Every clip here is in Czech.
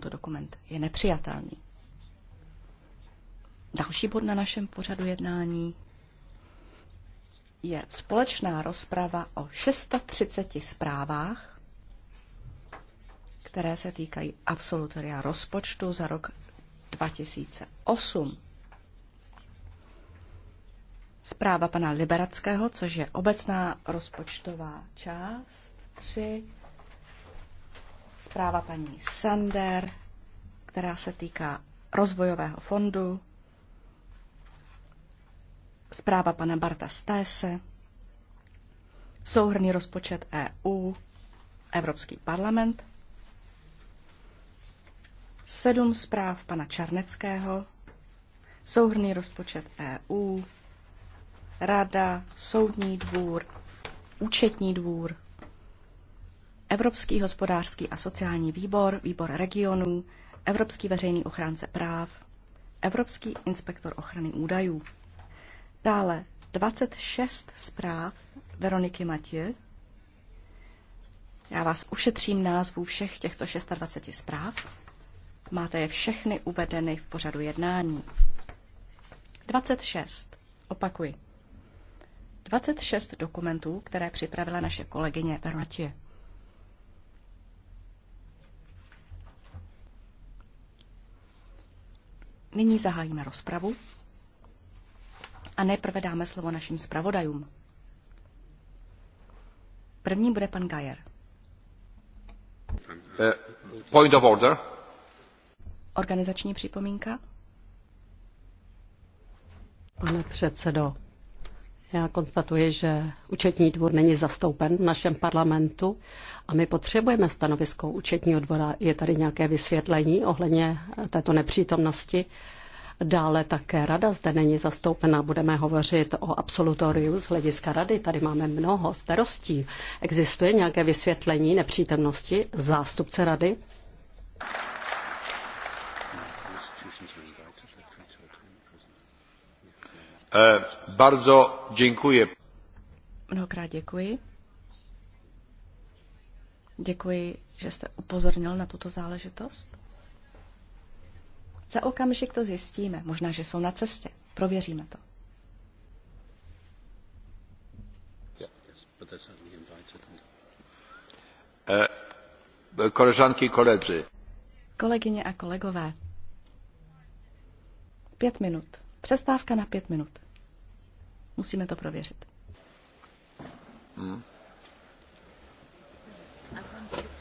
tento dokument je nepřijatelný. Další bod na našem pořadu jednání je společná rozprava o 630 zprávách, které se týkají absolutoria rozpočtu za rok 2008. Zpráva pana Liberackého, což je obecná rozpočtová část 3 Zpráva paní Sander, která se týká rozvojového fondu. Zpráva pana Barta Stése. Souhrný rozpočet EU, Evropský parlament. Sedm zpráv pana Čarneckého. Souhrný rozpočet EU, Rada, Soudní dvůr, Účetní dvůr, Evropský hospodářský a sociální výbor, výbor regionů, Evropský veřejný ochránce práv, Evropský inspektor ochrany údajů. Dále 26 zpráv Veroniky Matěj. Já vás ušetřím názvu všech těchto 26 zpráv. Máte je všechny uvedeny v pořadu jednání. 26. Opakuji. 26 dokumentů, které připravila naše kolegyně Veroniky. Nyní zahájíme rozpravu a nejprve dáme slovo našim zpravodajům. První bude pan Gajer. Eh, point of order. Organizační připomínka. Pane předsedo, já konstatuji, že účetní dvůr není zastoupen v našem parlamentu a my potřebujeme stanovisko účetního dvora. Je tady nějaké vysvětlení ohledně této nepřítomnosti? Dále také rada zde není zastoupena. Budeme hovořit o absolutoriu z hlediska rady. Tady máme mnoho starostí. Existuje nějaké vysvětlení nepřítomnosti zástupce rady? Eh, bardzo děkuji. Mnohokrát děkuji. Děkuji, že jste upozornil na tuto záležitost. Za okamžik to zjistíme. Možná, že jsou na cestě. Prověříme to. Uh, koleżanki koledzy. Kolegyně a kolegové. Pět minut. Přestávka na pět minut. Musíme to prověřit. Hmm akan jadi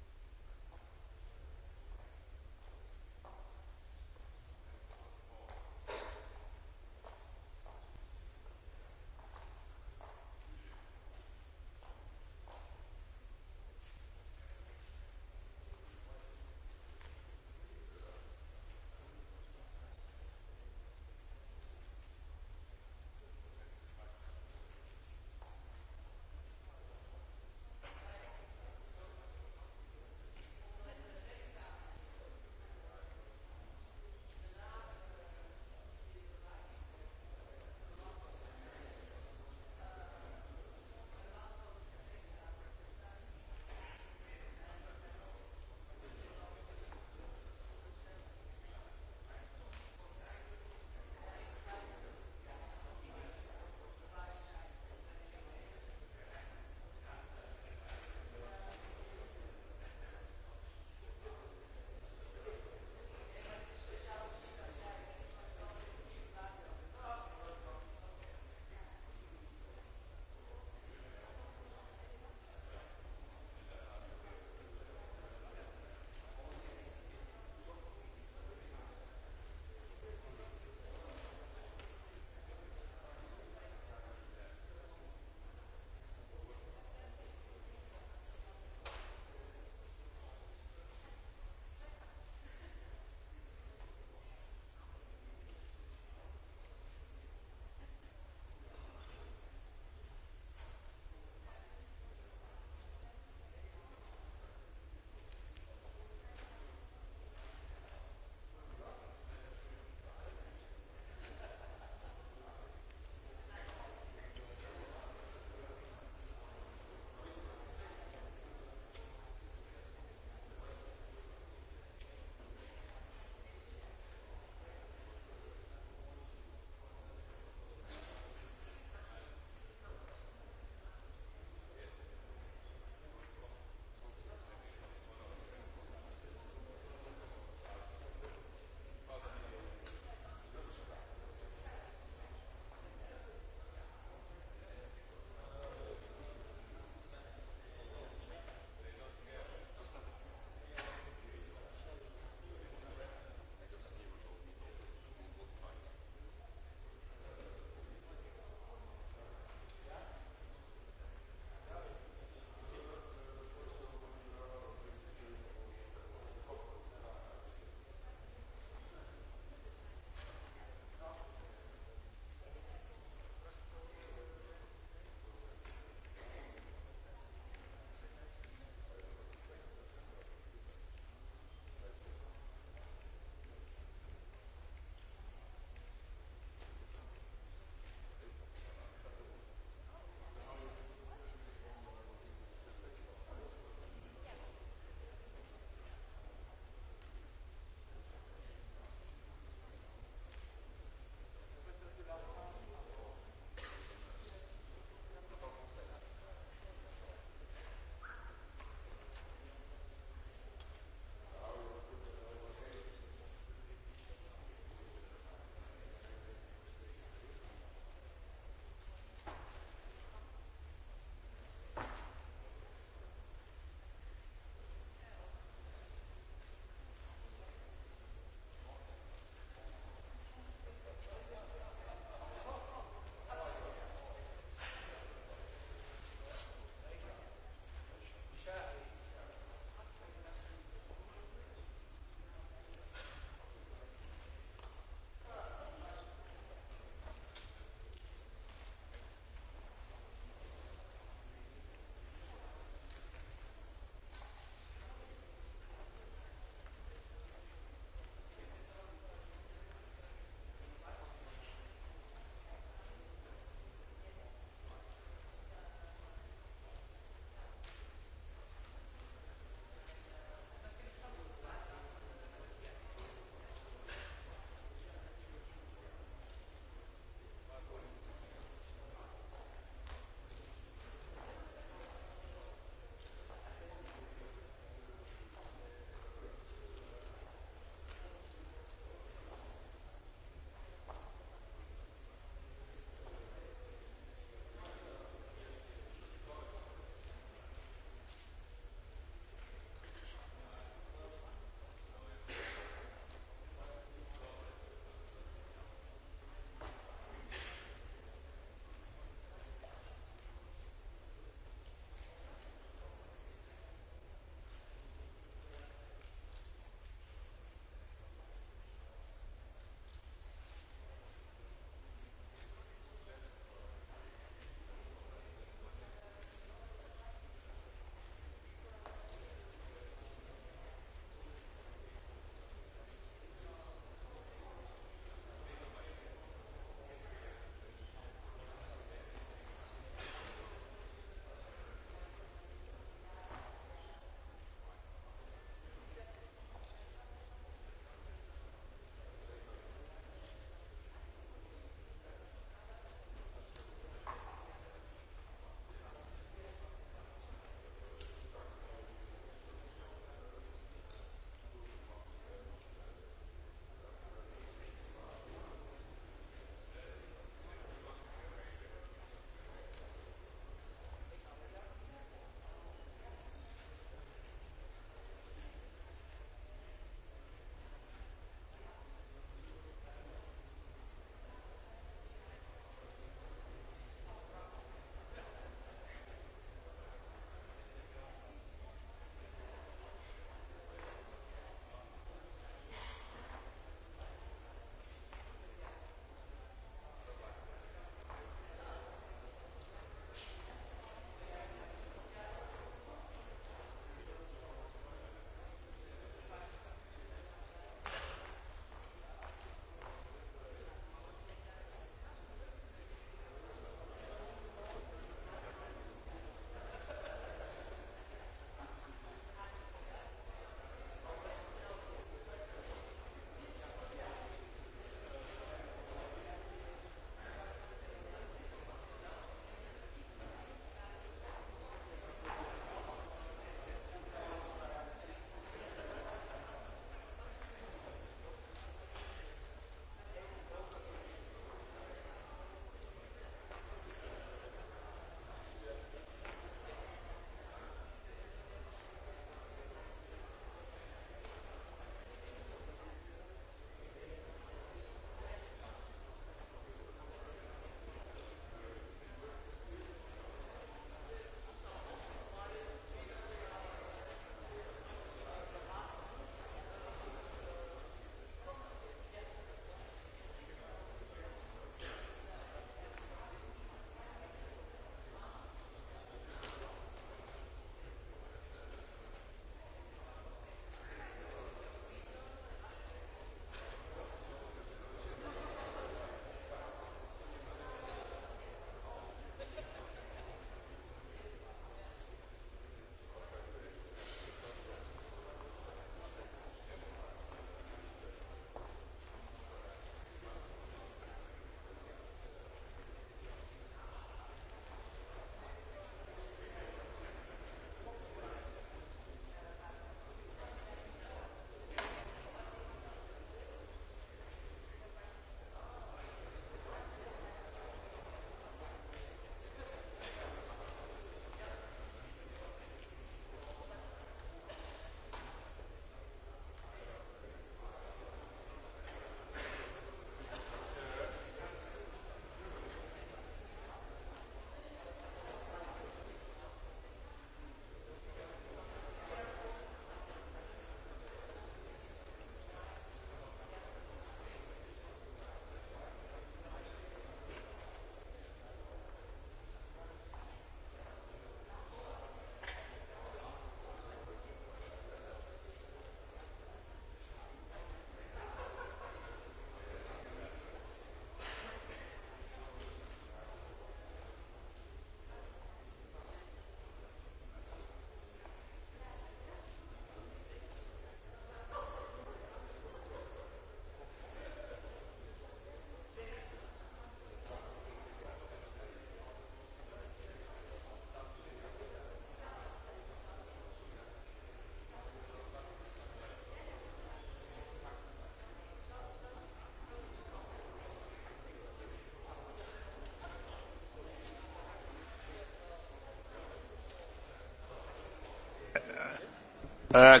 Eh,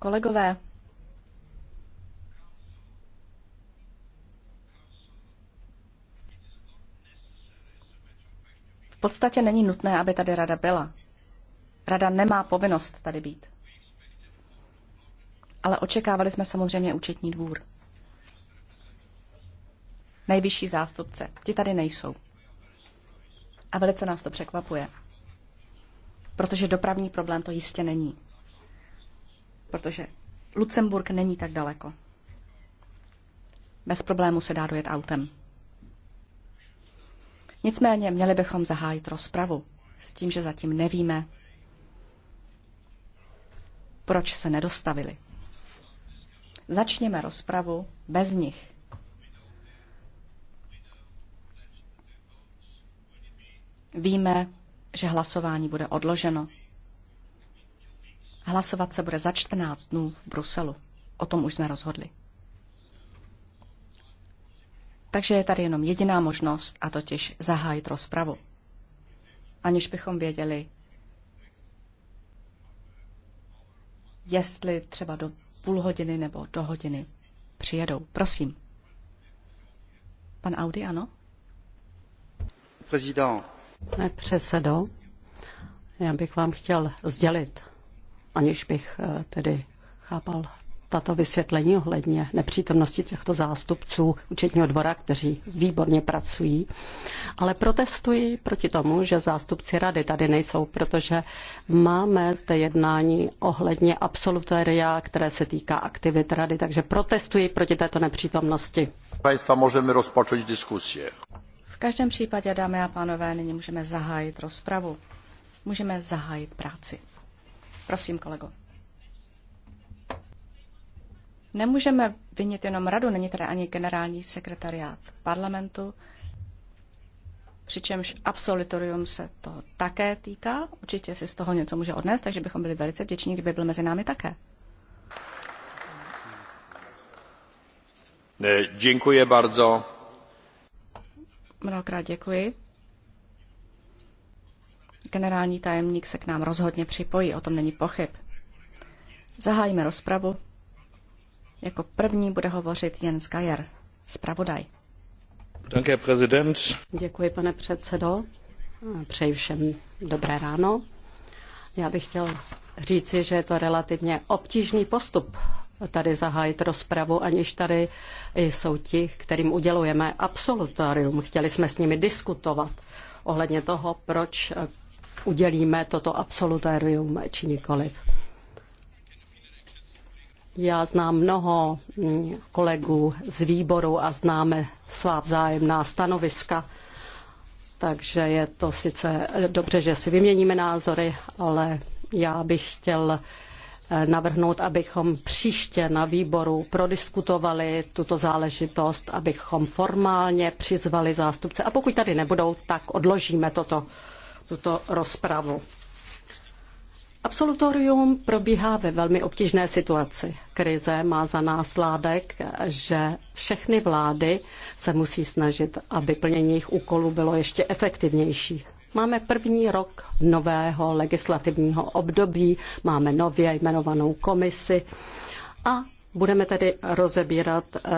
Kolegové. V podstatě není nutné, aby tady rada byla. Rada nemá povinnost tady být. Ale očekávali jsme samozřejmě účetní dvůr. Nejvyšší zástupce. Ti tady nejsou. A velice nás to překvapuje protože dopravní problém to jistě není. Protože Lucemburg není tak daleko. Bez problému se dá dojet autem. Nicméně měli bychom zahájit rozpravu s tím, že zatím nevíme, proč se nedostavili. Začněme rozpravu bez nich. Víme, že hlasování bude odloženo. Hlasovat se bude za 14 dnů v Bruselu. O tom už jsme rozhodli. Takže je tady jenom jediná možnost, a totiž zahájit rozpravu. Aniž bychom věděli, jestli třeba do půl hodiny nebo do hodiny přijedou. Prosím. Pan Audi, ano? Prezident, Pane předsedo, já bych vám chtěl sdělit, aniž bych eh, tedy chápal tato vysvětlení ohledně nepřítomnosti těchto zástupců účetního dvora, kteří výborně pracují, ale protestuji proti tomu, že zástupci rady tady nejsou, protože máme zde jednání ohledně absolutoria, které se týká aktivit rady, takže protestuji proti této nepřítomnosti. Państwa, můžeme rozpočít diskusie každém případě, dámy a pánové, nyní můžeme zahájit rozpravu. Můžeme zahájit práci. Prosím, kolego. Nemůžeme vinit jenom radu, není tady ani generální sekretariát parlamentu, přičemž absolutorium se toho také týká. Určitě si z toho něco může odnést, takže bychom byli velice vděční, kdyby byl mezi námi také. Děkuji bardzo. Mnohokrát děkuji. Generální tajemník se k nám rozhodně připojí, o tom není pochyb. Zahájíme rozpravu. Jako první bude hovořit Jens Gajer, zpravodaj. Děkuji, pane předsedo. Přeji všem dobré ráno. Já bych chtěl říci, že je to relativně obtížný postup tady zahájit rozpravu, aniž tady jsou ti, kterým udělujeme absolutorium. Chtěli jsme s nimi diskutovat ohledně toho, proč udělíme toto absolutorium či nikoliv. Já znám mnoho mm, kolegů z výboru a známe svá vzájemná stanoviska, takže je to sice dobře, že si vyměníme názory, ale já bych chtěl navrhnout, abychom příště na výboru prodiskutovali tuto záležitost, abychom formálně přizvali zástupce. A pokud tady nebudou, tak odložíme toto, tuto rozpravu. Absolutorium probíhá ve velmi obtížné situaci. Krize má za následek, že všechny vlády se musí snažit, aby plnění jejich úkolů bylo ještě efektivnější. Máme první rok nového legislativního období, máme nově jmenovanou komisi a budeme tedy rozebírat eh,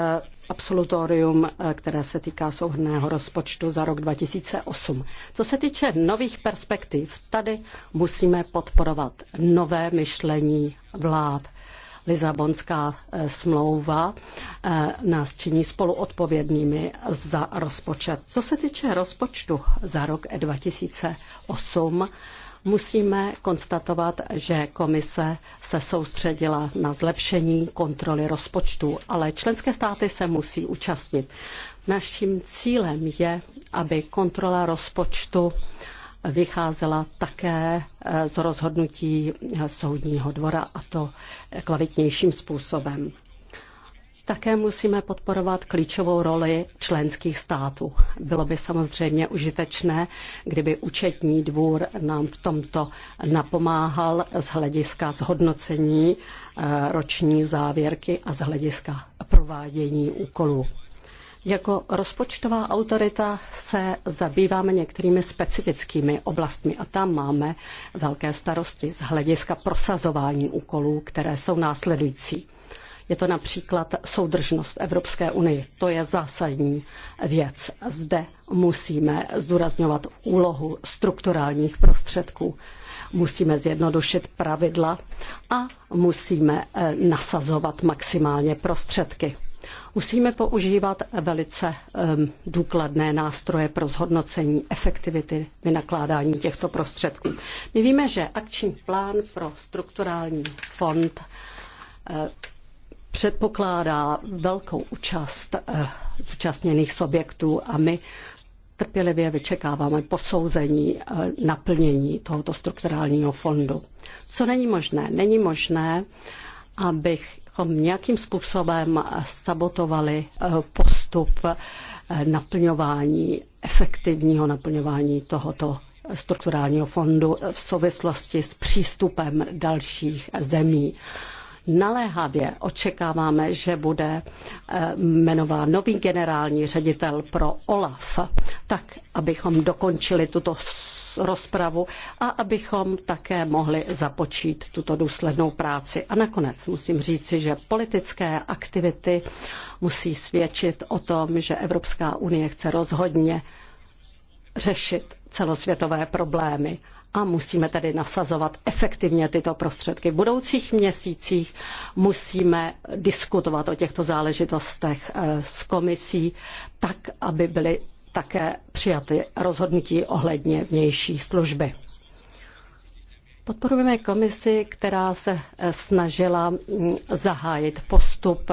absolutorium, eh, které se týká souhrného rozpočtu za rok 2008. Co se týče nových perspektiv, tady musíme podporovat nové myšlení vlád. Lizabonská eh, smlouva eh, nás činí spoluodpovědnými za rozpočet. Co se týče rozpočtu za rok 2008, musíme konstatovat, že komise se soustředila na zlepšení kontroly rozpočtu, ale členské státy se musí účastnit. Naším cílem je, aby kontrola rozpočtu vycházela také eh, z rozhodnutí eh, soudního dvora a to kvalitnějším způsobem. Také musíme podporovat klíčovou roli členských států. Bylo by samozřejmě užitečné, kdyby účetní dvůr nám v tomto napomáhal z hlediska zhodnocení eh, roční závěrky a z hlediska provádění úkolů. Jako rozpočtová autorita se zabýváme některými specifickými oblastmi a tam máme velké starosti z hlediska prosazování úkolů, které jsou následující. Je to například soudržnost Evropské unie. To je zásadní věc. Zde musíme zdůrazňovat úlohu strukturálních prostředků. Musíme zjednodušit pravidla a musíme eh, nasazovat maximálně prostředky. Musíme používat velice um, důkladné nástroje pro zhodnocení efektivity vynakládání těchto prostředků. My víme, že akční plán pro strukturální fond eh, předpokládá velkou účast uh, zúčastněných subjektů a my trpělivě vyčekáváme posouzení eh, naplnění tohoto strukturálního fondu. Co není možné? Není možné, abych nějakým způsobem sabotovali eh, postup eh, naplňování, efektivního naplňování tohoto strukturálního fondu v souvislosti s přístupem dalších zemí. Naléhavě očekáváme, že bude eh, jmenován nový generální ředitel pro OLAF, tak abychom dokončili tuto rozpravu a abychom také mohli započít tuto důslednou práci. A nakonec musím říci, že politické aktivity musí svědčit o tom, že Evropská unie chce rozhodně řešit celosvětové problémy a musíme tedy nasazovat efektivně tyto prostředky. V budoucích měsících musíme diskutovat o těchto záležitostech eh, s komisí tak, aby byly také přijaty rozhodnutí ohledně vnější služby. Podporujeme komisi, která se eh, snažila mm, zahájit postup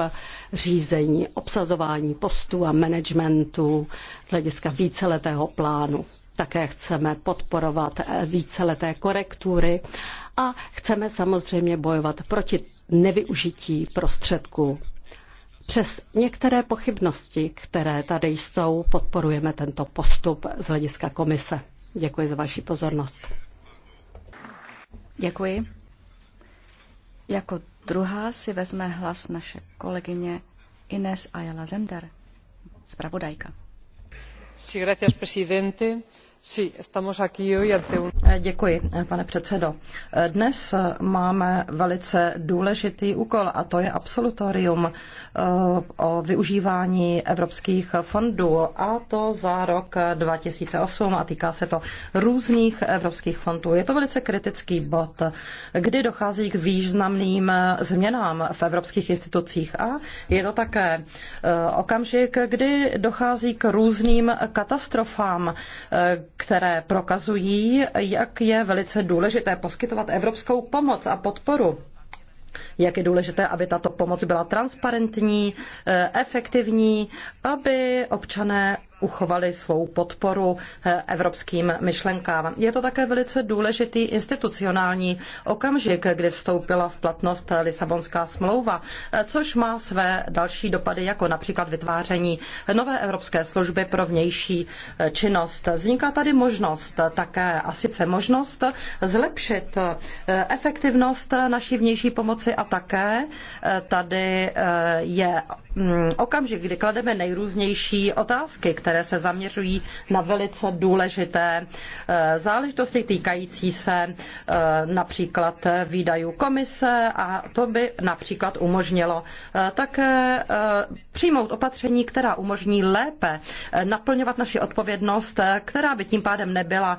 řízení, obsazování postů a managementu z hlediska víceletého plánu. Také chceme podporovat eh, víceleté korektury a chceme samozřejmě bojovat proti nevyužití prostředků přes některé pochybnosti, které tady jsou, podporujeme tento postup z hlediska komise. Děkuji za vaši pozornost. Děkuji. Jako druhá si vezme hlas naše kolegyně Ines Ayala Zender, zpravodajka. Sí, gracias, presidente. Eh, děkuji, eh, pane předsedo. Eh, dnes máme velice důležitý úkol a to je absolutorium o využívání evropských fondů a to za rok 2008 a týká se to různých evropských fondů. Je to velice kritický bod, kdy dochází k významným změnám v evropských institucích a je to také okamžik, kdy dochází k různým katastrofám, které prokazují, jak je velice důležité poskytovat evropskou pomoc a podporu jak je důležité, aby tato pomoc byla transparentní, eh, efektivní, aby občané uchovali svou podporu eh, evropským myšlenkám. Je to také velice důležitý institucionální okamžik, kdy vstoupila v platnost Lisabonská smlouva, eh, což má své další dopady, jako například vytváření nové evropské služby pro vnější eh, činnost. Vzniká tady možnost také, a sice možnost zlepšit efektivnost naší vnější pomoci a také tady je mm, okamžik, kdy klademe nejrůznější otázky, které které se zaměřují na velice důležité eh, záležitosti týkající se eh, například výdajů komise a to by například umožnilo eh, také přijmout opatření, která umožní lépe naplňovat naši odpovědnost, která by tím pádem nebyla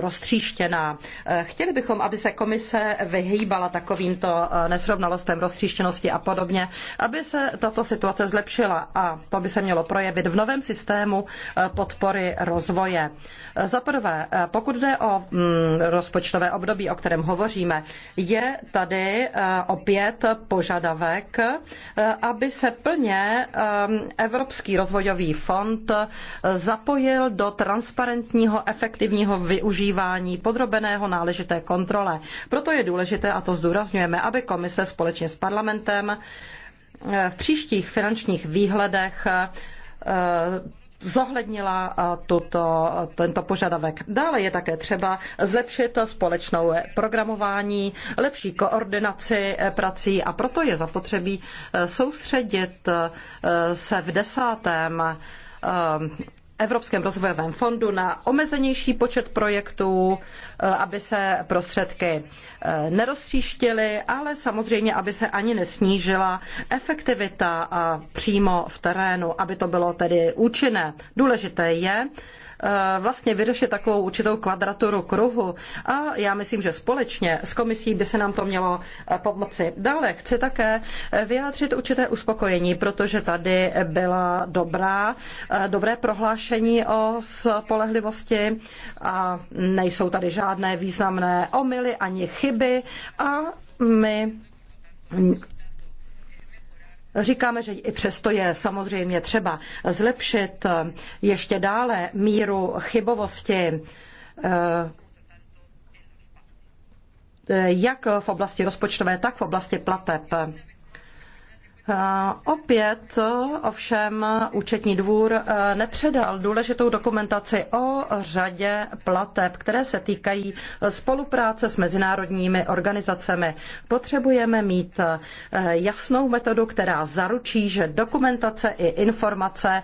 roztříštěná. Chtěli bychom, aby se komise vyhýbala takovýmto nesrovnalostem, roztříštěnosti a podobně, aby se tato situace zlepšila a to by se mělo projevit v novém systému podpory rozvoje. Za prvé, pokud jde o mm, rozpočtové období, o kterém hovoříme, je tady eh, opět požadavek, eh, aby se plně eh, Evropský rozvojový fond zapojil do transparentního, efektivního využívání podrobeného náležité kontrole. Proto je důležité, a to zdůrazňujeme, aby komise společně s parlamentem v příštích finančních výhledech zohlednila eh, tuto, eh, tento požadavek. Dále je také třeba zlepšit společnou programování, lepší koordinaci eh, prací a proto je zapotřebí soustředit se v desátém Evropském rozvojovém fondu na omezenější počet projektů, eh, aby se prostředky eh, neroztříštily, ale samozřejmě, aby se ani nesnížila efektivita a přímo v terénu, aby to bylo tedy účinné. Důležité je, Eh, vlastně vyřešit takovou určitou kvadraturu kruhu a já myslím, že společně s komisí by se nám to mělo eh, pomoci. Dále chci také eh, vyjádřit určité uspokojení, protože tady byla dobrá, dobré prohlášení o spolehlivosti a nejsou tady žádné významné omily ani chyby a my Říkáme, že i přesto je samozřejmě třeba zlepšit ještě dále míru chybovosti eh, jak v oblasti rozpočtové, tak v oblasti plateb. Opět ovšem účetní dvůr e, nepředal důležitou dokumentaci o řadě plateb, které se týkají spolupráce s mezinárodními organizacemi. Potřebujeme mít e, jasnou metodu, která zaručí, že dokumentace i informace e,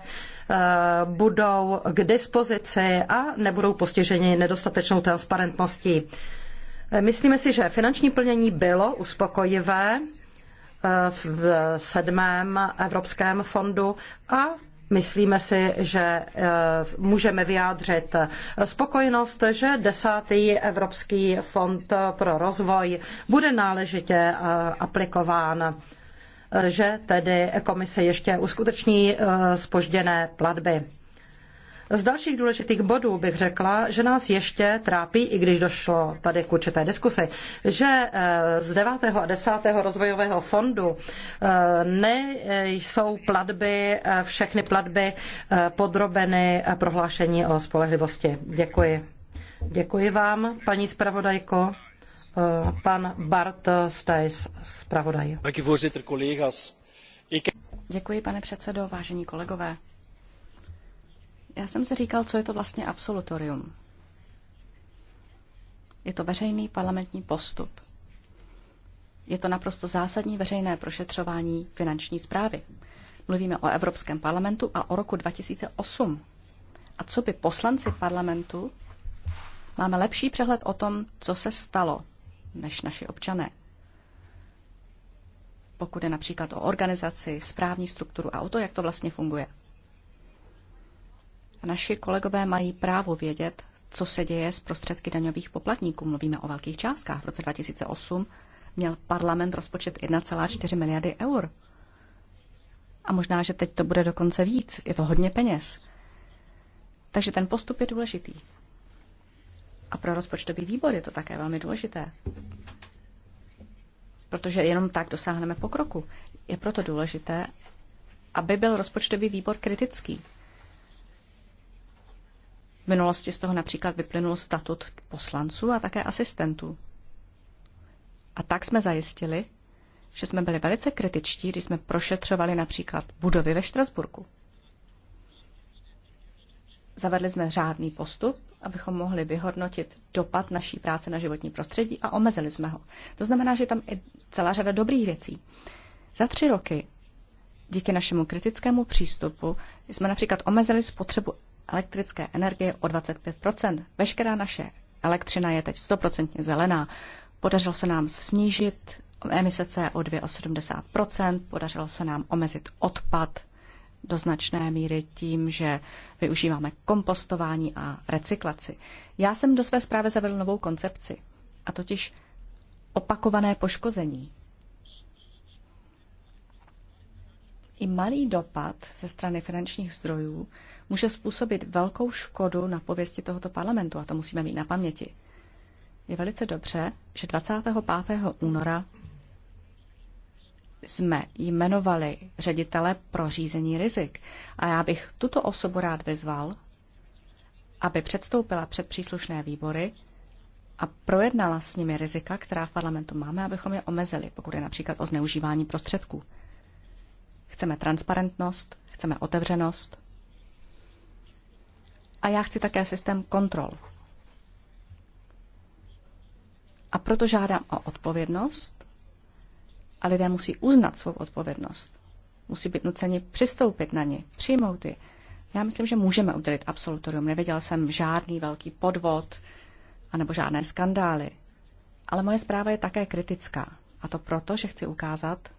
budou k dispozici a nebudou postiženi nedostatečnou transparentností. Myslíme si, že finanční plnění bylo uspokojivé v sedmém Evropském fondu a Myslíme si, že eh, můžeme vyjádřit spokojenost, že desátý Evropský fond pro rozvoj bude náležitě eh, aplikován eh, že tedy komise ještě uskuteční spožděné platby. Z dalších důležitých bodů bych řekla, že nás ještě trápí, i když došlo tady k určité diskusi, že eh, z 9. a 10. rozvojového fondu eh, nejsou platby, eh, všechny platby podrobeny prohlášení o spolehlivosti. Děkuji. Děkuji vám, paní zpravodajko. Pan Bart Stajs, zpravodaj. Děkuji, pane předsedo, vážení kolegové. Já jsem se říkal, co je to vlastně absolutorium. Je to veřejný parlamentní postup. Je to naprosto zásadní veřejné prošetřování finanční zprávy. Mluvíme o Evropském parlamentu a o roku 2008. A co by poslanci parlamentu máme lepší přehled o tom, co se stalo, než naši občané. Pokud je například o organizaci, správní strukturu a o to, jak to vlastně funguje. Naši kolegové mají právo vědět, co se děje s prostředky daňových poplatníků. Mluvíme o velkých částkách. V roce 2008 měl parlament rozpočet 1,4 miliardy eur. A možná, že teď to bude dokonce víc. Je to hodně peněz. Takže ten postup je důležitý. A pro rozpočtový výbor je to také velmi důležité. Protože jenom tak dosáhneme pokroku. Je proto důležité, aby byl rozpočtový výbor kritický. V minulosti z toho například vyplynul statut poslanců a také asistentů. A tak jsme zajistili, že jsme byli velice kritičtí, když jsme prošetřovali například budovy ve Štrasburku. Zavedli jsme řádný postup, abychom mohli vyhodnotit dopad naší práce na životní prostředí a omezili jsme ho. To znamená, že tam je celá řada dobrých věcí. Za tři roky díky našemu kritickému přístupu jsme například omezili spotřebu elektrické energie o 25 Veškerá naše elektřina je teď 100 zelená. Podařilo se nám snížit emise CO2 o 70 podařilo se nám omezit odpad do značné míry tím, že využíváme kompostování a recyklaci. Já jsem do své zprávy zavedl novou koncepci, a totiž opakované poškození. I malý dopad ze strany finančních zdrojů může způsobit velkou škodu na pověsti tohoto parlamentu a to musíme mít na paměti. Je velice dobře, že 25. února jsme jmenovali ředitele pro řízení rizik a já bych tuto osobu rád vyzval, aby předstoupila před příslušné výbory a projednala s nimi rizika, která v parlamentu máme, abychom je omezili, pokud je například o zneužívání prostředků. Chceme transparentnost, chceme otevřenost a já chci také systém kontrol. A proto žádám o odpovědnost a lidé musí uznat svou odpovědnost. Musí být nuceni přistoupit na ně, přijmout ji. Já myslím, že můžeme udělit absolutorium. Neviděl jsem žádný velký podvod anebo žádné skandály. Ale moje zpráva je také kritická. A to proto, že chci ukázat,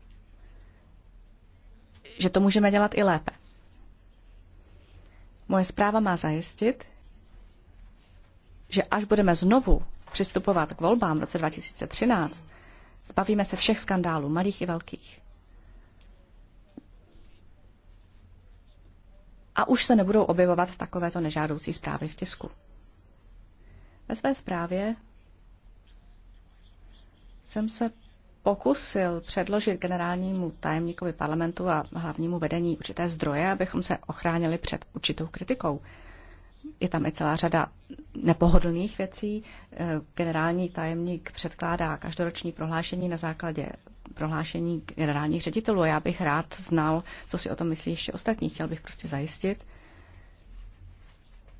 že to můžeme dělat i lépe. Moje zpráva má zajistit, že až budeme znovu přistupovat k volbám v roce 2013, zbavíme se všech skandálů, malých i velkých. A už se nebudou objevovat takovéto nežádoucí zprávy v tisku. Ve své zprávě jsem se pokusil předložit generálnímu tajemníkovi parlamentu a hlavnímu vedení určité zdroje, abychom se ochránili před určitou kritikou. Je tam i celá řada nepohodlných věcí. Eh, generální tajemník předkládá každoroční prohlášení na základě prohlášení generálních ředitelů. Já bych rád znal, co si o tom myslí ještě ostatní. Chtěl bych prostě zajistit,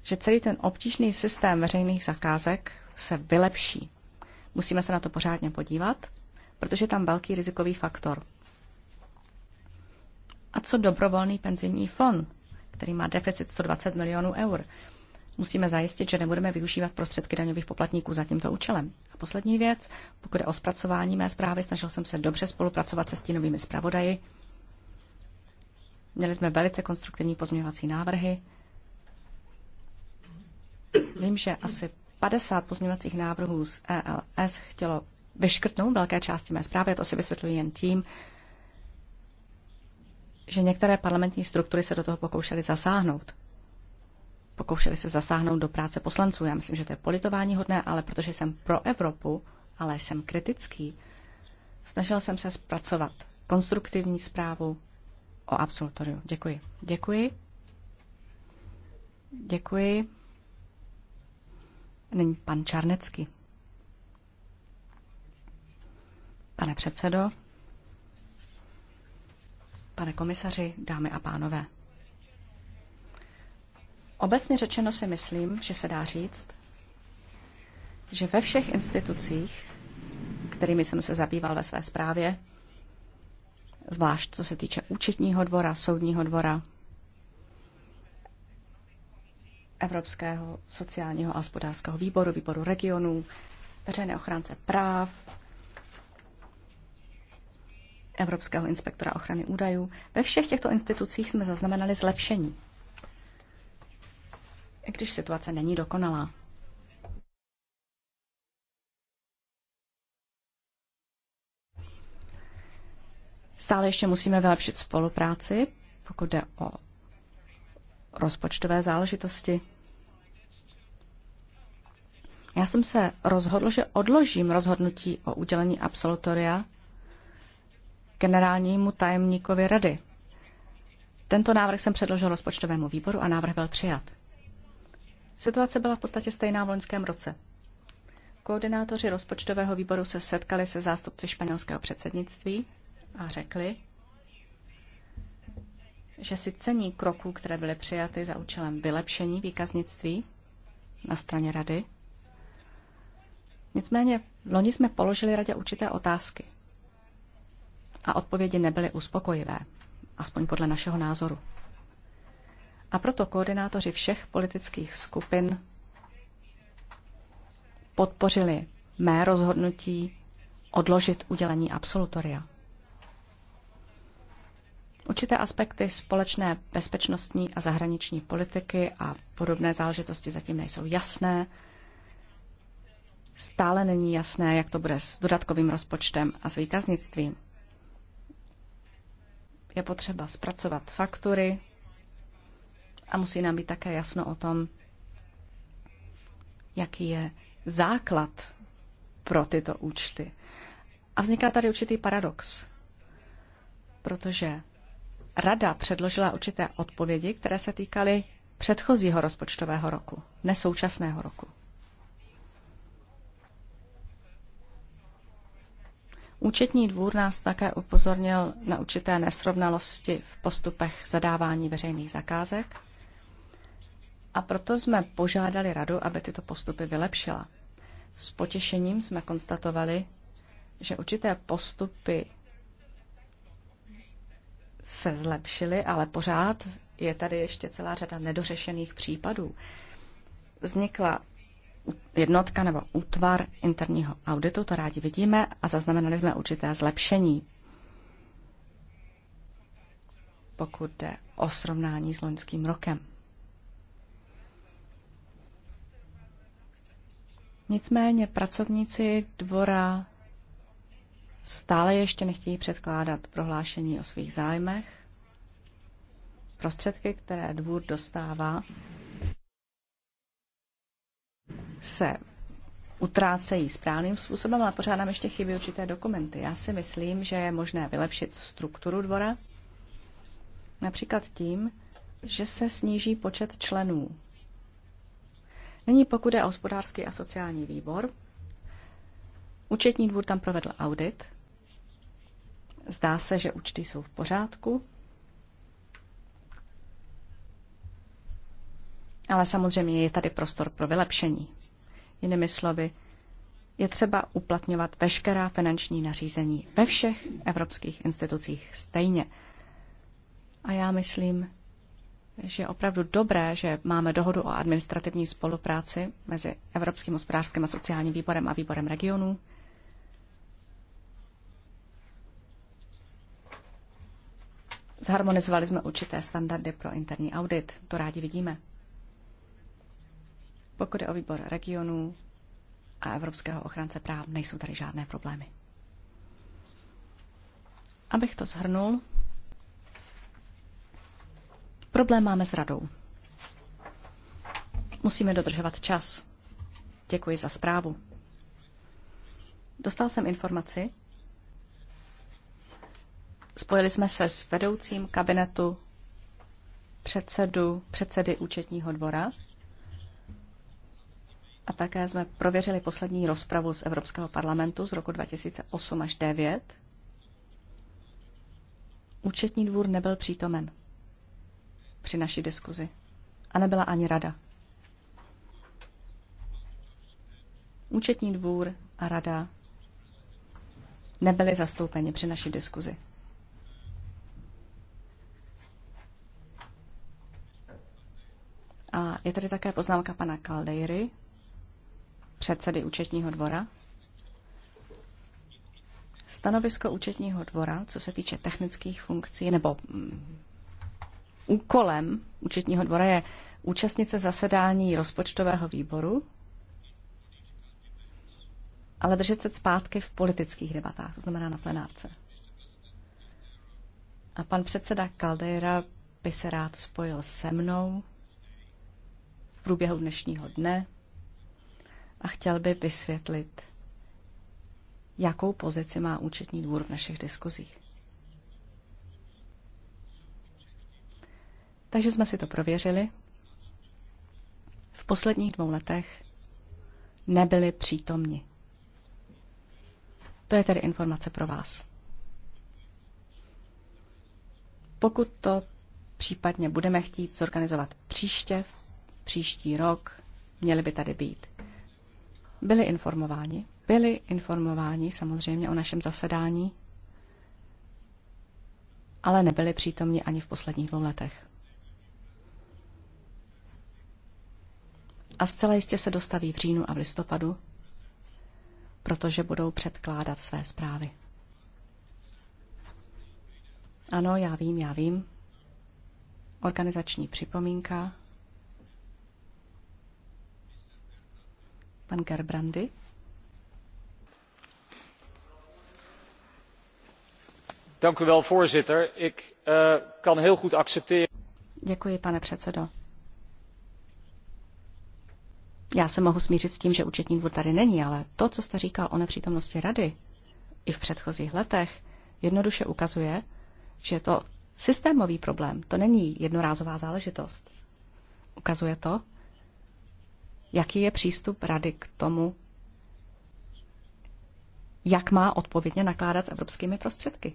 že celý ten obtížný systém veřejných zakázek se vylepší. Musíme se na to pořádně podívat protože je tam velký rizikový faktor. A co dobrovolný penzijní fond, který má deficit 120 milionů eur? Musíme zajistit, že nebudeme využívat prostředky daňových poplatníků za tímto účelem. A poslední věc, pokud je o zpracování mé zprávy, snažil jsem se dobře spolupracovat se stínovými zpravodaji. Měli jsme velice konstruktivní pozměňovací návrhy. Vím, že asi 50 pozměňovacích návrhů z ELS chtělo vyškrtnou velké části mé zprávy, a to si vysvětluji jen tím, že některé parlamentní struktury se do toho pokoušely zasáhnout. pokoušely se zasáhnout do práce poslanců. Já myslím, že to je politování hodné, ale protože jsem pro Evropu, ale jsem kritický, snažil jsem se zpracovat konstruktivní zprávu o absolutoriu. Děkuji. Děkuji. Děkuji. Nyní pan Čarnecký. Pane předsedo, pane komisaři, dámy a pánové. Obecně řečeno si myslím, že se dá říct, že ve všech institucích, kterými jsem se zabýval ve své zprávě, zvlášť co se týče účetního dvora, soudního dvora, Evropského sociálního a hospodářského výboru, výboru regionů, veřejné ochránce práv, Evropského inspektora ochrany údajů. Ve všech těchto institucích jsme zaznamenali zlepšení. I když situace není dokonalá. Stále ještě musíme vylepšit spolupráci, pokud jde o rozpočtové záležitosti. Já jsem se rozhodl, že odložím rozhodnutí o udělení absolutoria generálnímu tajemníkovi rady. Tento návrh jsem předložil rozpočtovému výboru a návrh byl přijat. Situace byla v podstatě stejná v loňském roce. Koordinátoři rozpočtového výboru se setkali se zástupci španělského předsednictví a řekli, že si cení kroků, které byly přijaty za účelem vylepšení výkaznictví na straně rady. Nicméně loni jsme položili radě určité otázky a odpovědi nebyly uspokojivé, aspoň podle našeho názoru. A proto koordinátoři všech politických skupin podpořili mé rozhodnutí odložit udělení absolutoria. Určité aspekty společné bezpečnostní a zahraniční politiky a podobné záležitosti zatím nejsou jasné. Stále není jasné, jak to bude s dodatkovým rozpočtem a s výkaznictvím je potřeba zpracovat faktury a musí nám být také jasno o tom, jaký je základ pro tyto účty. A vzniká tady určitý paradox, protože Rada předložila určité odpovědi, které se týkaly předchozího rozpočtového roku, nesoučasného roku. Účetní dvůr nás také upozornil na určité nesrovnalosti v postupech zadávání veřejných zakázek a proto jsme požádali radu, aby tyto postupy vylepšila. S potěšením jsme konstatovali, že určité postupy se zlepšily, ale pořád je tady ještě celá řada nedořešených případů. Vznikla jednotka nebo útvar interního auditu, to rádi vidíme a zaznamenali jsme určité zlepšení, pokud jde o srovnání s loňským rokem. Nicméně pracovníci dvora stále ještě nechtějí předkládat prohlášení o svých zájmech. Prostředky, které dvůr dostává, se utrácejí správným způsobem, ale pořád nám ještě chybí určité dokumenty. Já si myslím, že je možné vylepšit strukturu dvora, například tím, že se sníží počet členů. Nyní pokud je o hospodářský a sociální výbor, účetní dvůr tam provedl audit, zdá se, že účty jsou v pořádku, ale samozřejmě je tady prostor pro vylepšení. Jinými slovy, je třeba uplatňovat veškerá finanční nařízení ve všech evropských institucích stejně. A já myslím, že je opravdu dobré, že máme dohodu o administrativní spolupráci mezi Evropským hospodářským a sociálním výborem a výborem regionů. Zharmonizovali jsme určité standardy pro interní audit. To rádi vidíme. Pokud je o výbor regionů a Evropského ochránce práv, nejsou tady žádné problémy. Abych to zhrnul, problém máme s radou. Musíme dodržovat čas. Děkuji za zprávu. Dostal jsem informaci. Spojili jsme se s vedoucím kabinetu předsedu, předsedy účetního dvora a také jsme prověřili poslední rozpravu z Evropského parlamentu z roku 2008 až 2009. Účetní dvůr nebyl přítomen při naší diskuzi a nebyla ani rada. Účetní dvůr a rada nebyly zastoupeni při naší diskuzi. A je tady také poznámka pana Kaldejry, předsedy účetního dvora. Stanovisko účetního dvora, co se týče technických funkcí nebo mm, úkolem účetního dvora je účastnice zasedání rozpočtového výboru, ale držet se zpátky v politických debatách, to znamená na plenárce. A pan předseda Caldeira by se rád spojil se mnou v průběhu dnešního dne, a chtěl by vysvětlit, jakou pozici má účetní dvůr v našich diskuzích. Takže jsme si to prověřili. V posledních dvou letech nebyli přítomni. To je tedy informace pro vás. Pokud to případně budeme chtít zorganizovat příště, příští rok, měli by tady být byli informováni. Byli informováni samozřejmě o našem zasedání, ale nebyli přítomni ani v posledních dvou letech. A zcela jistě se dostaví v říjnu a v listopadu, protože budou předkládat své zprávy. Ano, já vím, já vím. Organizační připomínka Pan Gerbrandy. Dank u wel, voorzitter. Ik uh, kan heel goed accepteren. Děkuji, pane předsedo. Já se mohu smířit s tím, že účetní dvůr tady není, ale to, co jste říkal o nepřítomnosti rady i v předchozích letech, jednoduše ukazuje, že je to systémový problém. To není jednorázová záležitost. Ukazuje to, Jaký je přístup rady k tomu, jak má odpovědně nakládat s evropskými prostředky?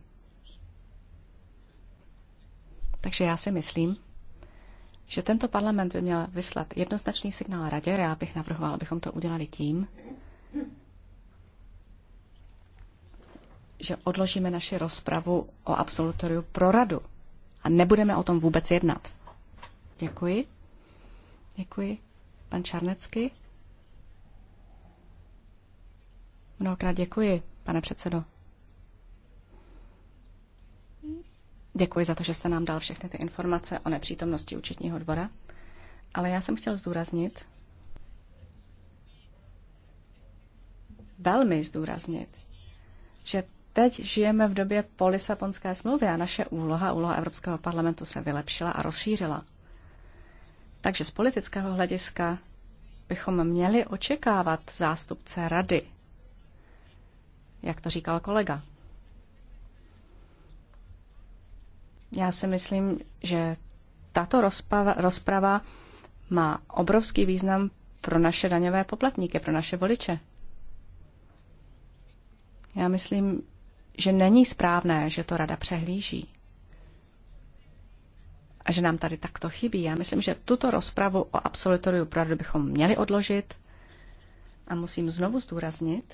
Takže já si myslím, že tento parlament by měl vyslat jednoznačný signál radě. Já bych navrhoval, abychom to udělali tím, že odložíme naši rozpravu o absolutoriu pro radu a nebudeme o tom vůbec jednat. Děkuji. Děkuji. Pan Čarnecky? Mnohokrát děkuji, pane předsedo. Děkuji za to, že jste nám dal všechny ty informace o nepřítomnosti účetního dvora. Ale já jsem chtěl zdůraznit, velmi zdůraznit, že teď žijeme v době po Lisabonské smlouvě a naše úloha, úloha Evropského parlamentu se vylepšila a rozšířila. Takže z politického hlediska bychom měli očekávat zástupce rady, jak to říkal kolega. Já si myslím, že tato rozprava, rozprava má obrovský význam pro naše daňové poplatníky, pro naše voliče. Já myslím, že není správné, že to rada přehlíží a že nám tady takto chybí. Já myslím, že tuto rozpravu o absolutoriu pro bychom měli odložit a musím znovu zdůraznit,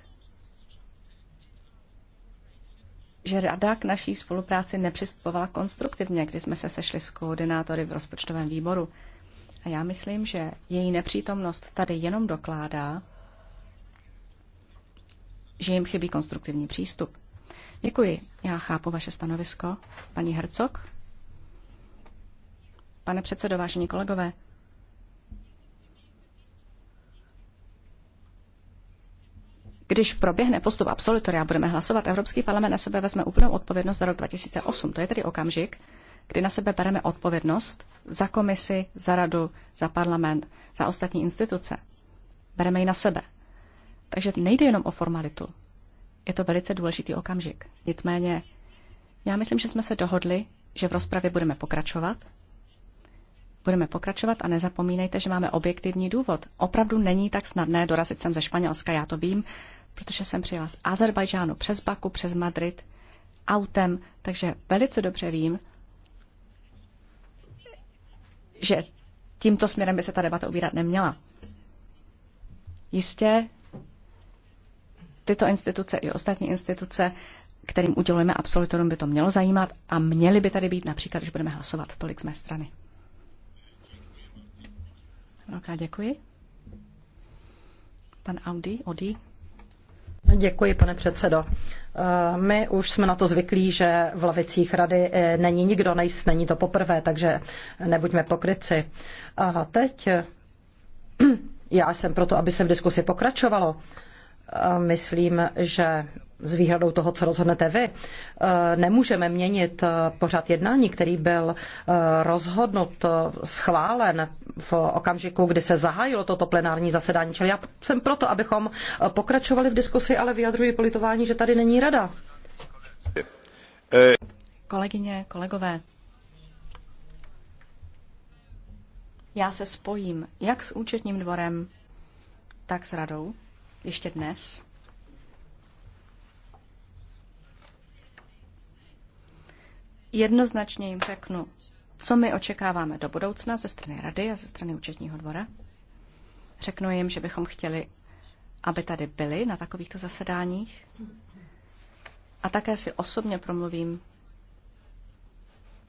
že rada k naší spolupráci nepřistupovala konstruktivně, když jsme se sešli s koordinátory v rozpočtovém výboru. A já myslím, že její nepřítomnost tady jenom dokládá, že jim chybí konstruktivní přístup. Děkuji. Já chápu vaše stanovisko. Paní Hercog? Pane předsedo, vážení kolegové, Když proběhne postup absolutoria budeme hlasovat, Evropský parlament na sebe vezme úplnou odpovědnost za rok 2008. To je tedy okamžik, kdy na sebe bereme odpovědnost za komisi, za radu, za parlament, za ostatní instituce. Bereme ji na sebe. Takže nejde jenom o formalitu. Je to velice důležitý okamžik. Nicméně, já myslím, že jsme se dohodli, že v rozpravě budeme pokračovat Budeme pokračovat a nezapomínejte, že máme objektivní důvod. Opravdu není tak snadné dorazit sem ze Španělska, já to vím, protože jsem přijela z Azerbajdžánu přes Baku, přes Madrid, autem, takže velice dobře vím, že tímto směrem by se ta debata ubírat neměla. Jistě tyto instituce i ostatní instituce, kterým udělujeme absolutorum, by to mělo zajímat a měly by tady být například, když budeme hlasovat. Tolik z mé strany. Mnohokrát děkuji. Pan Audi, Odi. Děkuji, pane předsedo. Eh, my už jsme na to zvyklí, že v lavicích rady eh, není nikdo, nejs, není to poprvé, takže nebuďme pokryci. A teď já jsem proto, aby se v diskusi pokračovalo. Eh, myslím, že s výhradou toho, co rozhodnete vy, eh, nemůžeme měnit eh, pořad jednání, který byl eh, rozhodnut, schválen v okamžiku, kdy se zahájilo toto plenární zasedání. Čili já jsem proto, abychom pokračovali v diskusi, ale vyjadřuji politování, že tady není rada. Kolegyně, kolegové, já se spojím jak s účetním dvorem, tak s radou ještě dnes jednoznačně jim řeknu, co my očekáváme do budoucna ze strany Rady a ze strany účetního dvora. Řeknu jim, že bychom chtěli, aby tady byli na takovýchto zasedáních. A také si osobně promluvím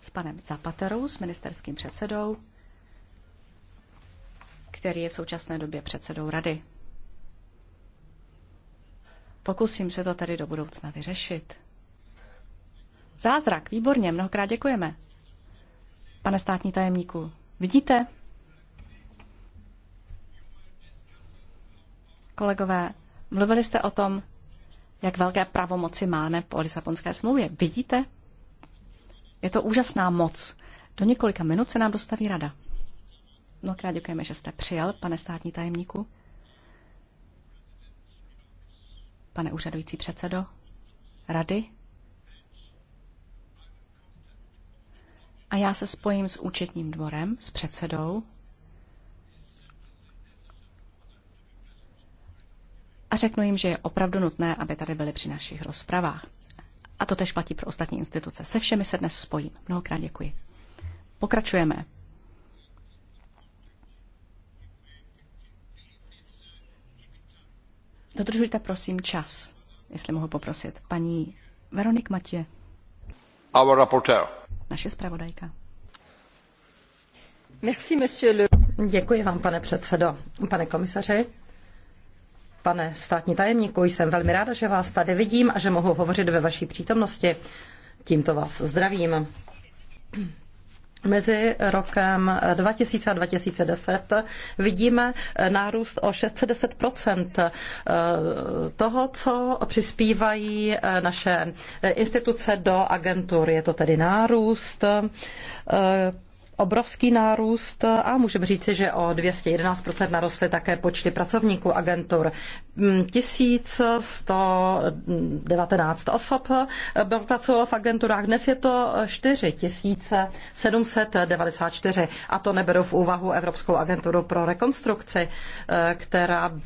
s panem Zapaterou, s ministerským předsedou, který je v současné době předsedou rady. Pokusím se to tady do budoucna vyřešit. Zázrak, výborně, mnohokrát děkujeme. Pane státní tajemníku, vidíte? Kolegové, mluvili jste o tom, jak velké pravomoci máme po Lisabonské smlouvě. Vidíte? Je to úžasná moc. Do několika minut se nám dostaví rada. Mnohokrát děkujeme, že jste přijel, pane státní tajemníku. Pane úřadující předsedo, rady, A já se spojím s účetním dvorem, s předsedou. A řeknu jim, že je opravdu nutné, aby tady byli při našich rozpravách. A to tež platí pro ostatní instituce. Se všemi se dnes spojím. Mnohokrát děkuji. Pokračujeme. Dodržujte prosím čas, jestli mohu poprosit. Paní Veronik Matě. Our rapporteur naše zpravodajka. Merci, le... Děkuji vám, pane předsedo. Pane komisaři, pane státní tajemníku, jsem velmi ráda, že vás tady vidím a že mohu hovořit ve vaší přítomnosti. Tímto vás zdravím. Mezi rokem 2000 a 2010 vidíme nárůst o 610 eh, toho, co přispívají eh, naše instituce do agentur. Je to tedy nárůst eh, obrovský nárůst a můžeme říci, že o 211% narostly také počty pracovníků agentur. 1119 mm, osob bylo pracovalo v agenturách, dnes je to 4794 a to neberu v úvahu Evropskou agenturu pro rekonstrukci, eh, která mm,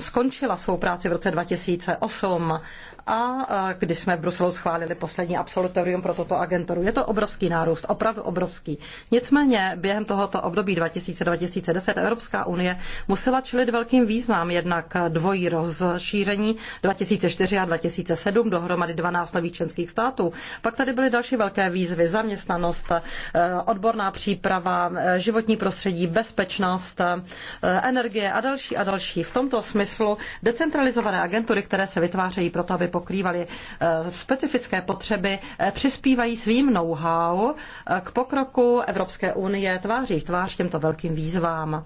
skončila svou práci v roce 2008 a e, když jsme v Bruselu schválili poslední absolutorium pro toto agenturu. Je to obrovský nárůst, opravdu obrovský. Nicméně během tohoto období 2000-2010 Evropská unie musela čelit velkým význam jednak dvojí rozšíření 2004 a 2007 dohromady 12 nových členských států. Pak tady byly další velké výzvy, zaměstnanost, e, odborná příprava, e, životní prostředí, bezpečnost, energie a další a další. V tomto smyslu decentralizované agentury, které se vytvářejí proto, aby pokrývaly eh, specifické potřeby, eh, přispívají svým know-how eh, k pokroku Evropské unie tváří v tvář těmto velkým výzvám.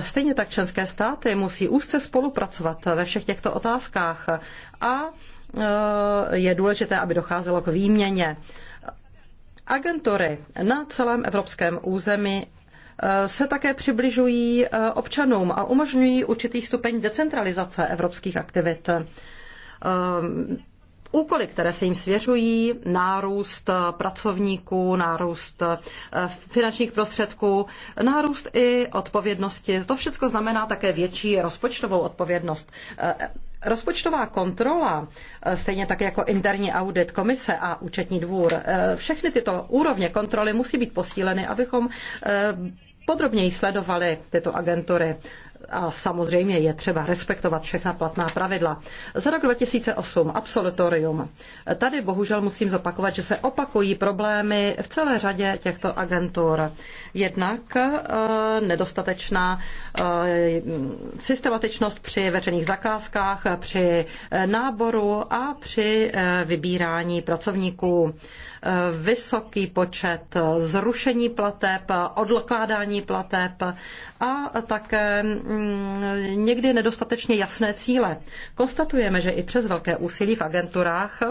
Stejně tak členské státy musí úzce spolupracovat ve všech těchto otázkách a je důležité, aby docházelo k výměně. Agentury na celém evropském území se také přibližují občanům a umožňují určitý stupeň decentralizace evropských aktivit. Ehm, úkoly, které se jim svěřují, nárůst eh, pracovníků, nárůst eh, finančních prostředků, nárůst i odpovědnosti. To všechno znamená také větší rozpočtovou odpovědnost. Eh, rozpočtová kontrola, stejně tak jako interní audit komise a účetní dvůr, všechny tyto úrovně kontroly musí být posíleny, abychom podrobněji sledovali tyto agentury a samozřejmě je třeba respektovat všechna platná pravidla. Za rok 2008 absolutorium. Tady bohužel musím zopakovat, že se opakují problémy v celé řadě těchto agentur. Jednak eh, nedostatečná eh, systematičnost při veřejných zakázkách, při eh, náboru a při vybírání pracovníků. Eh, vysoký počet zrušení plateb, odkládání plateb a také mm, někdy nedostatečně jasné cíle. Konstatujeme, že i přes velké úsilí v agenturách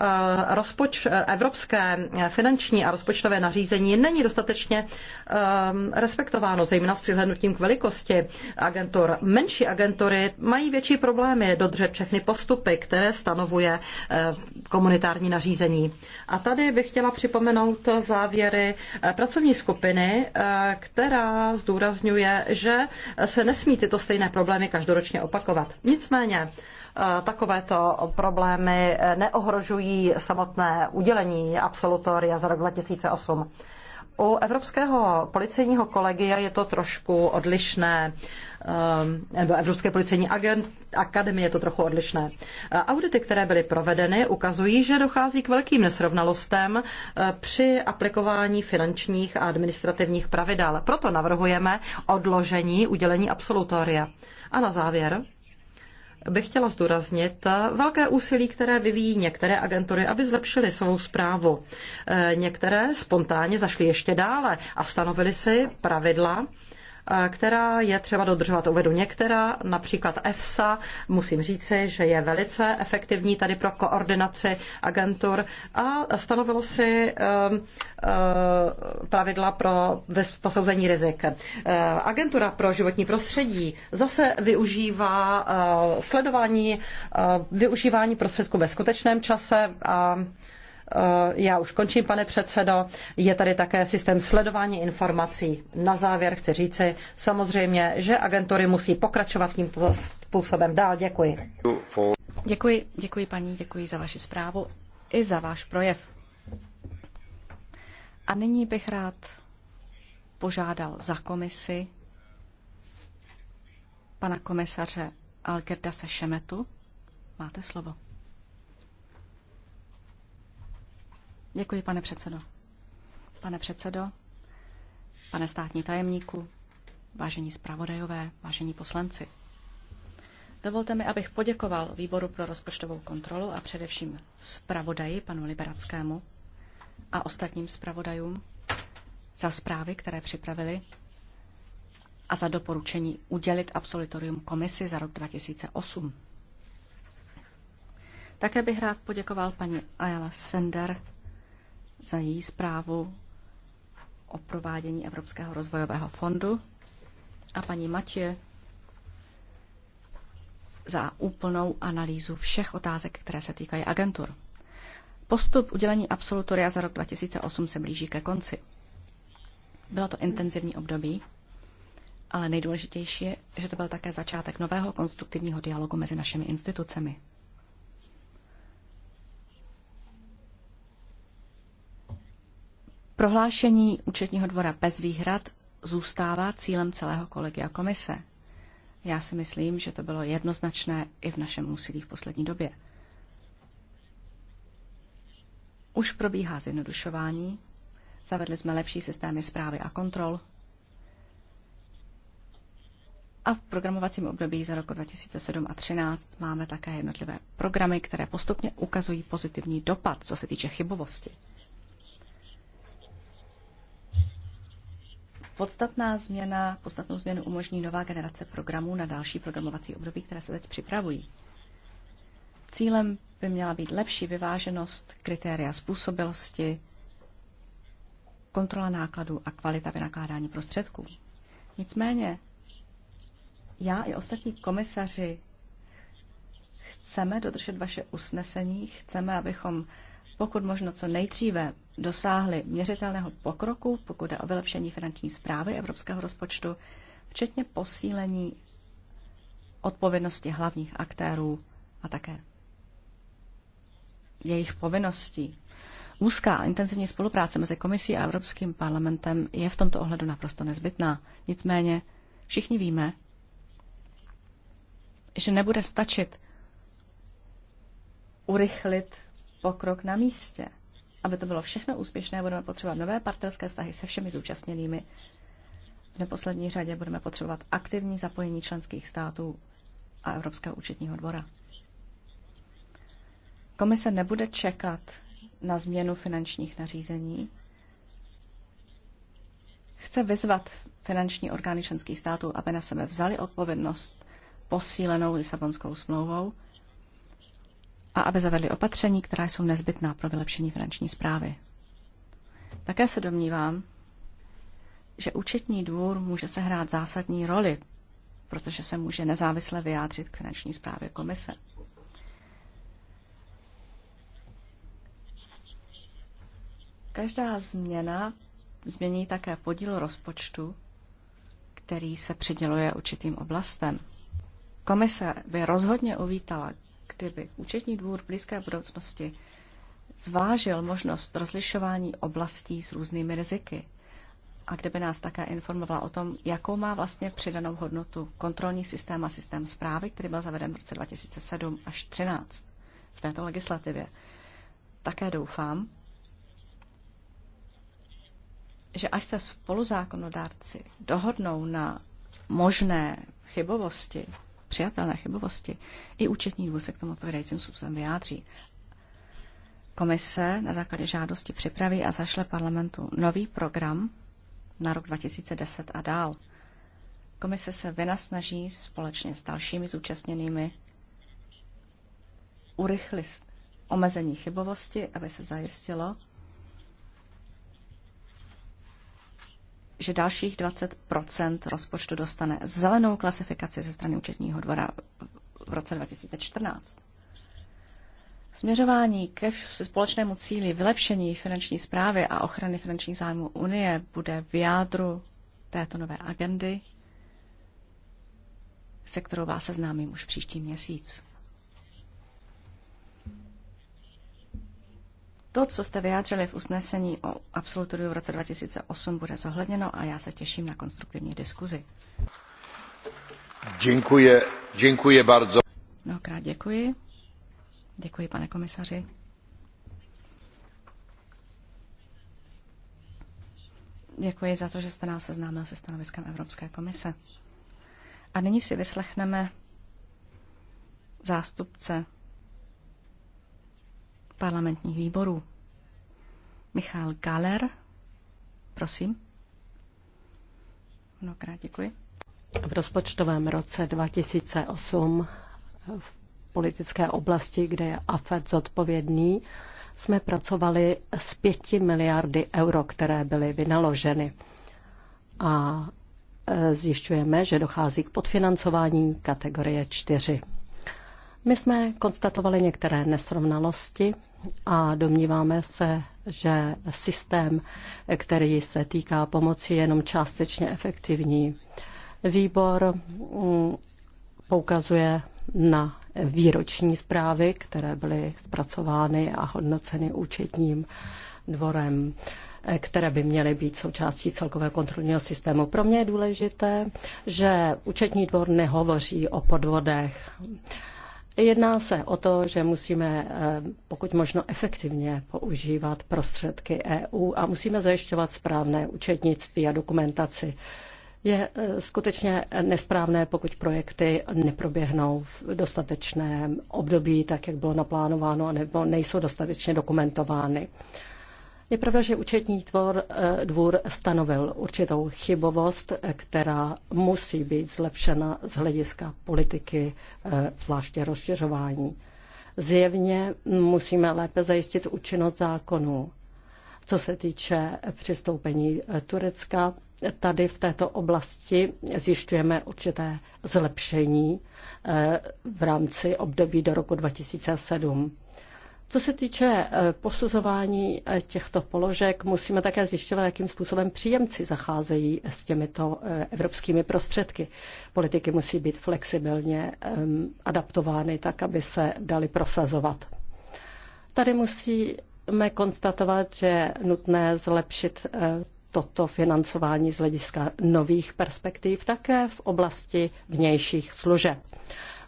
Eh, rozpoč, evropské finanční a rozpočtové nařízení není dostatečně eh, respektováno, zejména s přihlednutím k velikosti agentur. Menší agentury mají větší problémy dodržet všechny postupy, které stanovuje eh, komunitární nařízení. A tady bych chtěla připomenout závěry pracovní skupiny, která zdůrazňuje, že se nesmí tyto stejné problémy každoročně opakovat. Nicméně takovéto problémy neohrožují stojí samotné udělení absolutoria za rok 2008. U Evropského policejního kolegia je to trošku odlišné, ehm, nebo Evropské policejní akademie je to trochu odlišné. Audity, které byly provedeny, ukazují, že dochází k velkým nesrovnalostem eh, při aplikování finančních a administrativních pravidel. Proto navrhujeme odložení udělení absolutoria. A na závěr bych chtěla zdůraznit eh, velké úsilí, které vyvíjí některé agentury, aby zlepšily svou zprávu. Eh, některé spontánně zašly ještě dále a stanovily si pravidla, která je třeba dodržovat. Uvedu některá, například EFSA, musím říci, že je velice efektivní tady pro koordinaci agentur a stanovilo si um, uh, pravidla pro posouzení rizik. Uh, agentura pro životní prostředí zase využívá uh, sledování, využívání prostředků ve skutečném čase a Eh, já už končím, pane předsedo. Je tady také systém sledování informací. Na závěr chci říci samozřejmě, že agentury musí pokračovat tímto způsobem dál. Děkuji. Děkuji, děkuji paní, děkuji za vaši zprávu i za váš projev. A nyní bych rád požádal za komisi pana komisaře Algerda Sešemetu. Máte slovo. Děkuji, pane předsedo. Pane předsedo, pane státní tajemníku, vážení zpravodajové, vážení poslanci. Dovolte mi, abych poděkoval Výboru pro rozpočtovou kontrolu a především zpravodaji panu Liberackému a ostatním zpravodajům za zprávy, které připravili a za doporučení udělit absolutorium komisi za rok 2008. Také bych rád poděkoval paní Ayala Sender za její zprávu o provádění Evropského rozvojového fondu a paní Matě za úplnou analýzu všech otázek, které se týkají agentur. Postup udělení absolutoria za rok 2008 se blíží ke konci. Bylo to intenzivní období, ale nejdůležitější je, že to byl také začátek nového konstruktivního dialogu mezi našimi institucemi. Prohlášení účetního dvora bez výhrad zůstává cílem celého kolegia komise. Já si myslím, že to bylo jednoznačné i v našem úsilí v poslední době. Už probíhá zjednodušování, zavedli jsme lepší systémy zprávy a kontrol a v programovacím období za roku 2007 a 2013 máme také jednotlivé programy, které postupně ukazují pozitivní dopad, co se týče chybovosti. Podstatná změna, podstatnou změnu umožní nová generace programů na další programovací období, které se teď připravují. Cílem by měla být lepší vyváženost, kritéria způsobilosti, kontrola nákladů a kvalita vynakládání prostředků. Nicméně já i ostatní komisaři chceme dodržet vaše usnesení, chceme, abychom pokud možno co nejdříve dosáhli měřitelného pokroku, pokud je o vylepšení finanční zprávy evropského rozpočtu, včetně posílení odpovědnosti hlavních aktérů a také jejich povinností. Úzká a intenzivní spolupráce mezi komisí a Evropským parlamentem je v tomto ohledu naprosto nezbytná. Nicméně všichni víme, že nebude stačit urychlit pokrok na místě. Aby to bylo všechno úspěšné, budeme potřebovat nové partnerské vztahy se všemi zúčastněnými. V neposlední řadě budeme potřebovat aktivní zapojení členských států a Evropského účetního dvora. Komise nebude čekat na změnu finančních nařízení. Chce vyzvat finanční orgány členských států, aby na sebe vzali odpovědnost posílenou Lisabonskou smlouvou a aby zavedli opatření, která jsou nezbytná pro vylepšení finanční zprávy. Také se domnívám, že účetní dvůr může sehrát zásadní roli, protože se může nezávisle vyjádřit k finanční zprávě komise. Každá změna změní také podíl rozpočtu, který se přiděluje určitým oblastem. Komise by rozhodně uvítala, kdyby účetní dvůr v blízké budoucnosti zvážil možnost rozlišování oblastí s různými riziky a kdyby nás také informovala o tom, jakou má vlastně přidanou hodnotu kontrolní systém a systém zprávy, který byl zaveden v roce 2007 až 2013 v této legislativě. Také doufám, že až se spoluzákonodárci dohodnou na možné chybovosti přijatelné chybovosti, i účetní dvůr se k tomu odpovědajícím způsobem vyjádří. Komise na základě žádosti připraví a zašle parlamentu nový program na rok 2010 a dál. Komise se vynasnaží společně s dalšími zúčastněnými urychlit omezení chybovosti, aby se zajistilo, že dalších 20 rozpočtu dostane zelenou klasifikaci ze strany účetního dvora v roce 2014. Směřování ke společnému cíli vylepšení finanční zprávy a ochrany finančních zájmů Unie bude v jádru této nové agendy, se kterou vás seznámím už příští měsíc. To, co jste vyjádřili v usnesení o absolutoriu v roce 2008, bude zohledněno a já se těším na konstruktivní diskuzi. Děkuji, děkuji bardzo. Mnohokrát děkuji. Děkuji, pane komisaři. Děkuji za to, že jste nás seznámil se stanoviskem Evropské komise. A nyní si vyslechneme zástupce parlamentních výborů. Michal Galer, prosím. Mnohokrát děkuji. V rozpočtovém roce 2008 v politické oblasti, kde je AFED zodpovědný, jsme pracovali s 5 miliardy euro, které byly vynaloženy. A e, zjišťujeme, že dochází k podfinancování kategorie 4. My jsme konstatovali některé nesrovnalosti a domníváme se, že systém, který se týká pomoci, je jenom částečně efektivní. Výbor mm, poukazuje na výroční zprávy, které byly zpracovány a hodnoceny účetním dvorem, které by měly být součástí celkového kontrolního systému. Pro mě je důležité, že účetní dvor nehovoří o podvodech. Jedná se o to, že musíme eh, pokud možno efektivně používat prostředky EU a musíme zajišťovat správné účetnictví a dokumentaci. Je eh, skutečně nesprávné, pokud projekty neproběhnou v dostatečném období, tak jak bylo naplánováno, nebo nejsou dostatečně dokumentovány. Je pravda, že účetní tvor, eh, dvůr stanovil určitou chybovost, eh, která musí být zlepšena z hlediska politiky, eh, zvláště rozšiřování. Zjevně musíme lépe zajistit účinnost zákonů. Co se týče přistoupení Turecka, tady v této oblasti zjišťujeme určité zlepšení v rámci období do roku 2007. Co se týče eh, posuzování eh, těchto položek, musíme také zjišťovat, jakým způsobem příjemci zacházejí s těmito eh, evropskými prostředky. Politiky musí být flexibilně ehm, adaptovány tak, aby se dali prosazovat. Tady musíme konstatovat, že je nutné zlepšit toto financování z hlediska nových perspektiv také v oblasti vnějších služeb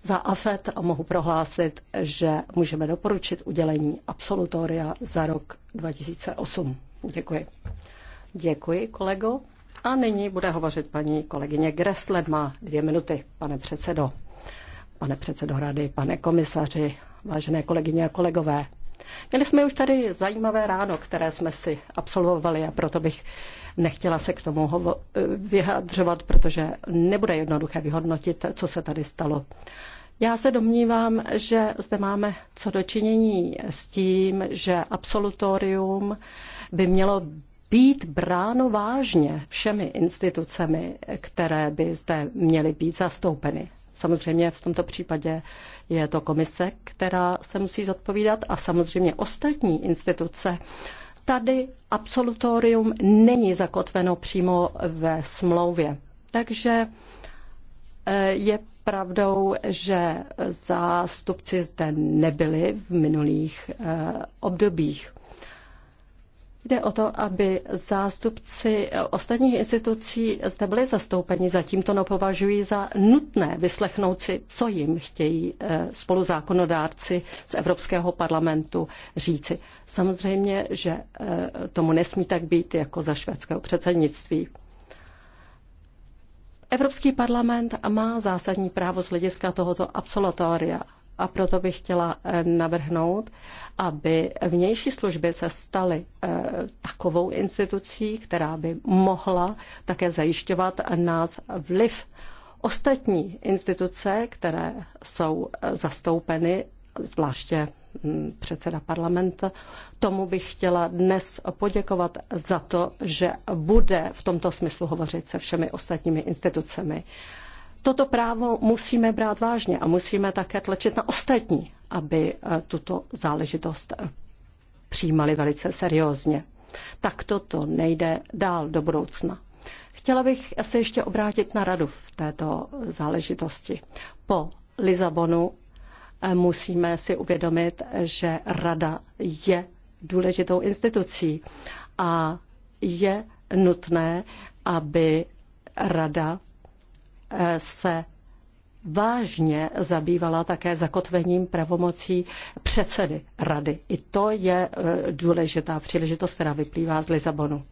za AFET a mohu prohlásit, že můžeme doporučit udělení absolutoria za rok 2008. Děkuji. Děkuji, kolego. A nyní bude hovořit paní kolegyně Gresle. Má dvě minuty, pane předsedo. Pane předsedo rady, pane komisaři, vážené kolegyně a kolegové. Měli jsme už tady zajímavé ráno, které jsme si absolvovali a proto bych Nechtěla se k tomu vyhadřovat, protože nebude jednoduché vyhodnotit, co se tady stalo. Já se domnívám, že zde máme co dočinění s tím, že absolutorium by mělo být bráno vážně všemi institucemi, které by zde měly být zastoupeny. Samozřejmě v tomto případě je to komise, která se musí zodpovídat a samozřejmě ostatní instituce Tady absolutorium není zakotveno přímo ve smlouvě. Takže eh, je pravdou, že zástupci zde nebyli v minulých eh, obdobích. Jde o to, aby zástupci ostatních institucí zde byli zastoupeni, zatím to nepovažují za nutné vyslechnout si, co jim chtějí eh, spoluzákonodárci z Evropského parlamentu říci. Samozřejmě, že eh, tomu nesmí tak být jako za švédského předsednictví. Evropský parlament má zásadní právo z hlediska tohoto absolutoria a proto bych chtěla eh, navrhnout, aby vnější služby se staly eh, takovou institucí, která by mohla také zajišťovat nás vliv. Ostatní instituce, které jsou eh, zastoupeny, zvláště hm, předseda parlamentu. Tomu bych chtěla dnes poděkovat za to, že bude v tomto smyslu hovořit se všemi ostatními institucemi. Toto právo musíme brát vážně a musíme také tlačit na ostatní, aby eh, tuto záležitost eh, přijímali velice seriózně. Tak toto nejde dál do budoucna. Chtěla bych se ještě obrátit na radu v této záležitosti. Po Lizabonu eh, musíme si uvědomit, že rada je důležitou institucí a je nutné, aby rada se vážně zabývala také zakotvením pravomocí předsedy rady. I to je e, důležitá příležitost, která vyplývá z Lisabonu.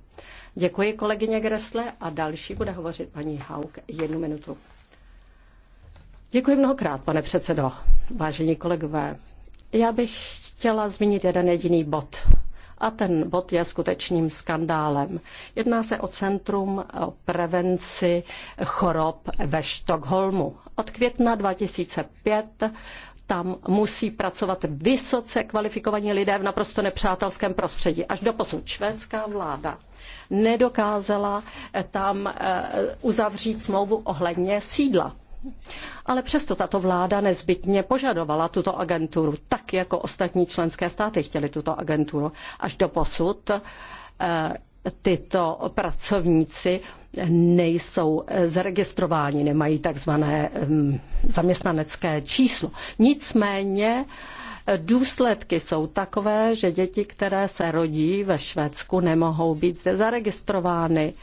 Děkuji kolegyně Gresle a další bude hovořit paní Hauk jednu minutu. Děkuji mnohokrát, pane předsedo. Vážení kolegové, já bych chtěla zmínit jeden jediný bod a ten bod je skutečným skandálem. Jedná se o Centrum prevenci chorob ve Štokholmu. Od května 2005 tam musí pracovat vysoce kvalifikovaní lidé v naprosto nepřátelském prostředí. Až do posud švédská vláda nedokázala tam eh, uzavřít smlouvu ohledně sídla. Ale přesto tato vláda nezbytně požadovala tuto agenturu, tak jako ostatní členské státy chtěly tuto agenturu. Až do posud eh, tyto pracovníci nejsou eh, zaregistrováni, nemají takzvané mm, zaměstnanecké číslo. Nicméně eh, důsledky jsou takové, že děti, které se rodí ve Švédsku, nemohou být zde zaregistrovány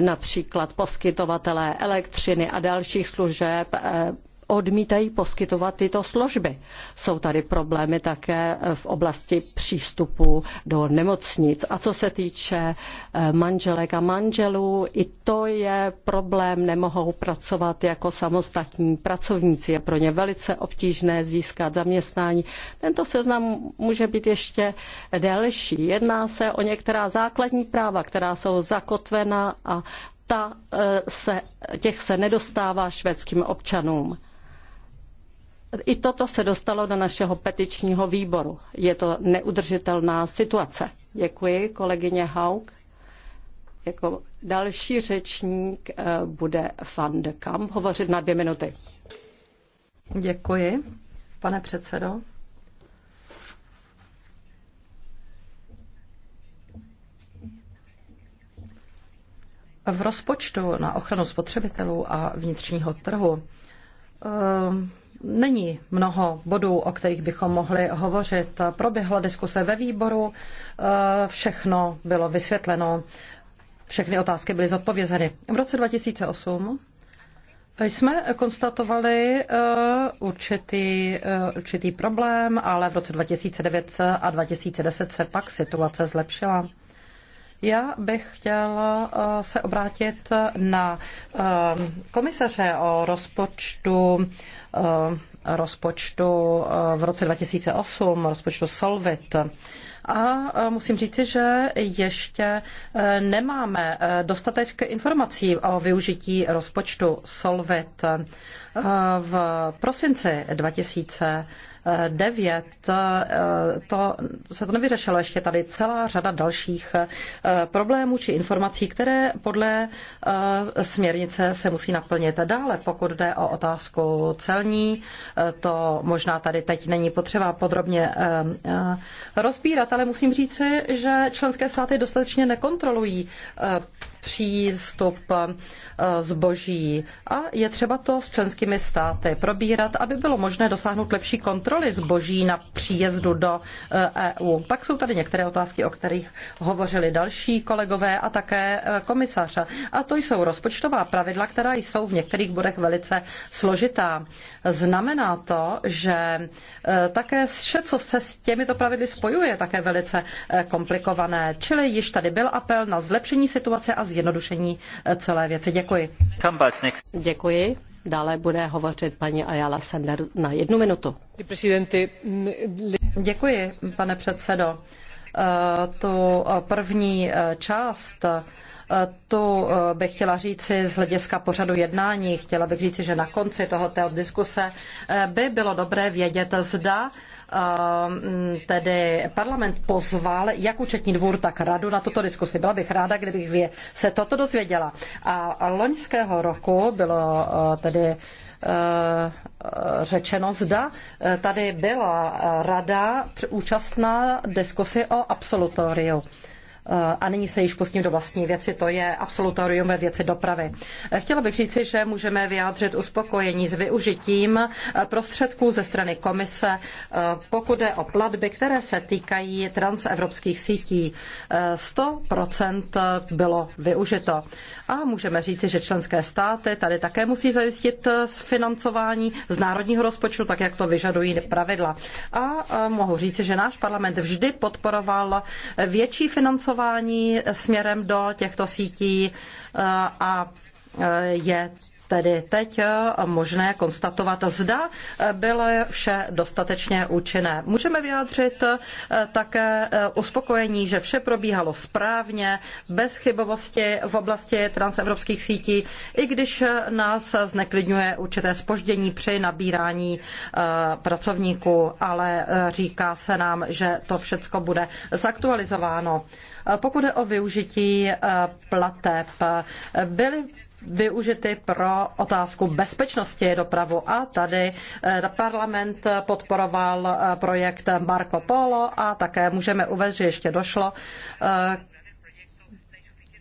například poskytovatelé elektřiny a dalších služeb eh, odmítají poskytovat tyto služby. Jsou tady problémy také v oblasti přístupu do nemocnic. A co se týče eh, manželek a manželů, i to je problém, nemohou pracovat jako samostatní pracovníci. Je pro ně velice obtížné získat zaměstnání. Tento seznam může být ještě delší. Jedná se o některá základní práva, která jsou zakotvena a ta eh, se, těch se nedostává švédským občanům i toto se dostalo do našeho petičního výboru. Je to neudržitelná situace. Děkuji, kolegyně Haug. Jako další řečník eh, bude Van de Kamp hovořit na dvě minuty. Děkuji, pane předsedo. V rozpočtu na ochranu spotřebitelů a vnitřního trhu ehm, Není mnoho bodů, o kterých bychom mohli hovořit. Proběhla diskuse ve výboru, eh, všechno bylo vysvětleno, všechny otázky byly zodpovězeny. V roce 2008 jsme konstatovali eh, určitý, eh, určitý problém, ale v roce 2009 a 2010 se pak situace zlepšila. Já bych chtěla se obrátit na komisaře o rozpočtu Eh, rozpočtu eh, v roce 2008, rozpočtu Solvit. A eh, musím říci, že ještě nemáme dostatek informací o využití rozpočtu Solvit. V prosinci 2000 9, eh, to se to nevyřešilo ještě tady celá řada dalších eh, problémů či informací, které podle eh, směrnice se musí naplnit. Dále, pokud jde o otázku celní, to možná tady teď není potřeba podrobně rozbírat, ale musím říci, že členské státy dostatečně nekontrolují přístup eh, zboží. A je třeba to s členskými státy probírat, aby bylo možné dosáhnout lepší kontroly zboží na příjezdu do EU. Eh, e Pak jsou tady některé otázky, o kterých hovořili další kolegové a také eh, komisaře. A to jsou rozpočtová pravidla, která jsou v některých bodech velice složitá. Znamená to, že také vše, co se s těmito pravidly spojuje, je také velice komplikované. Čili již tady byl apel na zlepšení situace a zjednodušení zjednodušení eh, celé věci. Děkuji. Děkuji. Dále bude hovořit paní Ayala Sender na jednu minutu. Mm, Děkuji, pane předsedo. Eh, tu první eh, část tu bych chtěla říci z hlediska pořadu jednání. Chtěla bych říci, že na konci tohoto diskuse by bylo dobré vědět, zda Ehm, tedy parlament pozval jak účetní dvůr, tak radu na tuto diskusi. Byla bych ráda, kdybych se toto dozvěděla. A loňského roku bylo eh, tedy eh, řečeno, zda eh, tady byla rada účastná diskuse o absolutoriu. Eh, a nyní se již pustím do vlastní věci, to je absolutorium ve věci dopravy. Eh, chtěla bych říci, že můžeme vyjádřit uspokojení s využitím eh, prostředků ze strany komise, pokud je o platby, které se týkají transevropských sítí. 100% bylo využito. A můžeme říci, že členské státy tady také musí zajistit financování z národního rozpočtu, tak jak to vyžadují pravidla. A mohu říci, že náš parlament vždy podporoval větší financování investování směrem do těchto sítí eh, a eh, je tedy teď eh, možné konstatovat, zda bylo vše dostatečně účinné. Můžeme vyjádřit také uspokojení, že vše probíhalo správně, bez chybovosti v oblasti transevropských sítí, i když nás zneklidňuje určité spoždění při nabírání pracovníků, ale říká se nám, že to všechno bude zaktualizováno. Pokud je o využití eh, plateb, eh, byly využity pro otázku bezpečnosti dopravu. A tady eh, parlament podporoval projekt Marco Polo a také můžeme uvést, že ještě došlo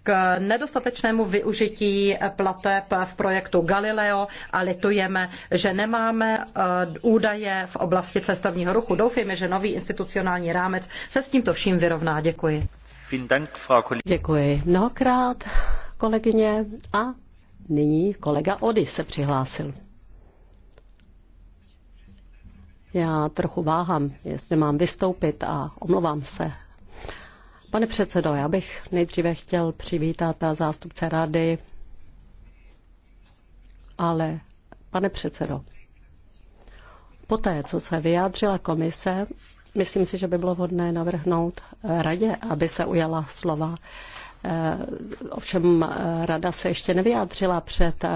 k nedostatečnému využití plateb v projektu Galileo a litujeme, že nemáme údaje v oblasti cestovního ruchu. Doufejme, že nový institucionální rámec se s tímto vším vyrovná. Děkuji. Děkuji mnohokrát, kolegyně. A nyní kolega Ody se přihlásil. Já trochu váhám, jestli mám vystoupit a omlouvám se. Pane předsedo, já bych nejdříve chtěl přivítat a zástupce rady, ale pane předsedo, poté, co se vyjádřila komise, Myslím si, že by bylo vhodné navrhnout radě, aby se ujala slova. Eh, ovšem eh, rada se ještě nevyjádřila před eh,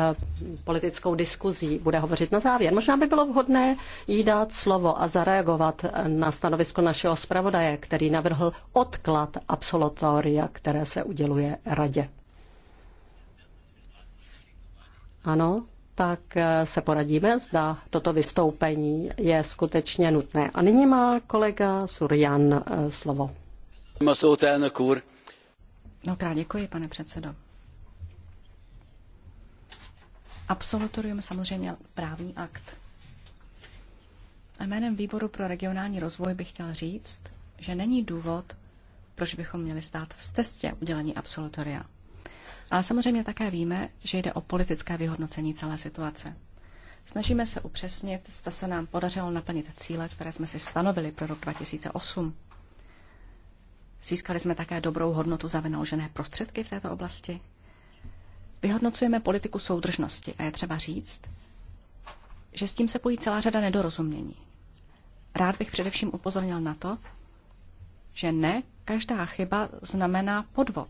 politickou diskuzí, bude hovořit na závěr. Možná by bylo vhodné jí dát slovo a zareagovat na stanovisko našeho zpravodaje, který navrhl odklad absolutoria, které se uděluje radě. Ano, tak eh, se poradíme, zda toto vystoupení je skutečně nutné. A nyní má kolega Surjan eh, slovo. No, krát děkuji, pane předsedo. Absolutorium samozřejmě právní akt. A jménem Výboru pro regionální rozvoj bych chtěl říct, že není důvod, proč bychom měli stát v cestě udělení absolutoria. Ale samozřejmě také víme, že jde o politické vyhodnocení celé situace. Snažíme se upřesnit, zda se nám podařilo naplnit cíle, které jsme si stanovili pro rok 2008. Získali jsme také dobrou hodnotu za vynaložené prostředky v této oblasti. Vyhodnocujeme politiku soudržnosti a je třeba říct, že s tím se pojí celá řada nedorozumění. Rád bych především upozornil na to, že ne každá chyba znamená podvod.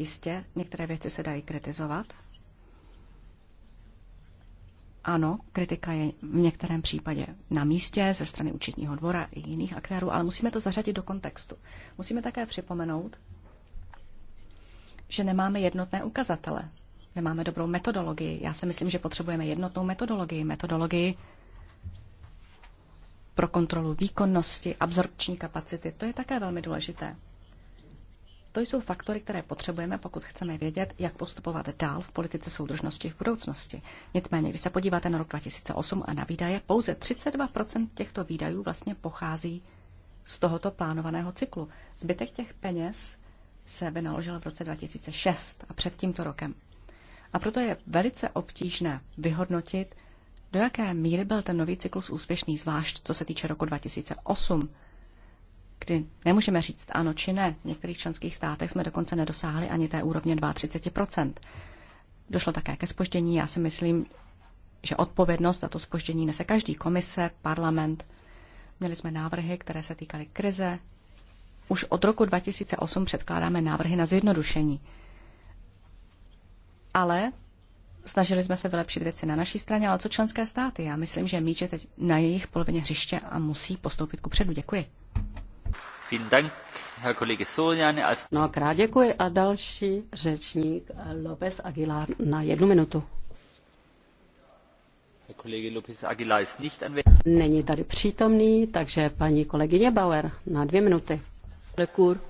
Jistě, některé věci se dají kritizovat. Ano, kritika je v některém případě na místě ze strany účetního dvora i jiných aktérů, ale musíme to zařadit do kontextu. Musíme také připomenout, že nemáme jednotné ukazatele, nemáme dobrou metodologii. Já si myslím, že potřebujeme jednotnou metodologii, metodologii pro kontrolu výkonnosti, absorpční kapacity. To je také velmi důležité. To jsou faktory, které potřebujeme, pokud chceme vědět, jak postupovat dál v politice soudržnosti v budoucnosti. Nicméně, když se podíváte na rok 2008 a na výdaje, pouze 32 těchto výdajů vlastně pochází z tohoto plánovaného cyklu. Zbytek těch peněz se vynaložil v roce 2006 a před tímto rokem. A proto je velice obtížné vyhodnotit, do jaké míry byl ten nový cyklus úspěšný, zvlášť co se týče roku 2008 kdy nemůžeme říct ano či ne. V některých členských státech jsme dokonce nedosáhli ani té úrovně 32%. Došlo také ke spoždění. Já si myslím, že odpovědnost za to spoždění nese každý komise, parlament. Měli jsme návrhy, které se týkaly krize. Už od roku 2008 předkládáme návrhy na zjednodušení. Ale snažili jsme se vylepšit věci na naší straně, ale co členské státy? Já myslím, že míč je teď na jejich polovině hřiště a musí postoupit ku předu. Děkuji. Mnohokrát děkuji a další řečník López Aguilar na jednu minutu. Není tady přítomný, takže paní kolegyně Bauer na dvě minuty. Lekur.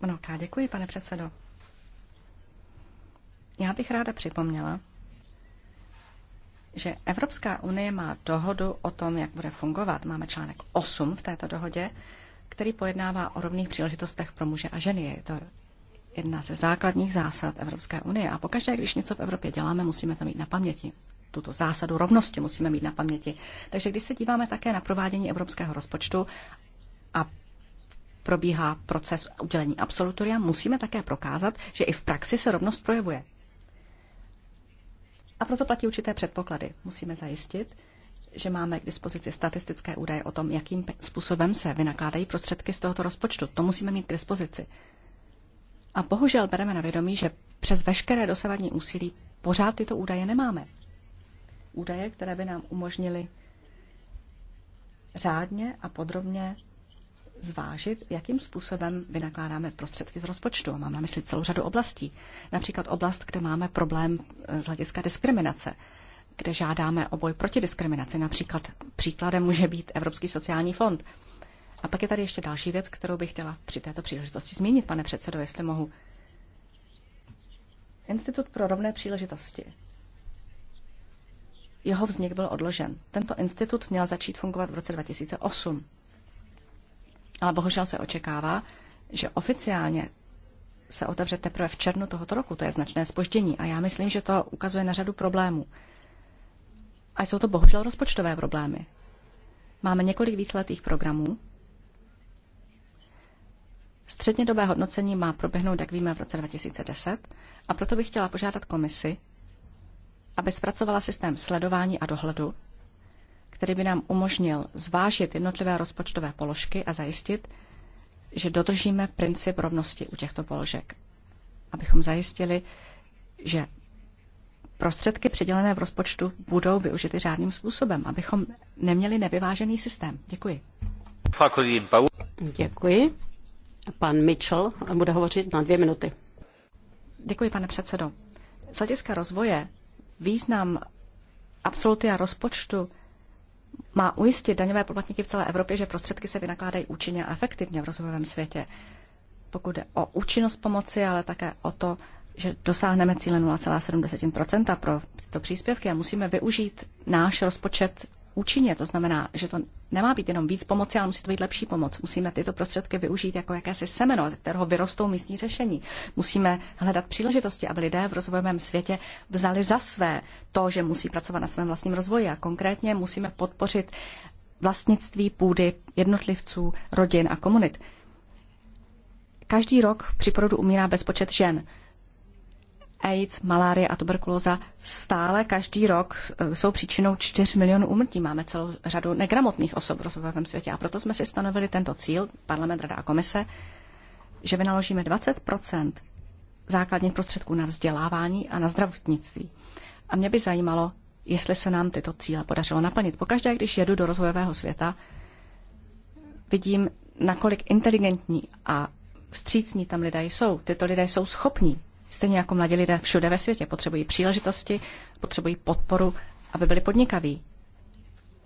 Mnohokrát děkuji, pane předsedo. Já bych ráda připomněla, že Evropská unie má dohodu o tom, jak bude fungovat. Máme článek 8 v této dohodě, který pojednává o rovných příležitostech pro muže a ženy. Je to jedna ze základních zásad Evropské unie. A pokaždé, když něco v Evropě děláme, musíme to mít na paměti. Tuto zásadu rovnosti musíme mít na paměti. Takže když se díváme také na provádění evropského rozpočtu a probíhá proces udělení absolutoria, musíme také prokázat, že i v praxi se rovnost projevuje. A proto platí určité předpoklady. Musíme zajistit, že máme k dispozici statistické údaje o tom, jakým způsobem se vynakládají prostředky z tohoto rozpočtu. To musíme mít k dispozici. A bohužel bereme na vědomí, že přes veškeré dosavadní úsilí pořád tyto údaje nemáme. Údaje, které by nám umožnily řádně a podrobně zvážit, jakým způsobem vynakládáme prostředky z rozpočtu. Mám na mysli celou řadu oblastí. Například oblast, kde máme problém e, z hlediska diskriminace kde žádáme o boj proti diskriminaci. Například příkladem může být Evropský sociální fond. A pak je tady ještě další věc, kterou bych chtěla při této příležitosti zmínit, pane předsedo, jestli mohu. Institut pro rovné příležitosti. Jeho vznik byl odložen. Tento institut měl začít fungovat v roce 2008. Ale bohužel se očekává, že oficiálně se otevře teprve v červnu tohoto roku. To je značné spoždění a já myslím, že to ukazuje na řadu problémů. A jsou to bohužel rozpočtové problémy. Máme několik víceletých programů. Střednědobé hodnocení má proběhnout, jak víme, v roce 2010 a proto bych chtěla požádat komisi, aby zpracovala systém sledování a dohledu, který by nám umožnil zvážit jednotlivé rozpočtové položky a zajistit, že dodržíme princip rovnosti u těchto položek, abychom zajistili, že prostředky přidělené v rozpočtu budou využity řádným způsobem, abychom neměli nevyvážený systém. Děkuji. Děkuji. Pan Mitchell bude hovořit na dvě minuty. Děkuji, pane předsedo. Z hlediska rozvoje význam a rozpočtu má ujistit daňové poplatníky v celé Evropě, že prostředky se vynakládají účinně a efektivně v rozvojovém světě. Pokud jde o účinnost pomoci, ale také o to, že dosáhneme cíle 0,7 pro tyto příspěvky a musíme využít náš rozpočet účinně. To znamená, že to nemá být jenom víc pomoci, ale musí to být lepší pomoc. Musíme tyto prostředky využít jako jakési semeno, ze kterého vyrostou místní řešení. Musíme hledat příležitosti, aby lidé v rozvojovém světě vzali za své to, že musí pracovat na svém vlastním rozvoji. A konkrétně musíme podpořit vlastnictví půdy jednotlivců, rodin a komunit. Každý rok při porodu umírá bezpočet žen. AIDS, malárie a tuberkulóza stále každý rok eh, jsou příčinou 4 milionů úmrtí. Máme celou řadu negramotných osob v rozvojovém světě a proto jsme si stanovili tento cíl, parlament, rada a komise, že vynaložíme 20 základních prostředků na vzdělávání a na zdravotnictví. A mě by zajímalo, jestli se nám tyto cíle podařilo naplnit. Pokaždé, když jedu do rozvojového světa, vidím, nakolik inteligentní a vstřícní tam lidé jsou. Tyto lidé jsou schopní Stejně jako mladí lidé všude ve světě potřebují příležitosti, potřebují podporu, aby byli podnikaví.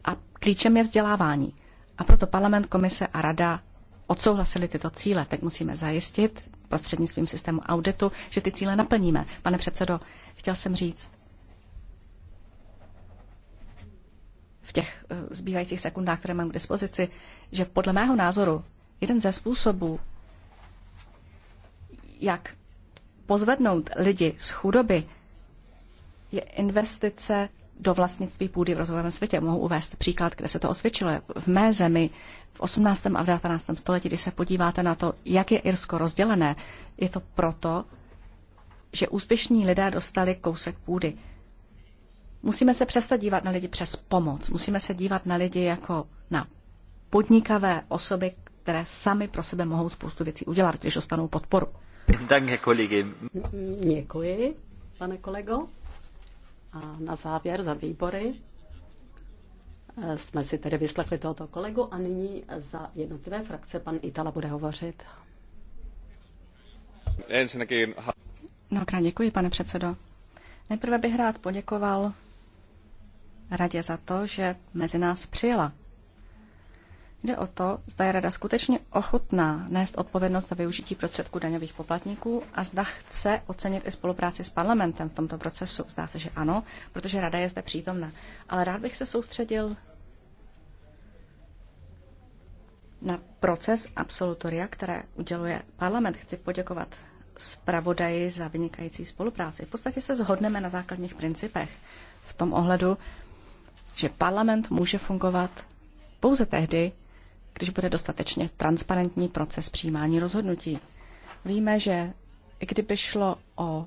A klíčem je vzdělávání. A proto parlament, komise a rada odsouhlasili tyto cíle. Teď musíme zajistit prostřednictvím systému auditu, že ty cíle naplníme. Pane předsedo, chtěl jsem říct, v těch eh, zbývajících sekundách, které mám k dispozici, že podle mého názoru jeden ze způsobů, jak pozvednout lidi z chudoby, je investice do vlastnictví půdy v rozvojovém světě. Mohu uvést příklad, kde se to osvědčilo. V mé zemi v 18. a v 19. století, když se podíváte na to, jak je Irsko rozdělené, je to proto, že úspěšní lidé dostali kousek půdy. Musíme se přestat dívat na lidi přes pomoc. Musíme se dívat na lidi jako na podnikavé osoby, které sami pro sebe mohou spoustu věcí udělat, když dostanou podporu. Děkuji, pane kolego. A na závěr za výbory jsme si tedy vyslechli tohoto kolegu a nyní za jednotlivé frakce pan Itala bude hovořit. Mnohokrát děkuji, pane předsedo. Nejprve bych rád poděkoval radě za to, že mezi nás přijela Jde o to, zda je rada skutečně ochotná nést odpovědnost za využití prostředků daňových poplatníků a zda chce ocenit i spolupráci s parlamentem v tomto procesu. Zdá se, že ano, protože rada je zde přítomna. Ale rád bych se soustředil na proces absolutoria, které uděluje parlament. Chci poděkovat zpravodaji za vynikající spolupráci. V podstatě se zhodneme na základních principech v tom ohledu, že parlament může fungovat pouze tehdy, když bude dostatečně transparentní proces přijímání rozhodnutí. Víme, že i kdyby šlo o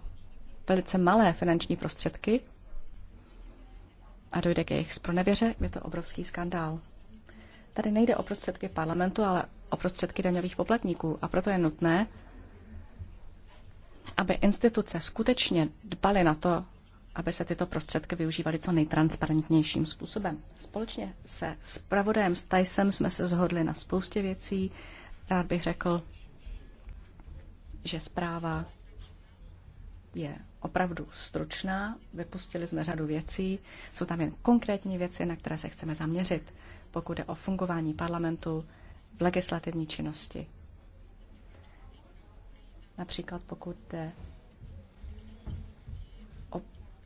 velice malé finanční prostředky a dojde k jejich spronevěře, je to obrovský skandál. Tady nejde o prostředky parlamentu, ale o prostředky daňových poplatníků a proto je nutné, aby instituce skutečně dbaly na to, aby se tyto prostředky využívaly co nejtransparentnějším způsobem. Společně se s s Stajsem jsme se zhodli na spoustě věcí. Rád bych řekl, že zpráva je opravdu stručná, vypustili jsme řadu věcí, jsou tam jen konkrétní věci, na které se chceme zaměřit, pokud jde o fungování parlamentu v legislativní činnosti. Například pokud jde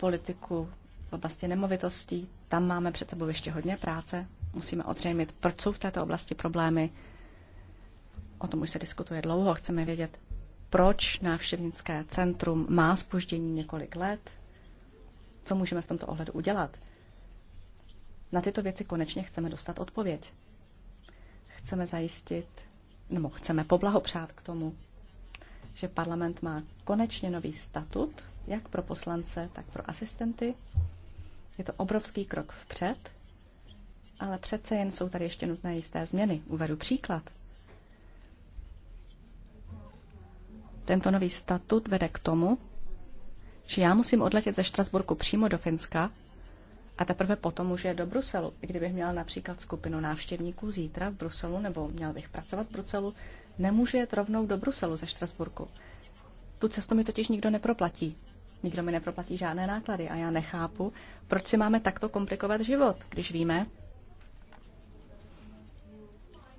politiku v oblasti nemovitostí. Tam máme před sebou ještě hodně práce. Musíme ozřejmit, proč jsou v této oblasti problémy. O tom už se diskutuje dlouho. Chceme vědět, proč návštěvnické centrum má spoždění několik let. Co můžeme v tomto ohledu udělat? Na tyto věci konečně chceme dostat odpověď. Chceme zajistit, nebo chceme poblahopřát k tomu, že parlament má konečně nový statut, jak pro poslance, tak pro asistenty. Je to obrovský krok vpřed, ale přece jen jsou tady ještě nutné jisté změny. Uvedu příklad. Tento nový statut vede k tomu, že já musím odletět ze Štrasburku přímo do Finska a teprve potom už je do Bruselu. I kdybych měl například skupinu návštěvníků zítra v Bruselu nebo měl bych pracovat v Bruselu, nemůžu jet rovnou do Bruselu ze Štrasburku. Tu cestu mi totiž nikdo neproplatí. Nikdo mi neproplatí žádné náklady a já nechápu, proč si máme takto komplikovat život, když víme,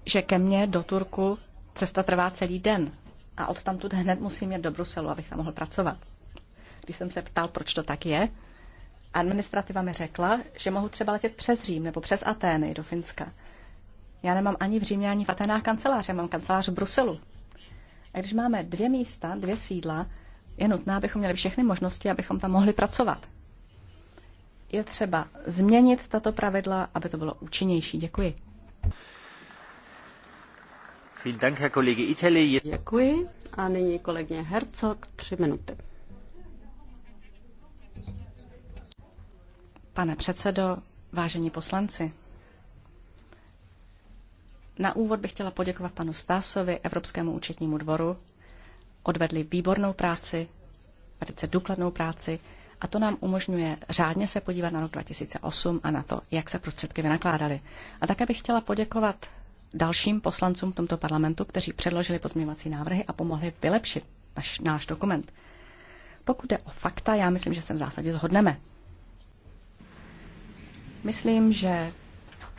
že ke mně do Turku cesta trvá celý den a odtamtud hned musím jet do Bruselu, abych tam mohl pracovat. Když jsem se ptal, proč to tak je, administrativa mi řekla, že mohu třeba letět přes Řím nebo přes Atény do Finska. Já nemám ani v Římě, ani v Atenách kancelář, já mám kancelář v Bruselu. A když máme dvě místa, dvě sídla, je nutné, abychom měli všechny možnosti, abychom tam mohli pracovat. Je třeba změnit tato pravidla, aby to bylo účinnější. Děkuji. Děkuji. A nyní kolegyně Herzog, tři minuty. Pane předsedo, vážení poslanci, na úvod bych chtěla poděkovat panu Stásovi, Evropskému účetnímu dvoru. Odvedli výbornou práci, velice důkladnou práci a to nám umožňuje řádně se podívat na rok 2008 a na to, jak se prostředky vynakládaly. A také bych chtěla poděkovat dalším poslancům v tomto parlamentu, kteří předložili pozměňovací návrhy a pomohli vylepšit naš, náš dokument. Pokud jde o fakta, já myslím, že se v zásadě zhodneme. Myslím, že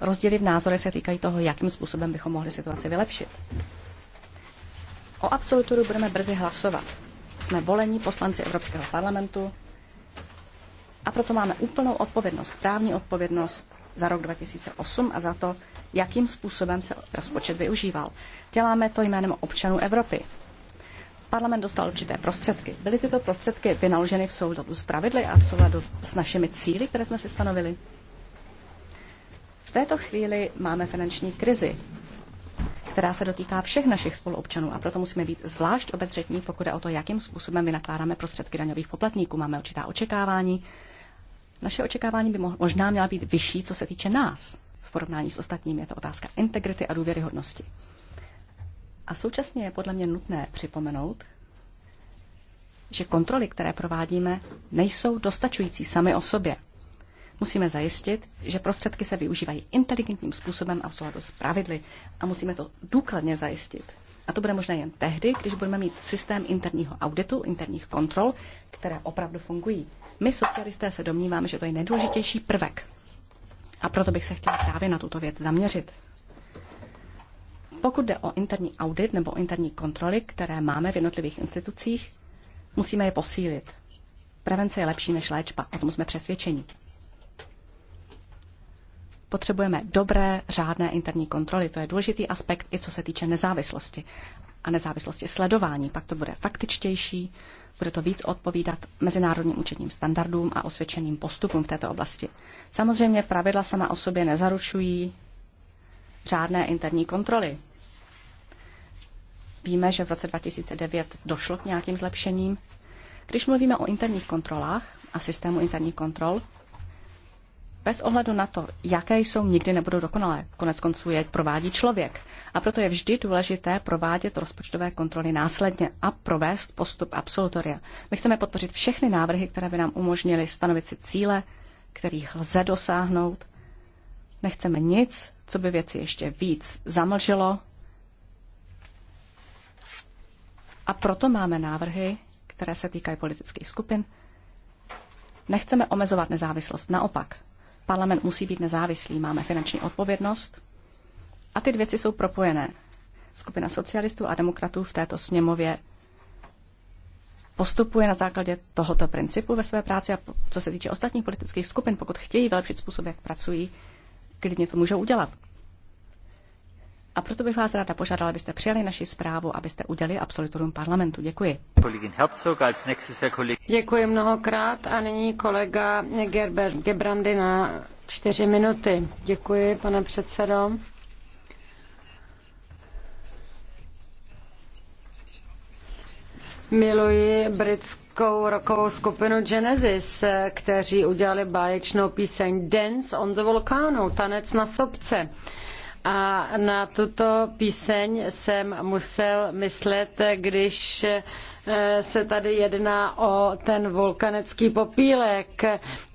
Rozdíly v názorech se týkají toho, jakým způsobem bychom mohli situaci vylepšit. O absolutoru budeme brzy hlasovat. Jsme volení poslanci Evropského parlamentu a proto máme úplnou odpovědnost, právní odpovědnost za rok 2008 a za to, jakým způsobem se rozpočet využíval. Děláme to jménem občanů Evropy. Parlament dostal určité prostředky. Byly tyto prostředky vynaloženy v souladu s pravidly a v souladu s našimi cíly, které jsme si stanovili? této chvíli máme finanční krizi, která se dotýká všech našich spoluobčanů a proto musíme být zvlášť obezřetní, pokud je o to, jakým způsobem vynakládáme prostředky daňových poplatníků. Máme určitá očekávání. Naše očekávání by možná měla být vyšší, co se týče nás. V porovnání s ostatními je to otázka integrity a důvěryhodnosti. A současně je podle mě nutné připomenout, že kontroly, které provádíme, nejsou dostačující sami o sobě. Musíme zajistit, že prostředky se využívají inteligentním způsobem a v souladu s pravidly. A musíme to důkladně zajistit. A to bude možné jen tehdy, když budeme mít systém interního auditu, interních kontrol, které opravdu fungují. My socialisté se domníváme, že to je nejdůležitější prvek. A proto bych se chtěla právě na tuto věc zaměřit. Pokud jde o interní audit nebo interní kontroly, které máme v jednotlivých institucích, musíme je posílit. Prevence je lepší než léčba, o tom jsme přesvědčeni. Potřebujeme dobré, řádné interní kontroly. To je důležitý aspekt i co se týče nezávislosti. A nezávislosti sledování. Pak to bude faktičtější, bude to víc odpovídat mezinárodním účetním standardům a osvědčeným postupům v této oblasti. Samozřejmě pravidla sama o sobě nezaručují řádné interní kontroly. Víme, že v roce 2009 došlo k nějakým zlepšením. Když mluvíme o interních kontrolách a systému interních kontrol, bez ohledu na to, jaké jsou, nikdy nebudou dokonalé. Konec konců je provádí člověk. A proto je vždy důležité provádět rozpočtové kontroly následně a provést postup absolutoria. My chceme podpořit všechny návrhy, které by nám umožnily stanovit si cíle, kterých lze dosáhnout. Nechceme nic, co by věci ještě víc zamlžilo. A proto máme návrhy, které se týkají politických skupin. Nechceme omezovat nezávislost, naopak Parlament musí být nezávislý, máme finanční odpovědnost a ty věci jsou propojené. Skupina socialistů a demokratů v této sněmově postupuje na základě tohoto principu ve své práci a co se týče ostatních politických skupin, pokud chtějí vylepšit způsob, jak pracují, klidně to můžou udělat. A proto bych vás ráda požádala, abyste přijali naši zprávu, abyste udělali absolutorium parlamentu. Děkuji. Děkuji mnohokrát a nyní kolega Gerber Gebrandy na čtyři minuty. Děkuji, pane předsedo. Miluji britskou rokovou skupinu Genesis, kteří udělali báječnou píseň Dance on the Volcano, tanec na sobce. A na tuto píseň jsem musel myslet, když Eh, se tady jedná o ten vulkanický popílek,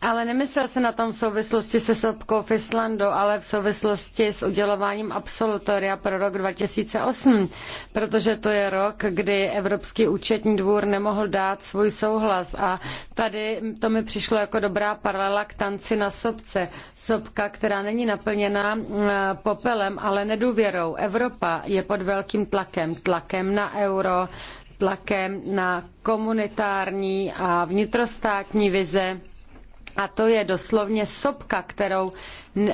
ale nemyslel se na tom v souvislosti se sopkou v Islandu, ale v souvislosti s udělováním absolutoria pro rok 2008, protože to je rok, kdy Evropský účetní dvůr nemohl dát svůj souhlas a tady to mi přišlo jako dobrá paralela k tanci na sopce. Sopka, která není naplněná eh, popelem, ale nedůvěrou. Evropa je pod velkým tlakem, tlakem na euro, tlakem na komunitární a vnitrostátní vize a to je doslovně sopka, kterou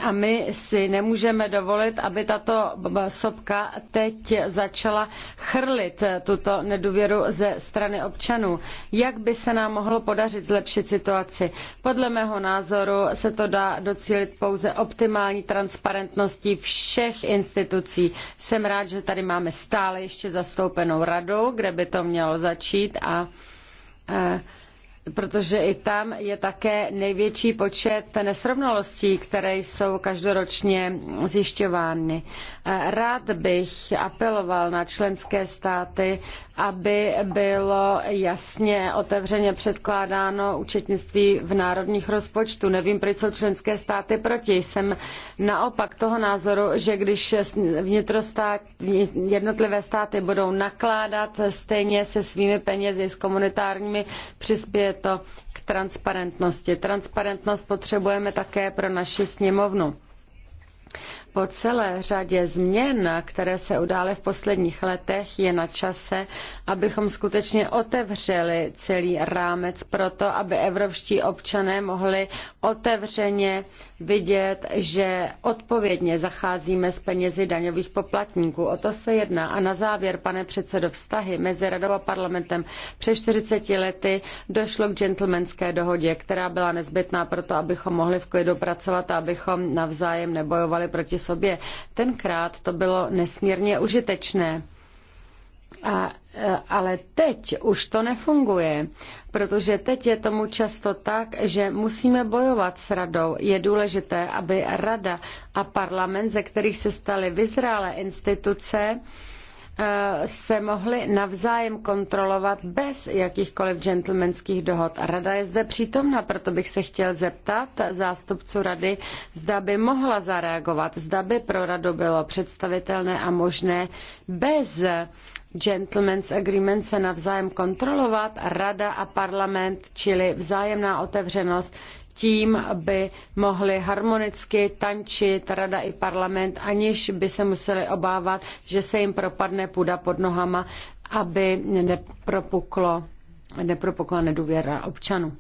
a my si nemůžeme dovolit, aby tato sopka teď začala chrlit tuto nedůvěru ze strany občanů. Jak by se nám mohlo podařit zlepšit situaci? Podle mého názoru se to dá docílit pouze optimální transparentností všech institucí. Jsem rád, že tady máme stále ještě zastoupenou radu, kde by to mělo začít a, a eh, protože i tam je také největší počet nesrovnalostí, které jsou každoročně zjišťovány. Rád bych apeloval na členské státy, aby bylo jasně otevřeně předkládáno účetnictví v národních rozpočtu. Nevím, proč jsou členské státy proti. Jsem naopak toho názoru, že když vnitrostát, jednotlivé státy budou nakládat stejně se svými penězi, s komunitárními přispět to k transparentnosti. Transparentnost potřebujeme také pro naši sněmovnu po celé řadě změn, které se udály v posledních letech, je na čase, abychom skutečně otevřeli celý rámec pro to, aby evropští občané mohli otevřeně vidět, že odpovědně zacházíme s penězi daňových poplatníků. O to se jedná. A na závěr, pane předsedo, vztahy mezi radou a parlamentem před 40 lety došlo k gentlemanské dohodě, která byla nezbytná pro to, abychom mohli v klidu pracovat a abychom navzájem nebojovali proti sobě. Tenkrát to bylo nesmírně užitečné. A, e, ale teď už to nefunguje, protože teď je tomu často tak, že musíme bojovat s radou. Je důležité, aby rada a parlament, ze kterých se staly vyzrálé instituce, Eh, se mohly navzájem kontrolovat bez jakýchkoliv gentlemanských dohod. A rada je zde přítomna, proto bych se chtěl zeptat zástupců rady, zda by mohla zareagovat, zda by pro radu bylo představitelné a možné bez gentleman's agreement se navzájem kontrolovat, rada a parlament, čili vzájemná otevřenost tím by mohli harmonicky tančit rada i parlament, aniž by se museli obávat, že se jim propadne půda pod nohama, aby nepropuklo, nepropukla nedůvěra občanů.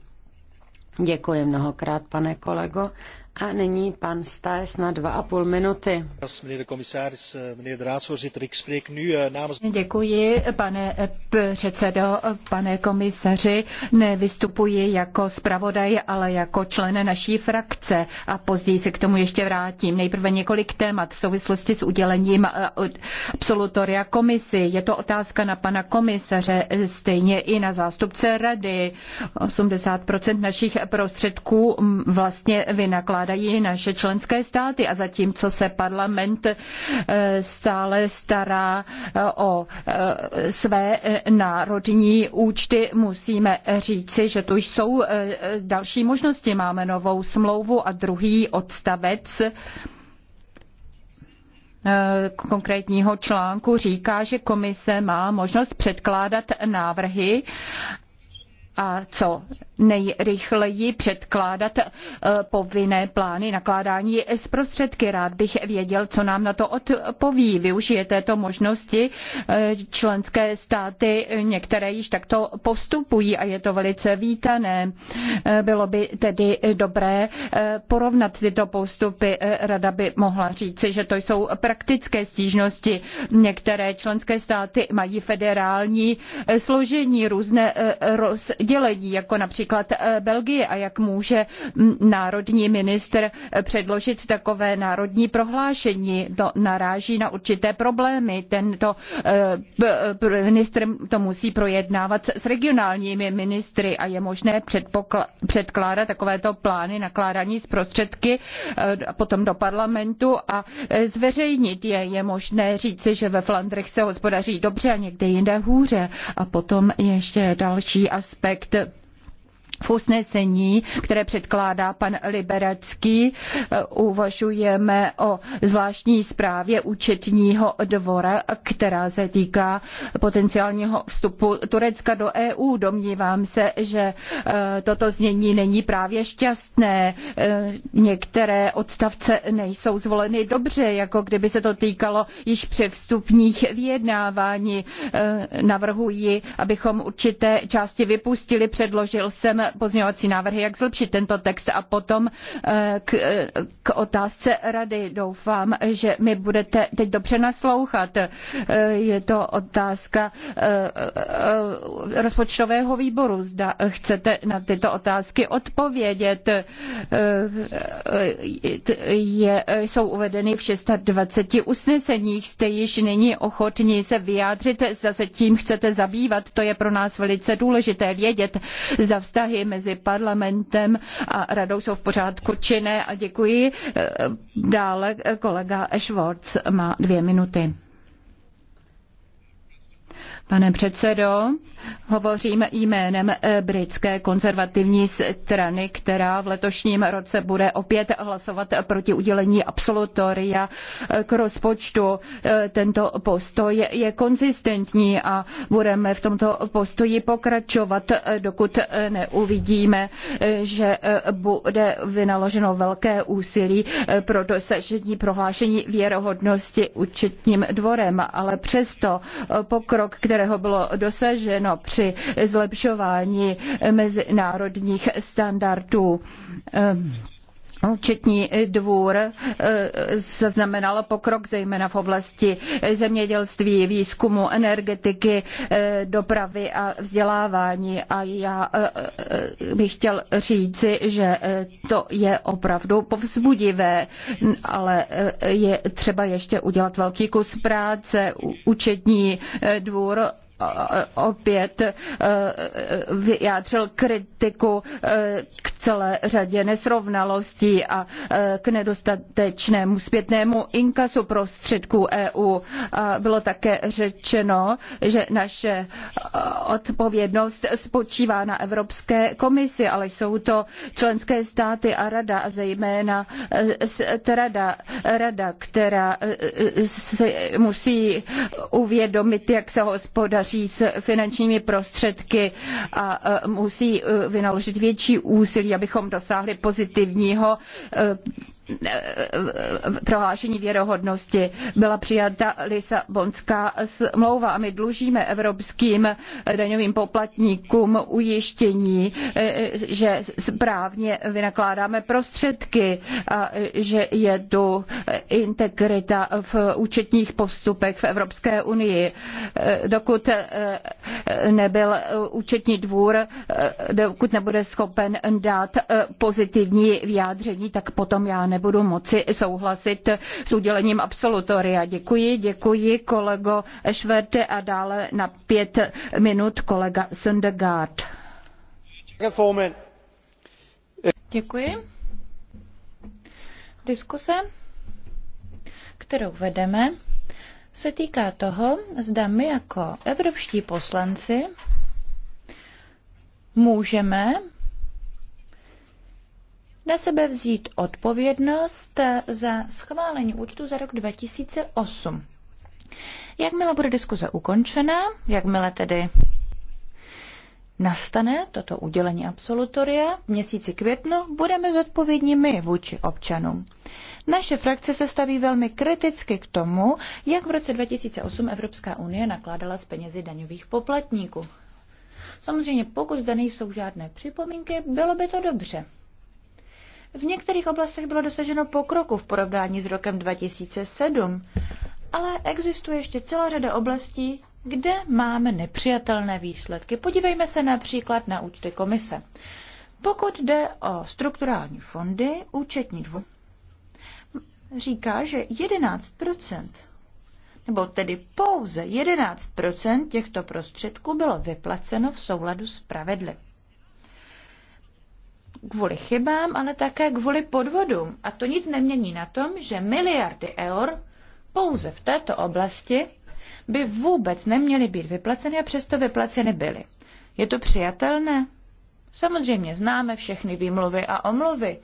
Děkuji mnohokrát, pane kolego. A nyní pan Stajs na dva a půl minuty. Eh, eh, Děkuji, pane eh, předsedo, pane komisaři. Nevystupuji jako zpravodaj, ale jako člen naší frakce a později se k tomu ještě vrátím. Nejprve několik témat v souvislosti s udělením absolutoria komisi. Je to otázka na pana komisaře, stejně i na zástupce rady. 80% našich prostředků vlastně vynakládá žádají naše členské státy a zatímco se parlament eh, stále stará eh, o eh, své národní účty, musíme říci, že tu jsou další možnosti. Máme novou smlouvu a druhý odstavec konkrétního článku říká, že komise má možnost předkládat návrhy a co nejrychleji předkládat eh, povinné plány nakládání s prostředky. Rád bych věděl, co nám na to odpoví. Využije této možnosti eh, členské státy, některé již takto postupují a je to velice vítané. Eh, bylo by tedy dobré porovnat tyto postupy. Rada by mohla říci, že to jsou praktické stížnosti. Některé členské státy mají federální složení, různé rozdělení, jako například například eh, Belgie a jak může mm, národní minister eh, předložit takové národní prohlášení. To naráží na určité problémy. Tento eh, ministr to musí projednávat s regionálními ministry a je možné předkládat takovéto plány nakládání s prostředky potom do parlamentu a zveřejnit je. Je možné říci, že ve Flandrech se hospodaří dobře a někde jinde hůře. A potom ještě další aspekt v usnesení, které předkládá pan Liberecký, eh, uvažujeme o zvláštní zprávě účetního dvora, která se týká potenciálního vstupu Turecka do EU. Domnívám se, že eh, toto znění není právě šťastné. Eh, některé odstavce nejsou zvoleny dobře, jako kdyby se to týkalo již předvstupních vyjednávání. Navrhuji, abychom určité části vypustili. Předložil jsem pozměňovací návrhy, jak zlepšit tento text a potom eh, k, eh, k otázce rady. Doufám, že mi budete teď dobře naslouchat. Eh, je to otázka rozpočtového výboru. Zda chcete na tyto otázky odpovědět. Je, jsou uvedeny v 620 usneseních. Jste již nyní ochotní se vyjádřit, zda se tím chcete zabývat. To je pro nás velice důležité vědět, za vztahy vztahy mezi parlamentem a radou jsou v pořádku či ne. A děkuji. Dále kolega Schwartz má dvě minuty. Pane předsedo, hovořím jménem eh, britské konzervativní strany, která v letošním roce bude opět hlasovat proti udělení absolutoria eh, k rozpočtu. Eh, tento postoj je konzistentní a budeme v tomto postoji pokračovat, dokud neuvidíme, že bude vynaloženo velké úsilí pro dosažení prohlášení věrohodnosti účetním dvorem, ale přesto pokrok, který kterého bylo dosaženo při zlepšování mezinárodních standardů. Um, Účetní dvůr eh, zaznamenal pokrok zejména v oblasti zemědělství, výzkumu, energetiky, eh, dopravy a vzdělávání. A já eh, bych chtěl říci, že to je opravdu povzbudivé, ale je třeba ještě udělat velký kus práce. Účetní dvůr opět vyjádřil kritiku k celé řadě nesrovnalostí a e, k nedostatečnému zpětnému inkasu prostředků EU. Bylo také řečeno, že naše e, odpovědnost spočívá na Evropské komisi, ale jsou to členské státy a rada, a zejména e, rada, rada která si musí uvědomit, jak se hospodaří s finančními prostředky a musí vynaložit větší úsilí abychom dosáhli pozitivního eh, eh, prohlášení věrohodnosti. Byla přijata Lisabonská smlouva a my dlužíme evropským daňovým poplatníkům ujištění, eh, že správně vynakládáme prostředky a že je tu integrita v účetních postupech v Evropské unii. Dokud nebyl účetní dvůr, dokud nebude schopen dát dát eh, pozitivní vyjádření, tak potom já nebudu moci souhlasit s udělením absolutoria. Děkuji, děkuji kolego Šverte a dále na pět minut kolega Sundegaard. Děkuji. Diskuse, kterou vedeme, se týká toho, zda my jako evropští poslanci můžeme na sebe vzít odpovědnost za schválení účtu za rok 2008. Jakmile bude diskuze ukončena, jakmile tedy nastane toto udělení absolutoria v měsíci květnu, budeme zodpovědní my vůči občanům. Naše frakce se staví velmi kriticky k tomu, jak v roce 2008 Evropská unie nakládala s penězi daňových poplatníků. Samozřejmě, pokud zde nejsou žádné připomínky, bylo by to dobře. V některých oblastech bylo dosaženo pokroku v porovnání s rokem 2007, ale existuje ještě celá řada oblastí, kde máme nepřijatelné výsledky. Podívejme se například na účty komise. Pokud jde o strukturální fondy, účetní dvůr říká, že 11 nebo tedy pouze 11 těchto prostředků bylo vyplaceno v souladu s pravidly kvůli chybám, ale také kvůli podvodům. A to nic nemění na tom, že miliardy eur pouze v této oblasti by vůbec neměly být vyplaceny a přesto vyplaceny byly. Je to přijatelné? Samozřejmě známe všechny výmluvy a omluvy.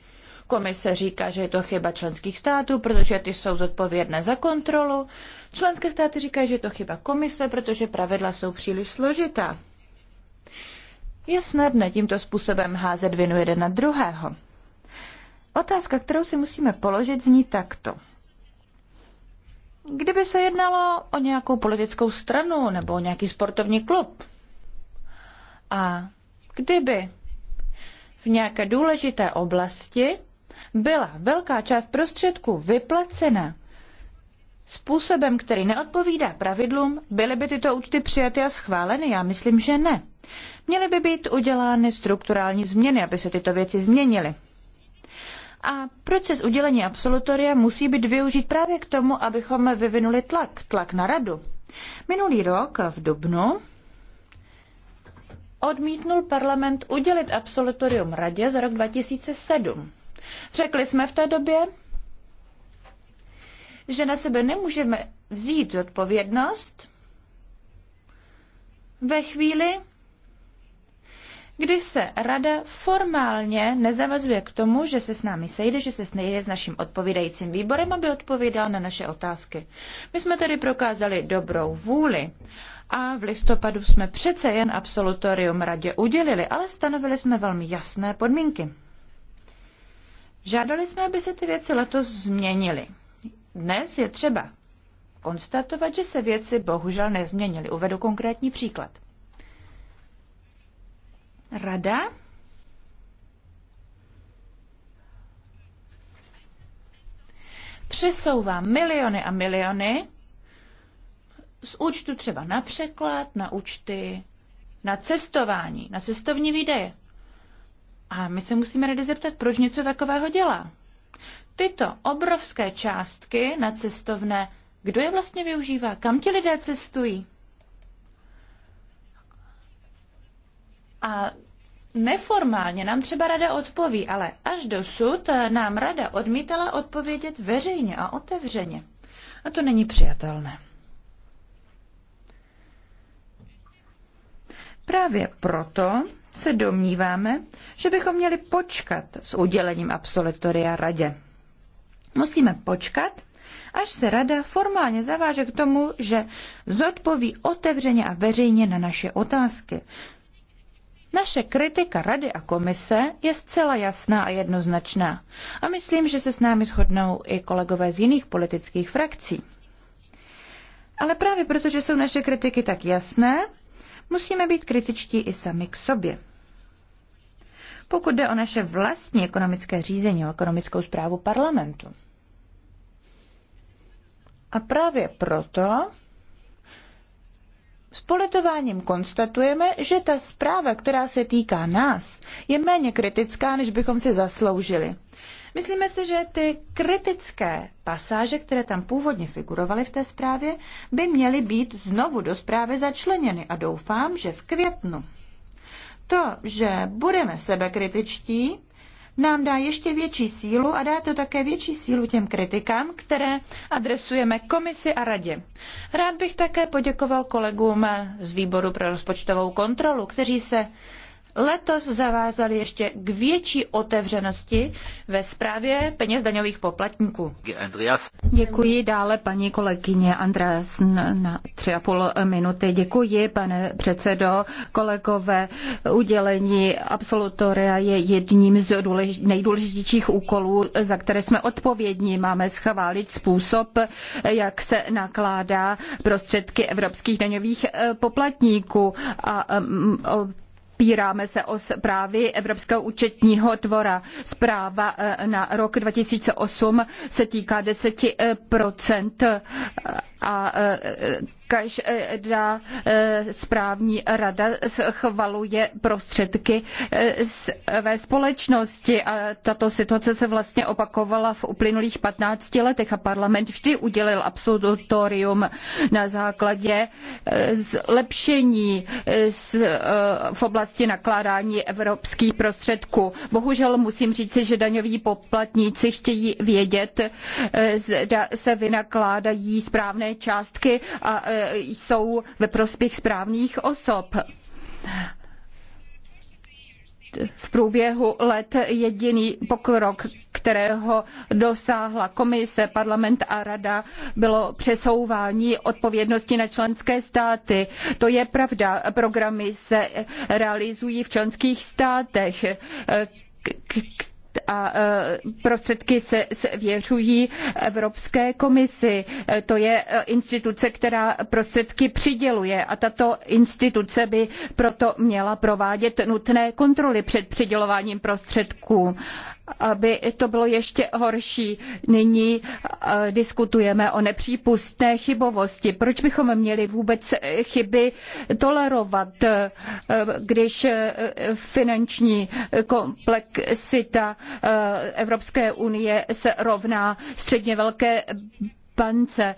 Komise říká, že je to chyba členských států, protože ty jsou zodpovědné za kontrolu. Členské státy říkají, že je to chyba komise, protože pravidla jsou příliš složitá. Je snadné tímto způsobem házet vinu jeden na druhého. Otázka, kterou si musíme položit, zní takto. Kdyby se jednalo o nějakou politickou stranu nebo o nějaký sportovní klub a kdyby v nějaké důležité oblasti byla velká část prostředků vyplacena způsobem, který neodpovídá pravidlům, byly by tyto účty přijaty a schváleny? Já myslím, že ne. Měly by být udělány strukturální změny, aby se tyto věci změnily. A proces udělení absolutoria musí být využít právě k tomu, abychom vyvinuli tlak, tlak na radu. Minulý rok v Dubnu odmítnul parlament udělit absolutorium radě za rok 2007. Řekli jsme v té době, že na sebe nemůžeme vzít odpovědnost ve chvíli, kdy se rada formálně nezavazuje k tomu, že se s námi sejde, že se sejde s naším odpovídajícím výborem, aby odpovídal na naše otázky. My jsme tedy prokázali dobrou vůli a v listopadu jsme přece jen absolutorium radě udělili, ale stanovili jsme velmi jasné podmínky. Žádali jsme, aby se ty věci letos změnily. Dnes je třeba konstatovat, že se věci bohužel nezměnily. Uvedu konkrétní příklad. Rada? Přesouvá miliony a miliony z účtu třeba na překlad, na účty, na cestování, na cestovní výdaje. A my se musíme rady zeptat, proč něco takového dělá. Tyto obrovské částky na cestovné, kdo je vlastně využívá, kam ti lidé cestují? A Neformálně nám třeba rada odpoví, ale až dosud nám rada odmítala odpovědět veřejně a otevřeně. A to není přijatelné. Právě proto se domníváme, že bychom měli počkat s udělením absolutoria radě. Musíme počkat, až se rada formálně zaváže k tomu, že zodpoví otevřeně a veřejně na naše otázky. Naše kritika Rady a komise je zcela jasná a jednoznačná. A myslím, že se s námi shodnou i kolegové z jiných politických frakcí. Ale právě protože jsou naše kritiky tak jasné, musíme být kritičtí i sami k sobě. Pokud jde o naše vlastní ekonomické řízení, o ekonomickou zprávu parlamentu. A právě proto s politováním konstatujeme, že ta zpráva, která se týká nás, je méně kritická, než bychom si zasloužili. Myslíme si, že ty kritické pasáže, které tam původně figurovaly v té zprávě, by měly být znovu do zprávy začleněny a doufám, že v květnu. To, že budeme sebekritičtí, nám dá ještě větší sílu a dá to také větší sílu těm kritikám, které adresujeme komisi a radě. Rád bych také poděkoval kolegům z výboru pro rozpočtovou kontrolu, kteří se letos zavázali ještě k větší otevřenosti ve správě peněz daňových poplatníků. Děkuji dále paní kolegyně Andreas na tři a půl minuty. Děkuji, pane předsedo. Kolegové, udělení absolutoria je jedním z nejdůležitějších úkolů, za které jsme odpovědní. Máme schválit způsob, jak se nakládá prostředky evropských daňových eh, poplatníků a mm, opíráme se o zprávy Evropského účetního dvora. Zpráva eh, na rok 2008 se týká 10 eh, procent eh, a e, e, každá e, správní rada schvaluje prostředky ve společnosti a tato situace se vlastně opakovala v uplynulých 15 letech a parlament vždy udělil absolutorium na základě zlepšení v oblasti nakládání evropských prostředků. Bohužel musím říci, že daňoví poplatníci chtějí vědět, zda se vynakládají správné částky a e, jsou ve prospěch správných osob v průběhu let jediný pokrok, kterého dosáhla komise, parlament a rada, bylo přesouvání odpovědnosti na členské státy. To je pravda, programy se realizují v členských státech, a e, prostředky se svěřují Evropské komisi. E, to je e, instituce, která prostředky přiděluje a tato instituce by proto měla provádět nutné kontroly před přidělováním prostředků aby to bylo ještě horší. Nyní eh, diskutujeme o nepřípustné chybovosti. Proč bychom měli vůbec eh, chyby tolerovat, eh, když finanční komplexita Evropské unie se rovná středně velké bance.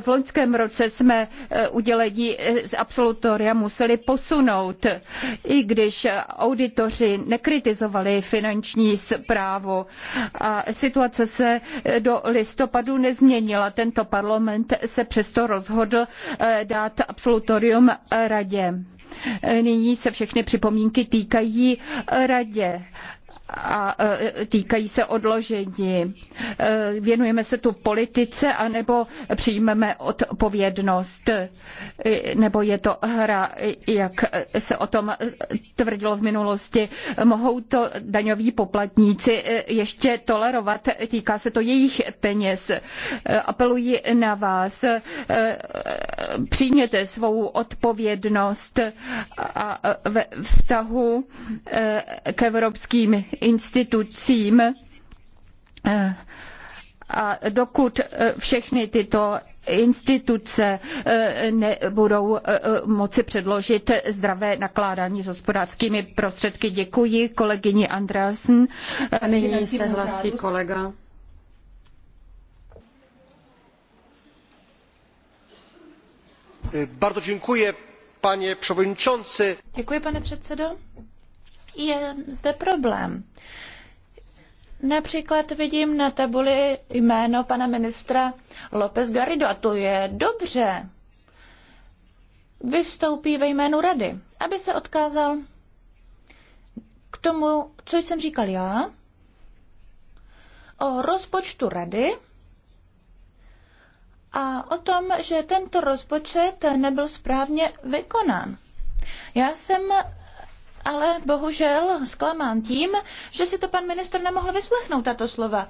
V loňském roce jsme eh, udělení eh, z absolutoria museli posunout, i když auditoři nekritizovali finanční zprávu. A situace se eh, do listopadu nezměnila. Tento parlament se přesto rozhodl dát absolutorium radě. Nyní se všechny připomínky týkají radě a e, týkají se odložení. E, věnujeme se tu politice, anebo přijmeme odpovědnost, e, nebo je to hra, jak se o tom tvrdilo v minulosti. Mohou to daňoví poplatníci ještě tolerovat, týká se to jejich peněz. Apeluji na vás, přijměte svou odpovědnost a ve vztahu k evropským institucím. A dokud všechny tyto instituce nebudou moci předložit zdravé nakládání s hospodářskými prostředky. Děkuji kolegyni Andreasen. Nyní se hlasí kolega. Bardzo dziękuję, panie przewodniczący. Děkuji, pane předsedo je zde problém. Například vidím na tabuli jméno pana ministra López Garrido a to je dobře. Vystoupí ve jménu rady, aby se odkázal k tomu, co jsem říkal já, o rozpočtu rady a o tom, že tento rozpočet nebyl správně vykonán. Já jsem ale bohužel zklamán tím, že si to pan ministr nemohl vyslechnout, tato slova.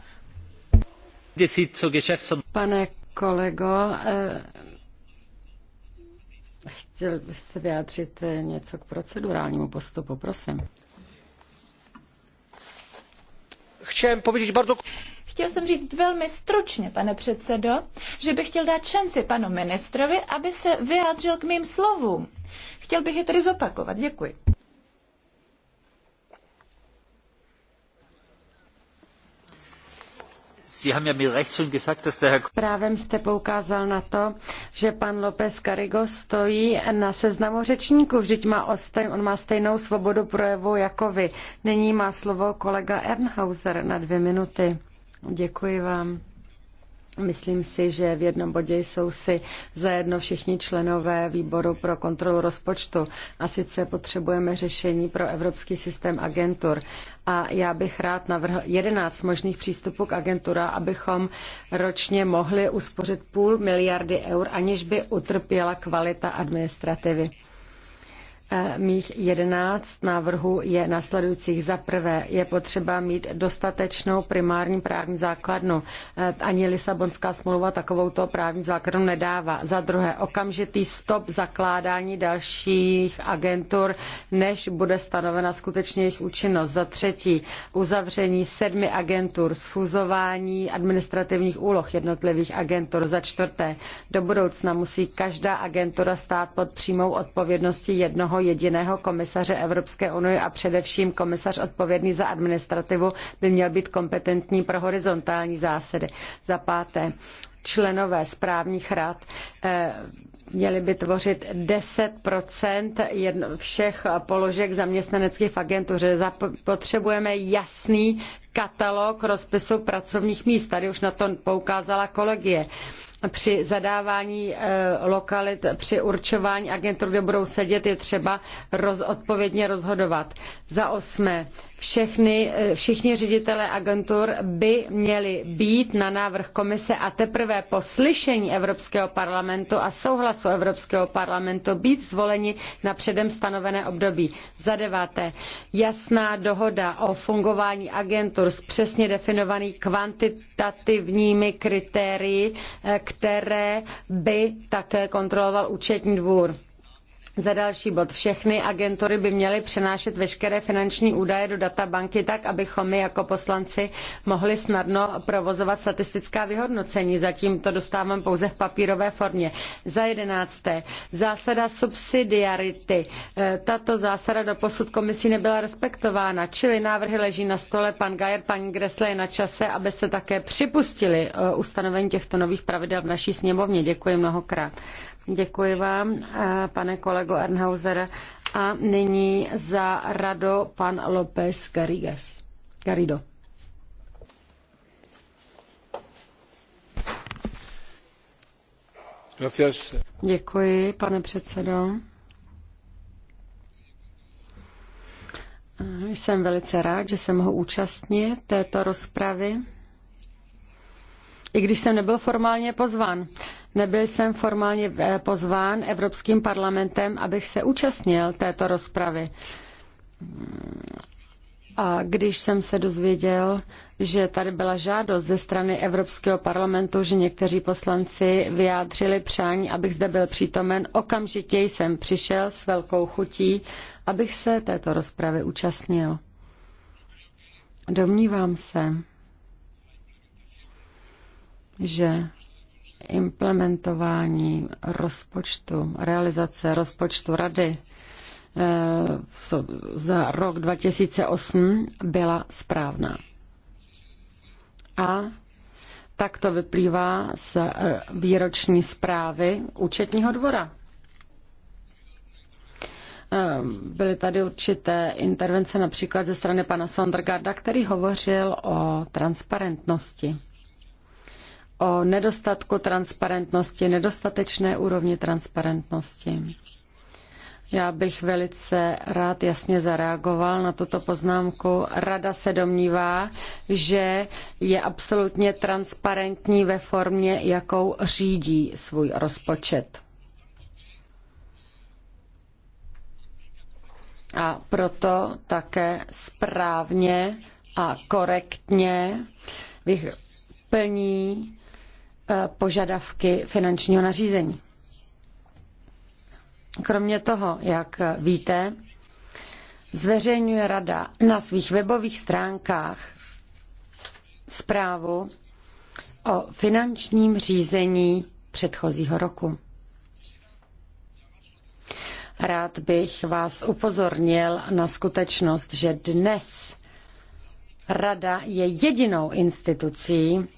Pane kolego, eh, chtěl byste vyjádřit eh, něco k procedurálnímu postupu, prosím. Chtěl jsem říct velmi stručně, pane předsedo, že bych chtěl dát šanci panu ministrovi, aby se vyjádřil k mým slovům. Chtěl bych je tedy zopakovat. Děkuji. Právem jste poukázal na to, že pan López Carigo stojí na seznamu řečníků. Vždyť má, on má stejnou svobodu projevu jako vy. Nyní má slovo kolega Ernhauser na dvě minuty. Děkuji vám. Myslím si, že v jednom bodě jsou si zajedno všichni členové výboru pro kontrolu rozpočtu a sice potřebujeme řešení pro evropský systém agentur. A já bych rád navrhl 11 možných přístupů k agentura, abychom ročně mohli uspořit půl miliardy eur, aniž by utrpěla kvalita administrativy. E, mých jedenáct návrhů je nasledujících. Za prvé je potřeba mít dostatečnou primární právní základnu. E, ani Lisabonská smlouva takovouto právní základnu nedává. Za druhé okamžitý stop zakládání dalších agentur, než bude stanovena skutečně jejich účinnost. Za třetí uzavření sedmi agentur, sfuzování administrativních úloh jednotlivých agentur. Za čtvrté do budoucna musí každá agentura stát pod přímou odpovědností jednoho jednoho jediného komisaře Evropské unie a především komisař odpovědný za administrativu by měl být kompetentní pro horizontální zásady. Za páté, členové správních rad eh, měli by tvořit 10 všech položek zaměstnaneckých agentů, že Potřebujeme jasný katalog rozpisu pracovních míst. Tady už na to poukázala kolegie při zadávání eh, lokalit, při určování agentur, kde budou sedět, je třeba roz, odpovědně rozhodovat. Za osmé, všechny, eh, všichni ředitelé agentur by měli být na návrh komise a teprve po slyšení Evropského parlamentu a souhlasu Evropského parlamentu být zvoleni na předem stanovené období. Za deváté, jasná dohoda o fungování agentur s přesně definovaný kvantitativními kritérii, eh, které by také kontroloval účetní dvůr za další bod. Všechny agentury by měly přenášet veškeré finanční údaje do databanky tak, abychom my jako poslanci mohli snadno provozovat statistická vyhodnocení. Zatím to dostávám pouze v papírové formě. Za jedenácté. Zásada subsidiarity. E, tato zásada do posud komisí nebyla respektována, čili návrhy leží na stole. Pan Gajer, paní Gresle je na čase, se také připustili e, ustanovení těchto nových pravidel v naší sněmovně. Děkuji mnohokrát. Děkuji vám, eh, pane kolego Ernhauser. A nyní za rado pan López Garigas. Garido. Gracias. Děkuji, pane předsedo. Eh, jsem velice rád, že se mohu účastnit této rozpravy i když jsem nebyl formálně pozván. Nebyl jsem formálně eh, pozván Evropským parlamentem, abych se účastnil této rozpravy. A když jsem se dozvěděl, že tady byla žádost ze strany Evropského parlamentu, že někteří poslanci vyjádřili přání, abych zde byl přítomen, okamžitě jsem přišel s velkou chutí, abych se této rozpravy účastnil. Domnívám se, že implementování rozpočtu, realizace rozpočtu rady eh, za rok 2008 byla správná. A tak to vyplývá z eh, výroční zprávy účetního dvora. Eh, byly tady určité intervence například ze strany pana Sondergarda, který hovořil o transparentnosti o nedostatku transparentnosti, nedostatečné úrovni transparentnosti. Já bych velice rád jasně zareagoval na tuto poznámku. Rada se domnívá, že je absolutně transparentní ve formě, jakou řídí svůj rozpočet. A proto také správně a korektně plní požadavky finančního nařízení. Kromě toho, jak víte, zveřejňuje Rada na svých webových stránkách zprávu o finančním řízení předchozího roku. Rád bych vás upozornil na skutečnost, že dnes Rada je jedinou institucí,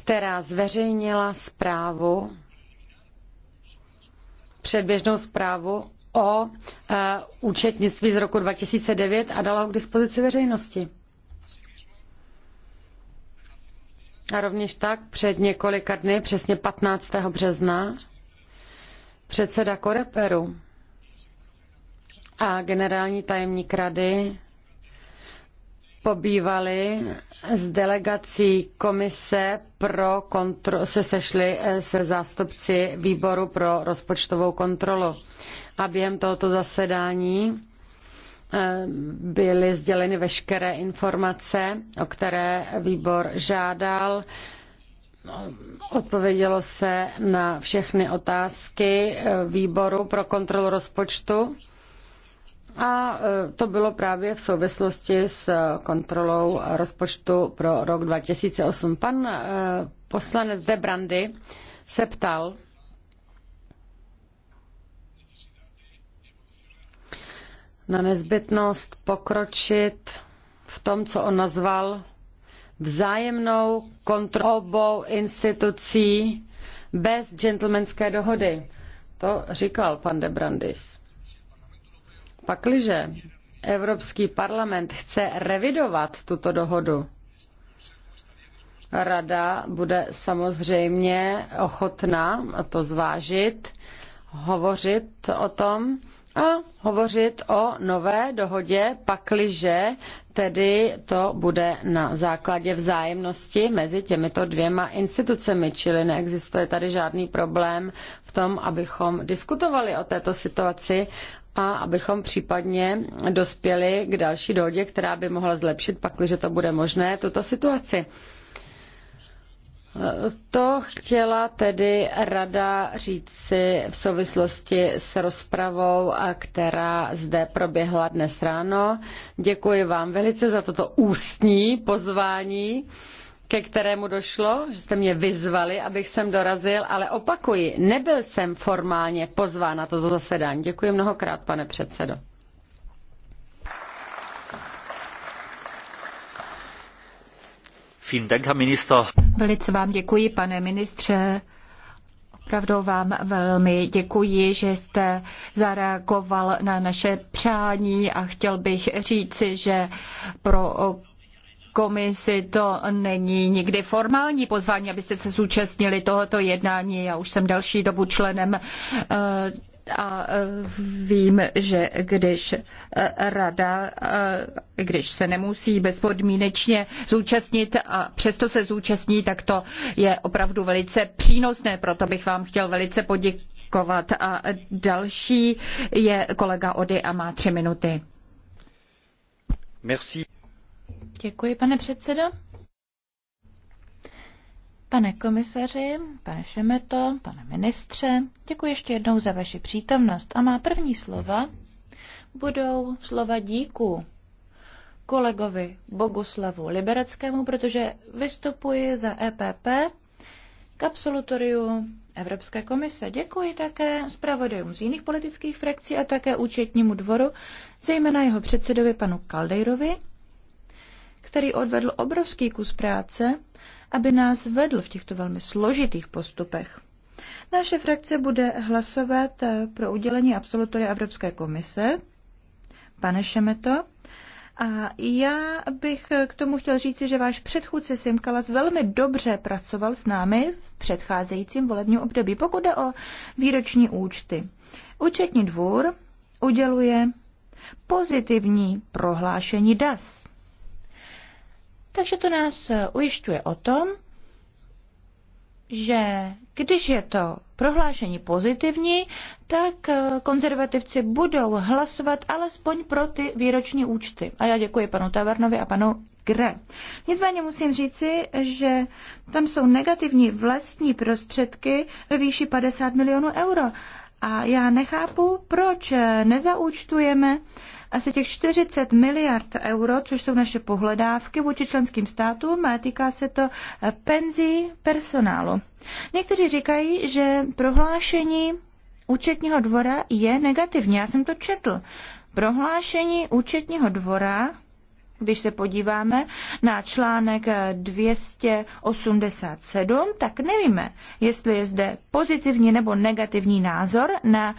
která zveřejnila zprávu, předběžnou zprávu o e, účetnictví z roku 2009 a dala ho k dispozici veřejnosti. A rovněž tak před několika dny, přesně 15. března, předseda Koreperu a generální tajemník rady pobývali s delegací komise pro kontrolu se sešli eh, se zástupci výboru pro rozpočtovou kontrolu. A během tohoto zasedání eh, byly sděleny veškeré informace, o které výbor žádal. Odpovědělo se na všechny otázky eh, výboru pro kontrolu rozpočtu. A e, to bylo právě v souvislosti s kontrolou rozpočtu pro rok 2008. Pan e, poslanec De Brandy se ptal, na nezbytnost pokročit v tom, co on nazval vzájemnou kontrolou obou institucí bez gentlemanské dohody. To říkal pan de Brandis. Pakliže Evropský parlament chce revidovat tuto dohodu, Rada bude samozřejmě ochotná to zvážit, hovořit o tom a hovořit o nové dohodě, pakliže tedy to bude na základě vzájemnosti mezi těmito dvěma institucemi, čili neexistuje tady žádný problém v tom, abychom diskutovali o této situaci a abychom případně dospěli k další dohodě, která by mohla zlepšit, pakliže to bude možné, tuto situaci. To chtěla tedy rada říci v souvislosti s rozpravou, která zde proběhla dnes ráno. Děkuji vám velice za toto ústní pozvání ke kterému došlo, že jste mě vyzvali, abych sem dorazil, ale opakuji, nebyl jsem formálně pozván na toto zasedání. Děkuji mnohokrát, pane předsedo. Velice vám děkuji, pane ministře. Opravdu vám velmi děkuji, že jste zareagoval na naše přání a chtěl bych říci, že pro komisi to není nikdy formální pozvání, abyste se zúčastnili tohoto jednání. Já už jsem další dobu členem eh, a eh, vím, že když eh, rada, když se nemusí bezpodmínečně zúčastnit a přesto se zúčastní, tak to je opravdu velice přínosné. Proto bych vám chtěl velice poděkovat. A další je kolega Ody a má tři minuty. Merci. Děkuji, pane předsedo. Pane komisaři, pane Šemeto, pane ministře, děkuji ještě jednou za vaši přítomnost a má první slova budou slova díku kolegovi Boguslavu Libereckému, protože vystupuji za EPP k absolutoriu Evropské komise. Děkuji také zpravodajům z jiných politických frakcí a také účetnímu dvoru, zejména jeho předsedovi panu Kaldejrovi, který odvedl obrovský kus práce, aby nás vedl v těchto velmi složitých postupech. Naše frakce bude hlasovat eh, pro udělení absolutory Evropské komise. Pane Šemeto, a já bych eh, k tomu chtěl říci, že váš předchůdce Simkalas velmi dobře pracoval s námi v předcházejícím volebním období, pokud jde o výroční účty. Účetní dvůr uděluje pozitivní prohlášení DAS. Takže to nás eh, ujišťuje o tom, že když je to prohlášení pozitivní, tak eh, konzervativci budou hlasovat alespoň pro ty výroční účty. A já děkuji panu Tavernovi a panu Gre. Nicméně musím říci, že tam jsou negativní vlastní prostředky ve výši 50 milionů euro. A já nechápu, proč eh, nezaúčtujeme uh, asi těch 40 miliard euro, což jsou naše pohledávky vůči členským státům, a týká se to eh, penzí personálu. Někteří říkají, že prohlášení účetního dvora je negativní. Já jsem to četl. Prohlášení účetního dvora když se podíváme na článek 287, eh, tak nevíme, jestli je zde pozitivní nebo negativní názor na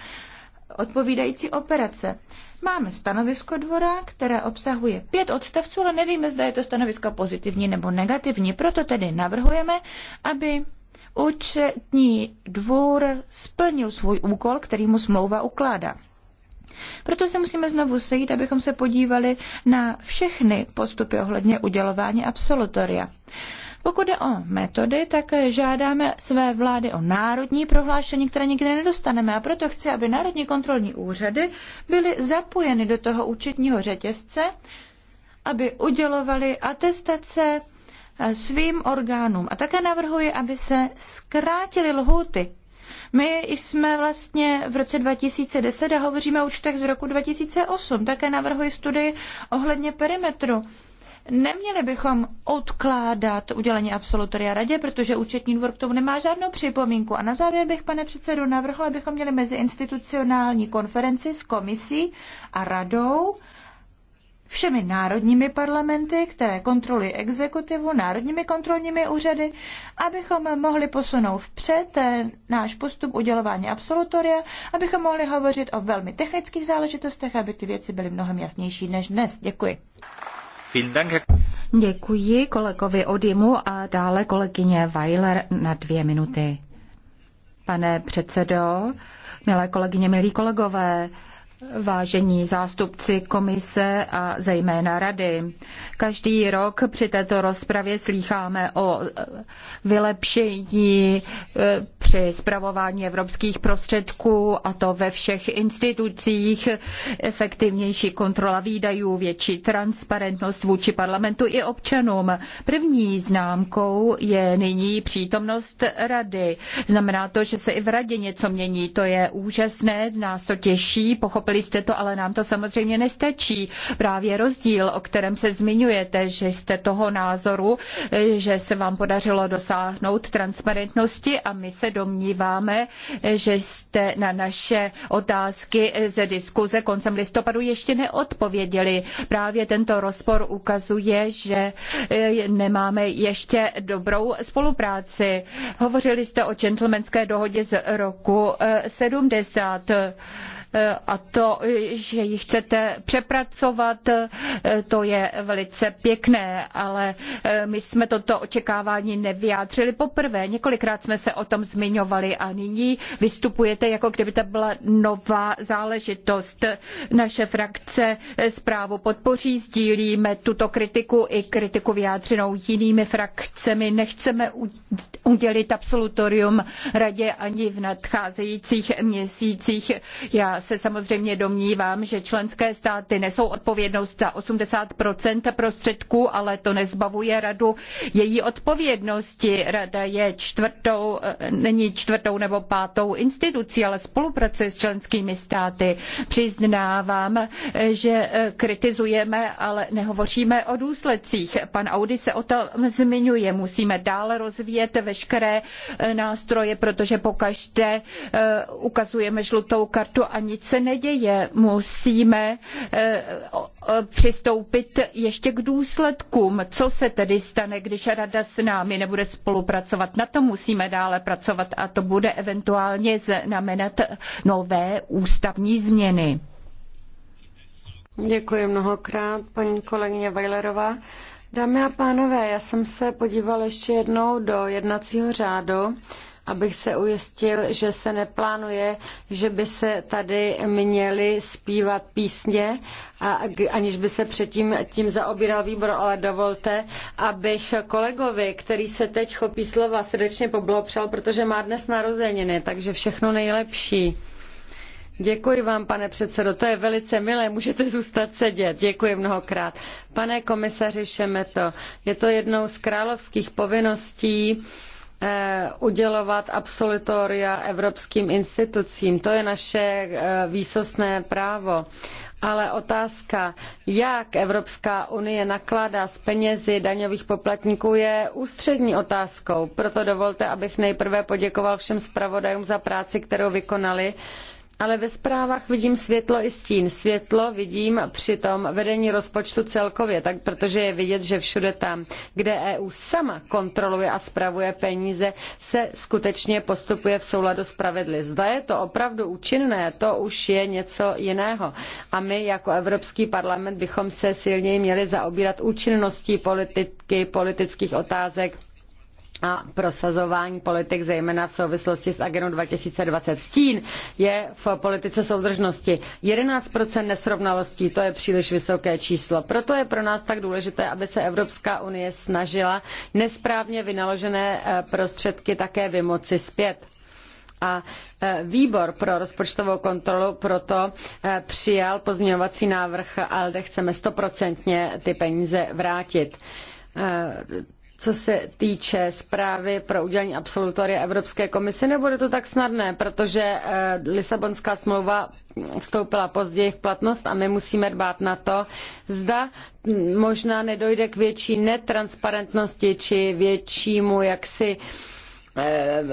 odpovídající operace. Máme stanovisko dvora, které obsahuje pět odstavců, ale nevíme, zda je to stanovisko pozitivní nebo negativní. Proto tedy navrhujeme, aby účetní dvůr splnil svůj úkol, který mu smlouva ukládá. Proto se musíme znovu sejít, abychom se podívali na všechny postupy ohledně udělování absolutoria. Pokud jde o metody, tak žádáme své vlády o národní prohlášení, které nikdy nedostaneme a proto chci, aby národní kontrolní úřady byly zapojeny do toho účetního řetězce, aby udělovali atestace eh, svým orgánům. A také navrhuji, aby se zkrátily lhuty. my jsme vlastně v roce 2010 a hovoříme o účtech z roku 2008. Také navrhuji studii ohledně perimetru Neměli bychom odkládat udělení absolutoria radě, protože účetní dvor k tomu nemá žádnou připomínku. A na závěr bych, pane předsedo, navrhl, abychom měli meziinstitucionální konferenci s komisí a radou, všemi národními parlamenty, které kontrolují exekutivu, národními kontrolními úřady, abychom mohli posunout vpřed eh, náš postup udělování absolutoria, abychom mohli hovořit o velmi technických záležitostech, aby ty věci byly mnohem jasnější než dnes. Děkuji. Děkuji kolegovi Odimu a dále kolegyně Weiler na dvě minuty. Pane předsedo, milé kolegyně, milí kolegové, Vážení zástupci komise a zejména rady, každý rok při této rozpravě slýcháme o vylepšení e, při zpravování evropských prostředků a to ve všech institucích, efektivnější kontrola výdajů, větší transparentnost vůči parlamentu i občanům. První známkou je nyní přítomnost rady. Znamená to, že se i v radě něco mění. To je úžasné, nás to těší, pochopitelně pochopili jste to, ale nám to samozřejmě nestačí. Právě rozdíl, o kterém se zmiňujete, že jste toho názoru, že se vám podařilo dosáhnout transparentnosti a my se domníváme, že jste na naše otázky ze diskuze koncem listopadu ještě neodpověděli. Právě tento rozpor ukazuje, že eh, nemáme ještě dobrou spolupráci. Hovořili jste o gentlemanské dohodě z roku 70. Eh, Eh, a to, že ji chcete přepracovat, eh, to je velice pěkné, ale eh, my jsme toto očekávání nevyjádřili poprvé. Několikrát jsme se o tom zmiňovali a nyní vystupujete, jako kdyby to byla nová záležitost. Naše frakce zprávu podpoří, sdílíme tuto kritiku i kritiku vyjádřenou jinými frakcemi. Nechceme udělit absolutorium radě ani v nadcházejících měsících. Já se samozřejmě domnívám, že členské státy nesou odpovědnost za 80 prostředků, ale to nezbavuje radu její odpovědnosti. Rada je čtvrtou, není čtvrtou nebo pátou institucí, ale spolupracuje s členskými státy. Přiznávám, že kritizujeme, ale nehovoříme o důsledcích. Pan Audi se o tom zmiňuje. Musíme dále rozvíjet veškeré nástroje, protože pokaždé eh, ukazujeme žlutou kartu ani nic se neděje. Musíme eh, přistoupit ještě k důsledkům. Co se tedy stane, když rada s námi nebude spolupracovat? Na to musíme dále pracovat a to bude eventuálně znamenat nové ústavní změny. Děkuji mnohokrát, paní kolegyně Vajlerová. Dámy a pánové, já jsem se podívala ještě jednou do jednacího řádu abych se ujistil, že se neplánuje, že by se tady měly zpívat písně, a, aniž by se předtím tím zaobíral výbor, ale dovolte, abych kolegovi, který se teď chopí slova, srdečně poblopřel, protože má dnes narozeniny, takže všechno nejlepší. Děkuji vám, pane předsedo, to je velice milé, můžete zůstat sedět. Děkuji mnohokrát. Pane komisaři Šemeto, je to jednou z královských povinností, Eh, udělovat absolutoria evropským institucím. To je naše eh, výsostné právo. Ale otázka, jak Evropská unie nakládá s penězi daňových poplatníků, je ústřední otázkou. Proto dovolte, abych nejprve poděkoval všem zpravodajům za práci, kterou vykonali ale ve zprávách vidím světlo i stín. Světlo vidím při tom vedení rozpočtu celkově, tak protože je vidět, že všude tam, kde EU sama kontroluje a spravuje peníze, se skutečně postupuje v souladu s pravidly. Zda je to opravdu účinné, to už je něco jiného. A my jako Evropský parlament bychom se silněji měli zaobírat účinností politiky, politických otázek a prosazování politik, zejména v souvislosti s agendou 2020. Stín je v politice soudržnosti 11% nesrovnalostí, to je příliš vysoké číslo. Proto je pro nás tak důležité, aby se Evropská unie snažila nesprávně vynaložené eh, prostředky také vymoci zpět. A eh, výbor pro rozpočtovou kontrolu proto eh, přijal pozměňovací návrh, ale chceme stoprocentně ty peníze vrátit co se týče zprávy pro udělení absolutoria Evropské komise, nebude to tak snadné, protože eh, Lisabonská smlouva vstoupila později v platnost a my musíme dbát na to, zda možná nedojde k větší netransparentnosti či většímu jaksi eh,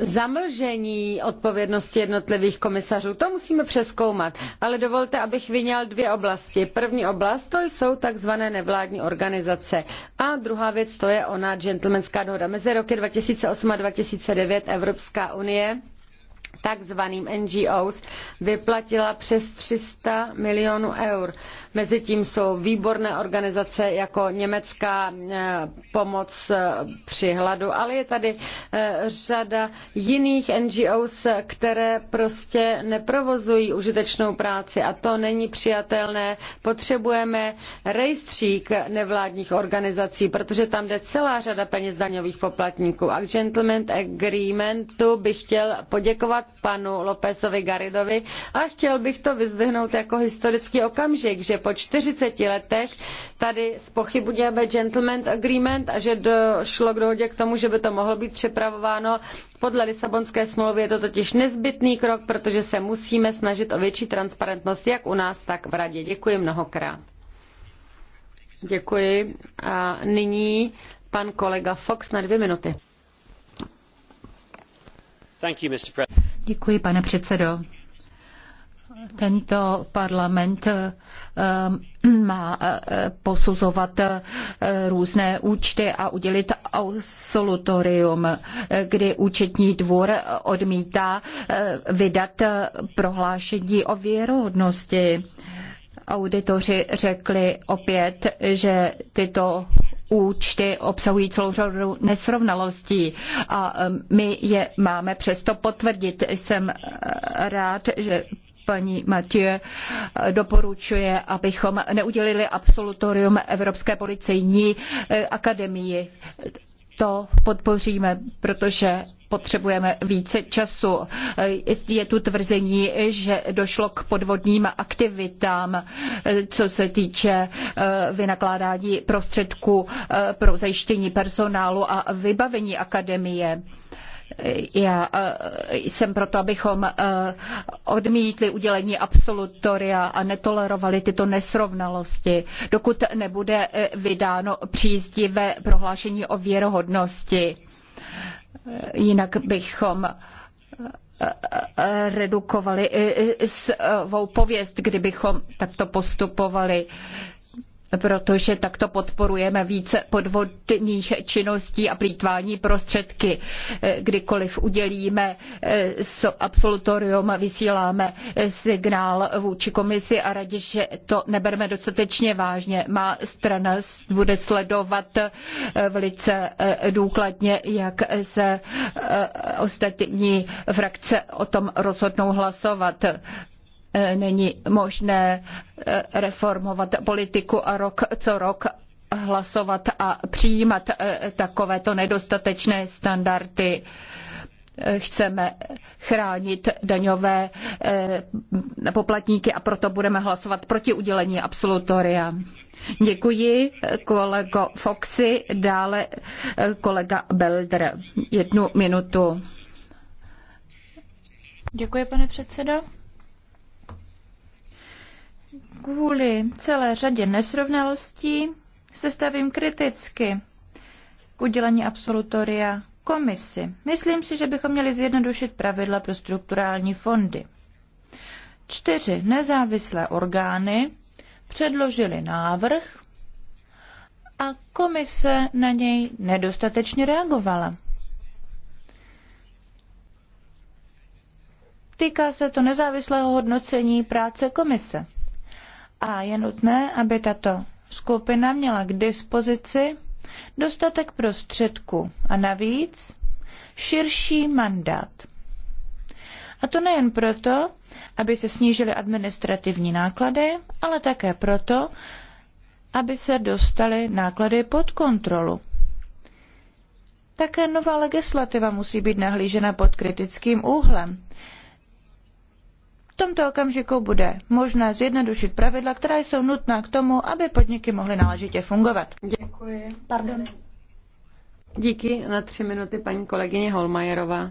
zamlžení odpovědnosti jednotlivých komisařů. To musíme přeskoumat, ale dovolte, abych vyněl dvě oblasti. První oblast to jsou takzvané nevládní organizace a druhá věc to je ona gentlemanská dohoda. Mezi roky 2008 a 2009 Evropská unie takzvaným NGOs vyplatila přes 300 milionů eur. Mezitím jsou výborné organizace jako německá eh, pomoc eh, při hladu, ale je tady eh, řada jiných NGOs, které prostě neprovozují užitečnou práci a to není přijatelné. Potřebujeme rejstřík nevládních organizací, protože tam jde celá řada peněz daňových poplatníků. A k Gentleman Agreementu bych chtěl poděkovat panu Lópezovi Garidovi a chtěl bych to vyzdvihnout jako historický okamžik, že po 40 letech tady spochybujeme gentleman agreement a že došlo k dohodě k tomu, že by to mohlo být přepravováno. Podle Lisabonské smlouvy je to totiž nezbytný krok, protože se musíme snažit o větší transparentnost jak u nás, tak v radě. Děkuji mnohokrát. Děkuji. A nyní pan kolega Fox na dvě minuty. Thank you, Mr. President. Děkuji, pane předsedo. Tento parlament eh, má eh, posuzovat eh, různé účty a udělit absolutorium, kdy účetní dvůr odmítá vydat prohlášení o věrohodnosti. Auditoři řekli opět, že tyto účty obsahují celou řadu nesrovnalostí a um, my je máme přesto potvrdit. Jsem uh, rád, že paní Mathieu uh, doporučuje, abychom neudělili absolutorium Evropské policejní uh, akademii to podpoříme, protože potřebujeme více času. Je tu tvrzení, že došlo k podvodním aktivitám, co se týče eh, vynakládání prostředků eh, pro zajištění personálu a vybavení akademie. Já eh, jsem proto, abychom eh, odmítli udělení absolutoria a netolerovali tyto nesrovnalosti, dokud nebude eh, vydáno příznivé prohlášení o věrohodnosti. Jinak bychom redukovali svou pověst, kdybychom takto postupovali protože takto podporujeme více podvodních činností a plítvání prostředky. Kdykoliv udělíme absolutorium, vysíláme signál vůči komisi a radě, že to nebereme dostatečně vážně. Má strana bude sledovat velice důkladně, jak se ostatní frakce o tom rozhodnou hlasovat. Eh, není možné eh, reformovat politiku a rok co rok hlasovat a přijímat eh, takovéto nedostatečné standardy. Chceme chránit daňové poplatníky a proto budeme hlasovat proti udělení absolutoria. Děkuji kolego Foxy, dále kolega Belder. Jednu minutu. Děkuji, pane předsedo kvůli celé řadě nesrovnalostí se stavím kriticky k udělení absolutoria komisi. Myslím si, že bychom měli zjednodušit pravidla pro strukturální fondy. Čtyři nezávislé orgány předložili návrh a komise na něj nedostatečně reagovala. Týká se to nezávislého hodnocení práce komise a je nutné, aby tato skupina měla k dispozici dostatek prostředků a navíc širší mandát. A to nejen proto, aby se snížily administrativní náklady, ale také proto, aby se dostaly náklady pod kontrolu. Také nová legislativa musí být nahlížena pod kritickým úhlem tomto okamžiku bude možné zjednodušit pravidla, která jsou nutná k tomu, aby podniky mohly náležitě fungovat. Děkuji. Pardon. Díky. Na tři minuty paní kolegyně Holmajerová.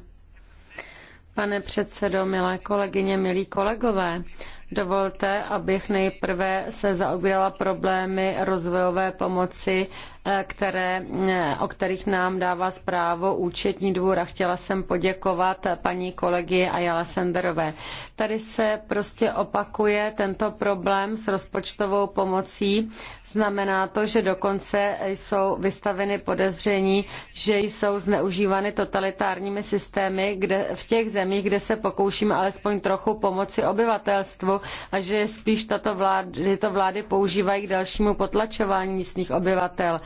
Pane předsedo, milé kolegyně, milí kolegové, dovolte, abych nejprve se zaobírala problémy rozvojové pomoci, eh, které, eh, o kterých nám dává zprávu účetní dvůr a chtěla jsem poděkovat paní kolegy Ajala Senderové. Tady se prostě opakuje tento problém s rozpočtovou pomocí Znamená to, že dokonce jsou vystaveny podezření, že jsou zneužívány totalitárními systémy kde, v těch zemích, kde se pokoušíme alespoň trochu pomoci obyvatelstvu a že spíš tato vlád, tyto vlády používají k dalšímu potlačování místních obyvatel.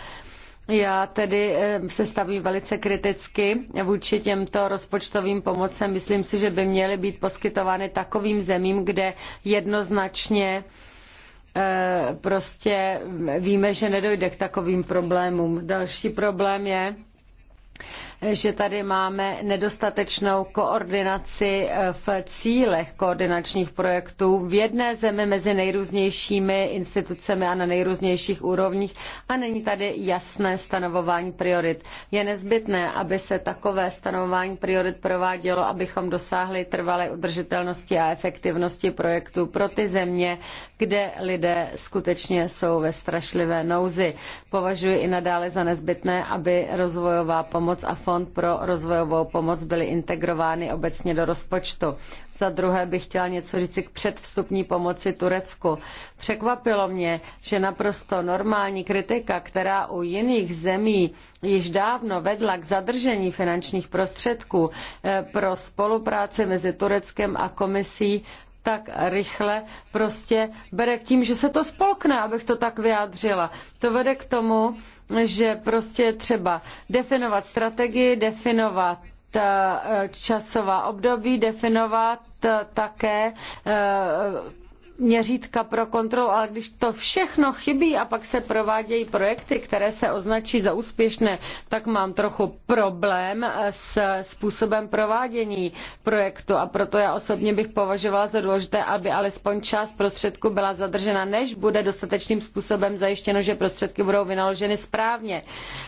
Já tedy eh, se stavím velice kriticky vůči těmto rozpočtovým pomocem. Myslím si, že by měly být poskytovány takovým zemím, kde jednoznačně E, prostě víme, že nedojde k takovým problémům. Další problém je, že tady máme nedostatečnou koordinaci eh, v cílech koordinačních projektů v jedné zemi mezi nejrůznějšími institucemi a na nejrůznějších úrovních a není tady jasné stanovování priorit. Je nezbytné, aby se takové stanovování priorit provádělo, abychom dosáhli trvalé udržitelnosti a efektivnosti projektů pro ty země, kde lidé skutečně jsou ve strašlivé nouzi. Považuji i nadále za nezbytné, aby rozvojová pomoc a fond Fond pro rozvojovou pomoc byly integrovány obecně do rozpočtu. Za druhé bych chtěla něco říct k předvstupní pomoci Turecku. Překvapilo mě, že naprosto normální kritika, která u jiných zemí již dávno vedla k zadržení finančních prostředků eh, pro spolupráci mezi Tureckem a komisí, tak rychle prostě bere k tím, že se to spolkne, abych to tak vyjádřila. To vede k tomu, že prostě je třeba definovat strategii, definovat eh, časová období, definovat eh, také eh, měřítka pro kontrolu, ale když to všechno chybí a pak se provádějí projekty, které se označí za úspěšné, tak mám trochu problém eh, s způsobem provádění projektu a proto já osobně bych považovala za důležité, aby alespoň část prostředků byla zadržena, než bude dostatečným způsobem zajištěno, že prostředky budou vynaloženy správně.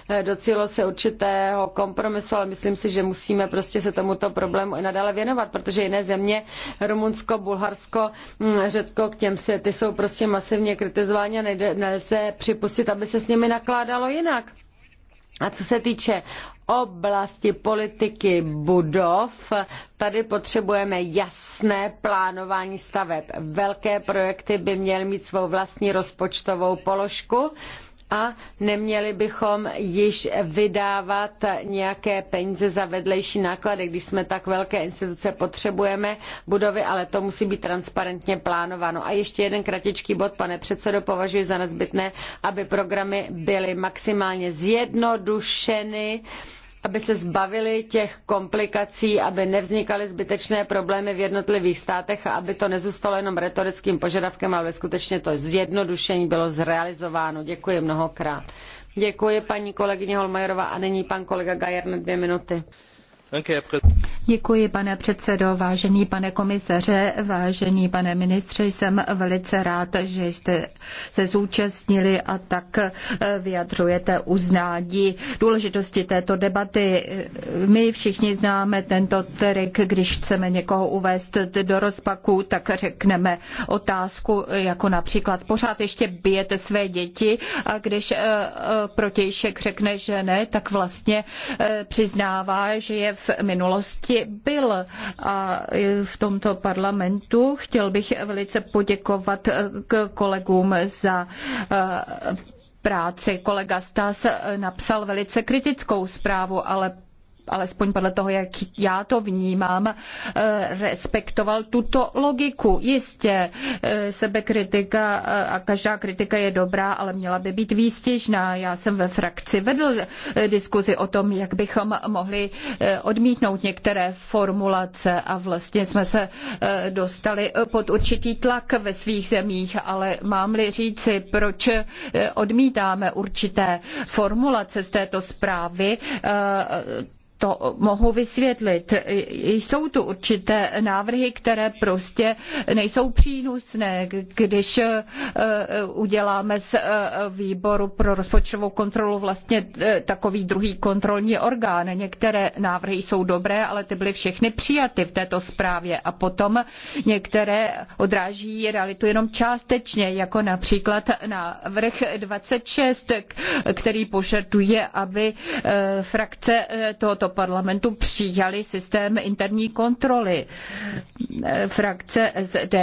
Eh, docílo se určitého kompromisu, ale myslím si, že musíme prostě se tomuto problému i nadále věnovat, protože jiné země, Rumunsko, Bulharsko, mm, Řecko, k těm se, ty jsou prostě masivně kritizováni a nejde, nelze připustit, aby se s nimi nakládalo jinak. A co se týče oblasti politiky budov, tady potřebujeme jasné plánování staveb. Velké projekty by měly mít svou vlastní rozpočtovou položku a neměli bychom již vydávat nějaké peníze za vedlejší náklady, když jsme tak velké instituce potřebujeme budovy, ale to musí být transparentně plánováno. A ještě jeden kratičký bod, pane předsedo, považuji za nezbytné, aby programy byly maximálně zjednodušeny, aby se zbavili těch komplikací, aby nevznikaly zbytečné problémy v jednotlivých státech a aby to nezůstalo jenom retorickým požadavkem, ale skutečně to zjednodušení bylo zrealizováno. Děkuji mnohokrát. Děkuji paní kolegyně Holmajerová a nyní pan kolega Gajer na dvě minuty. Děkuji, pane předsedo, vážený pane komisaře, vážený pane ministře. Jsem velice rád, že jste se zúčastnili a tak eh, vyjadřujete uznání důležitosti této debaty. My všichni známe tento trik, když chceme někoho uvést do rozpaku, tak řekneme otázku, jako například pořád ještě bijete své děti a když eh, eh, protějšek řekne, že ne, tak vlastně přiznává, že je v v minulosti byl. A v tomto parlamentu chtěl bych velice poděkovat eh, kolegům za eh, práci. Kolega Stas eh, napsal velice kritickou zprávu, ale alespoň podle toho, jak já to vnímám, eh, respektoval tuto logiku. Jistě eh, sebekritika eh, a každá kritika je dobrá, ale měla by být výstěžná. Já jsem ve frakci vedl diskuzi o tom, jak bychom mohli odmítnout některé formulace a vlastně jsme se dostali pod určitý tlak ve svých zemích, ale mám-li říci, proč odmítáme určité formulace z této zprávy, to mohu vysvětlit. Jsou tu určité návrhy, které prostě nejsou přínosné. Když eh, uděláme z eh, výboru pro rozpočtovou kontrolu vlastně eh, takový druhý kontrolní orgán. Některé návrhy jsou dobré, ale ty byly všechny přijaty v této zprávě a potom některé odráží realitu jenom částečně, jako například návrh 26, který požaduje, aby frakce tohoto parlamentu přijali systém interní kontroly. Frakce SD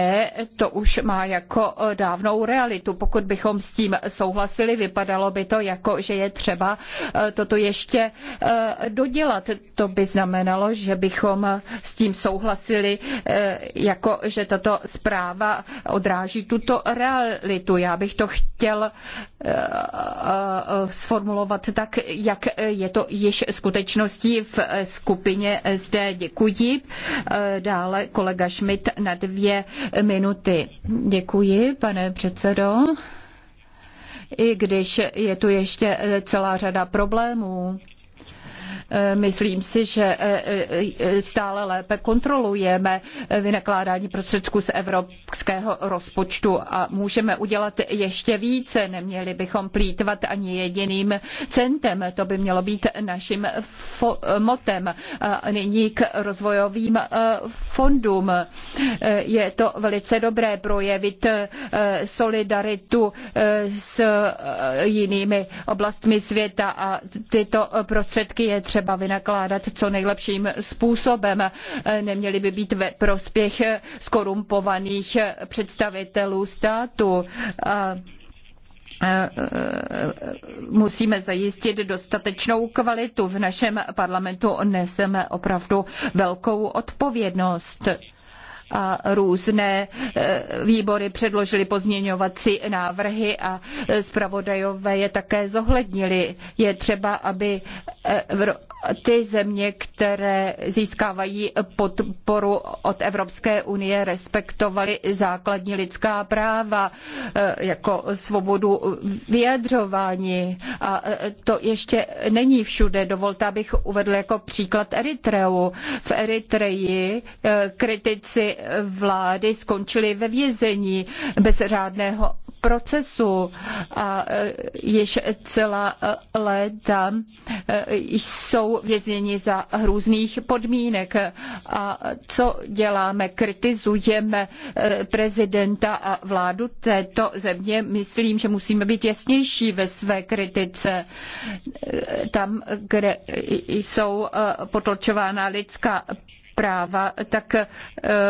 to už má jako dávnou realitu. Pokud bychom s tím souhlasili, vypadalo by to jako, že je třeba eh, toto ještě eh, dodělat. To by znamenalo, že bychom s tím souhlasili, eh, jako že tato zpráva odráží tuto realitu. Já bych to chtěl sformulovat tak, jak je to již skutečností v eh, skupině SD. Děkuji. Eh, dále kolega Schmidt na dvě minuty. Děkuji, pane předsedo i když je tu ještě eh, celá řada problémů. Myslím si, že e, e, e, stále lépe kontrolujeme vynakládání prostředků z evropského rozpočtu a můžeme udělat ještě více. Neměli bychom plítvat ani jediným centem. To by mělo být naším motem. A nyní k rozvojovým fondům. Je to velice dobré projevit solidaritu s jinými oblastmi světa a tyto prostředky je třeba třeba vynakládat co nejlepším způsobem. Neměly by být ve prospěch skorumpovaných představitelů státu. A musíme zajistit dostatečnou kvalitu. V našem parlamentu neseme opravdu velkou odpovědnost a různé eh, výbory předložily pozměňovací návrhy a zpravodajové je také zohlednili. Je třeba, aby eh, ty země, které získávají podporu od Evropské unie, respektovaly základní lidská práva, eh, jako svobodu vyjadřování. A to ještě není všude. Dovolte, abych uvedl jako příklad Eritreu. V Eritreji kritici vlády skončili ve vězení bez řádného procesu a e, již celá e, léta e, jsou vězněni za hrůzných podmínek. A co děláme? Kritizujeme prezidenta a vládu této země. Myslím, že musíme být jasnější ve své kritice. Tam, kde jsou potlačována lidská práva, tak eh,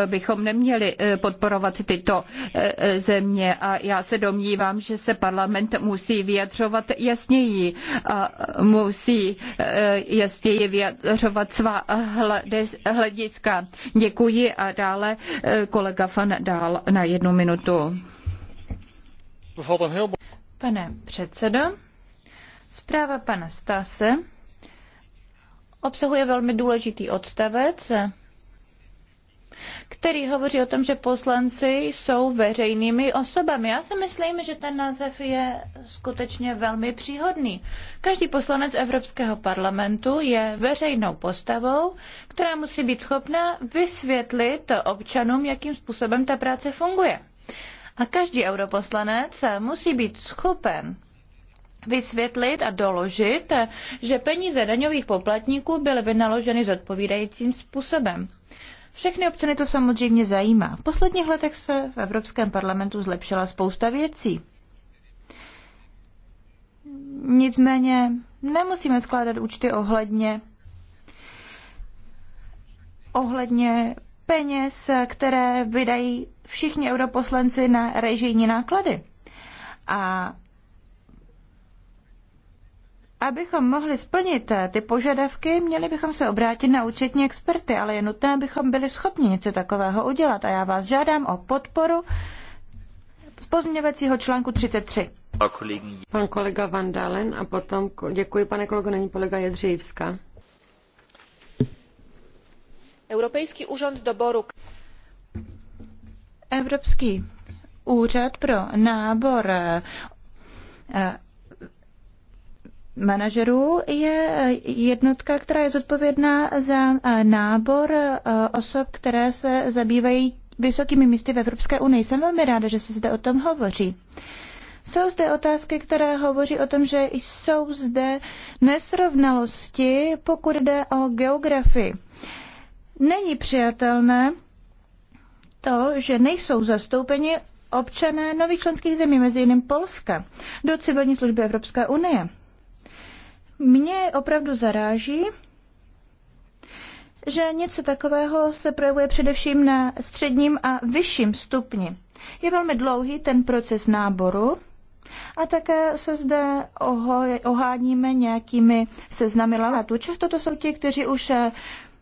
bychom neměli eh, podporovat tyto eh, země. A já se domnívám, že se parlament musí vyjadřovat jasněji a musí jasněji vyjadřovat svá hlediska. Děkuji a dále kolega Fan dál na jednu minutu. Pane předsedo, zpráva pana Stase obsahuje velmi důležitý odstavec, který hovoří o tom, že poslanci jsou veřejnými osobami. Já si myslím, že ten název je skutečně velmi příhodný. Každý poslanec Evropského parlamentu je veřejnou postavou, která musí být schopna vysvětlit občanům, jakým způsobem ta práce funguje. A každý europoslanec musí být schopen vysvětlit a doložit, že peníze daňových poplatníků byly vynaloženy zodpovídajícím způsobem. Všechny občany to samozřejmě zajímá. V posledních letech se v Evropském parlamentu zlepšila spousta věcí. Nicméně nemusíme skládat účty ohledně ohledně peněz, které vydají všichni europoslanci na režijní náklady. A Abychom mohli splnit eh, ty požadavky, měli bychom se obrátit na účetní experty, ale je nutné, abychom byli schopni něco takového udělat. A já vás žádám o podporu z pozměňovacího článku 33. Pan kolega Van Dalen a potom, děkuji pane kolego, není kolega Jedřejivská. Evropský úřad doboru. Evropský úřad pro nábor eh, manažerů je jednotka, která je zodpovědná za eh, nábor eh, osob, které se zabývají vysokými místy v Evropské unii. Jsem velmi ráda, že se zde o tom hovoří. Jsou zde otázky, které hovoří o tom, že jsou zde nesrovnalosti, pokud jde o geografii. Není přijatelné to, že nejsou zastoupeni občané nových členských zemí, mezi jiným Polska, do civilní služby Evropské unie. Mě opravdu zaráží, že něco takového se projevuje především na středním a vyšším stupni. Je velmi dlouhý ten proces náboru a také se zde oháníme nějakými seznamy lalatů. Často to jsou ti, kteří už eh,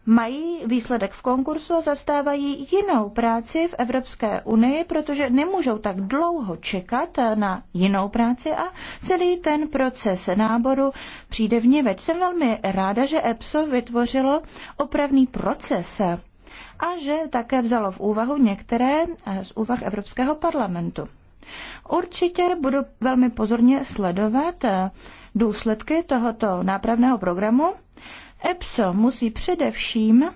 mají výsledek v konkursu a zastávají jinou práci v Evropské unii, protože nemůžou tak dlouho čekat na jinou práci a celý ten proces náboru přijde v něveč. Jsem velmi ráda, že EPSO vytvořilo opravný proces a že také vzalo v úvahu některé z úvah Evropského parlamentu. Určitě budu velmi pozorně sledovat důsledky tohoto nápravného programu EPSO musí především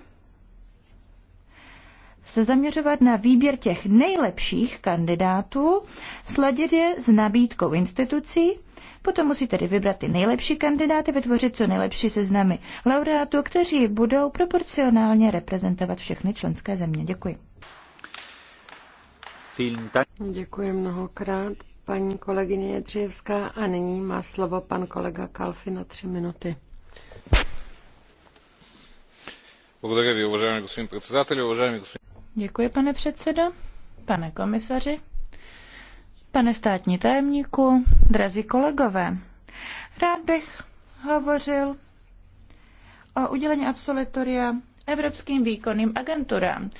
se zaměřovat na výběr těch nejlepších kandidátů, sladit je s nabídkou institucí, potom musí tedy vybrat ty nejlepší kandidáty, vytvořit co nejlepší seznamy laureátů, kteří budou proporcionálně reprezentovat všechny členské země. Děkuji. Děkuji mnohokrát, paní kolegyně Jedřijevská. A nyní má slovo pan kolega Kalfi na tři minuty. Děkuji, pane předsedo, pane komisaři, pane státní tajemníku, drazí kolegové. Rád bych hovořil o udělení absolutoria evropským výkonným agenturám.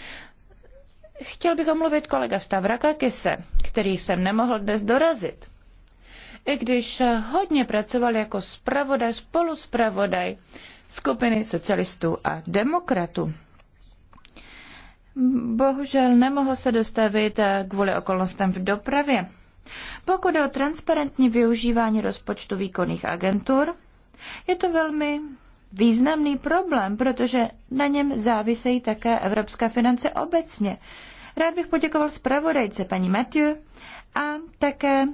Chtěl bych omluvit kolega Stavrakakise, který jsem nemohl dnes dorazit. I když hodně pracoval jako spravodaj, spoluspravodaj skupiny socialistů a demokratů. Bohužel nemohl se dostavit eh, kvůli okolnostem v dopravě. Pokud je o transparentní využívání rozpočtu výkonných agentur, je to velmi významný problém, protože na něm závisejí také evropské finance obecně. Rád bych poděkoval zpravodajce paní Matthew a také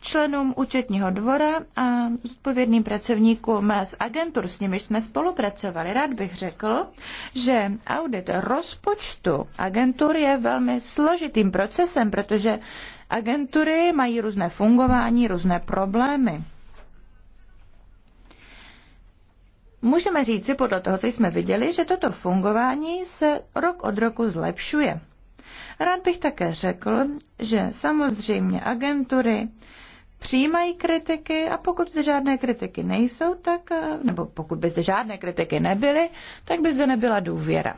členům účetního dvora a zodpovědným pracovníkům z agentur, s nimiž jsme spolupracovali. Rád bych řekl, že audit rozpočtu agentur je velmi složitým procesem, protože agentury mají různé fungování, různé problémy. Můžeme říci podle toho, co jsme viděli, že toto fungování se rok od roku zlepšuje. Rád bych také řekl, že samozřejmě agentury přijímají kritiky a pokud zde žádné kritiky nejsou, tak, eh, nebo pokud by zde žádné kritiky nebyly, tak by zde nebyla důvěra.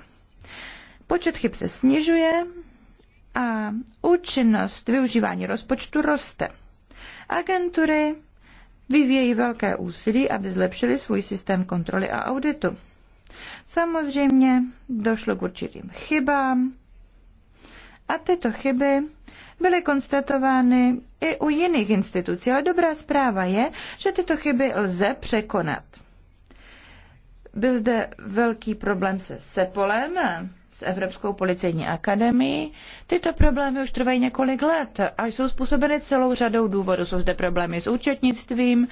Počet chyb se snižuje a účinnost využívání rozpočtu roste. Agentury vyvíjejí velké úsilí, aby zlepšili svůj systém kontroly a auditu. Samozřejmě došlo k určitým chybám a tyto chyby byly konstatovány i u jiných institucí, ale dobrá zpráva je, že tyto chyby lze překonat. Byl zde velký problém se Sepolem, s Evropskou policejní akademií. Tyto problémy už trvají několik let a jsou způsobeny celou řadou důvodů. Jsou zde problémy s účetnictvím,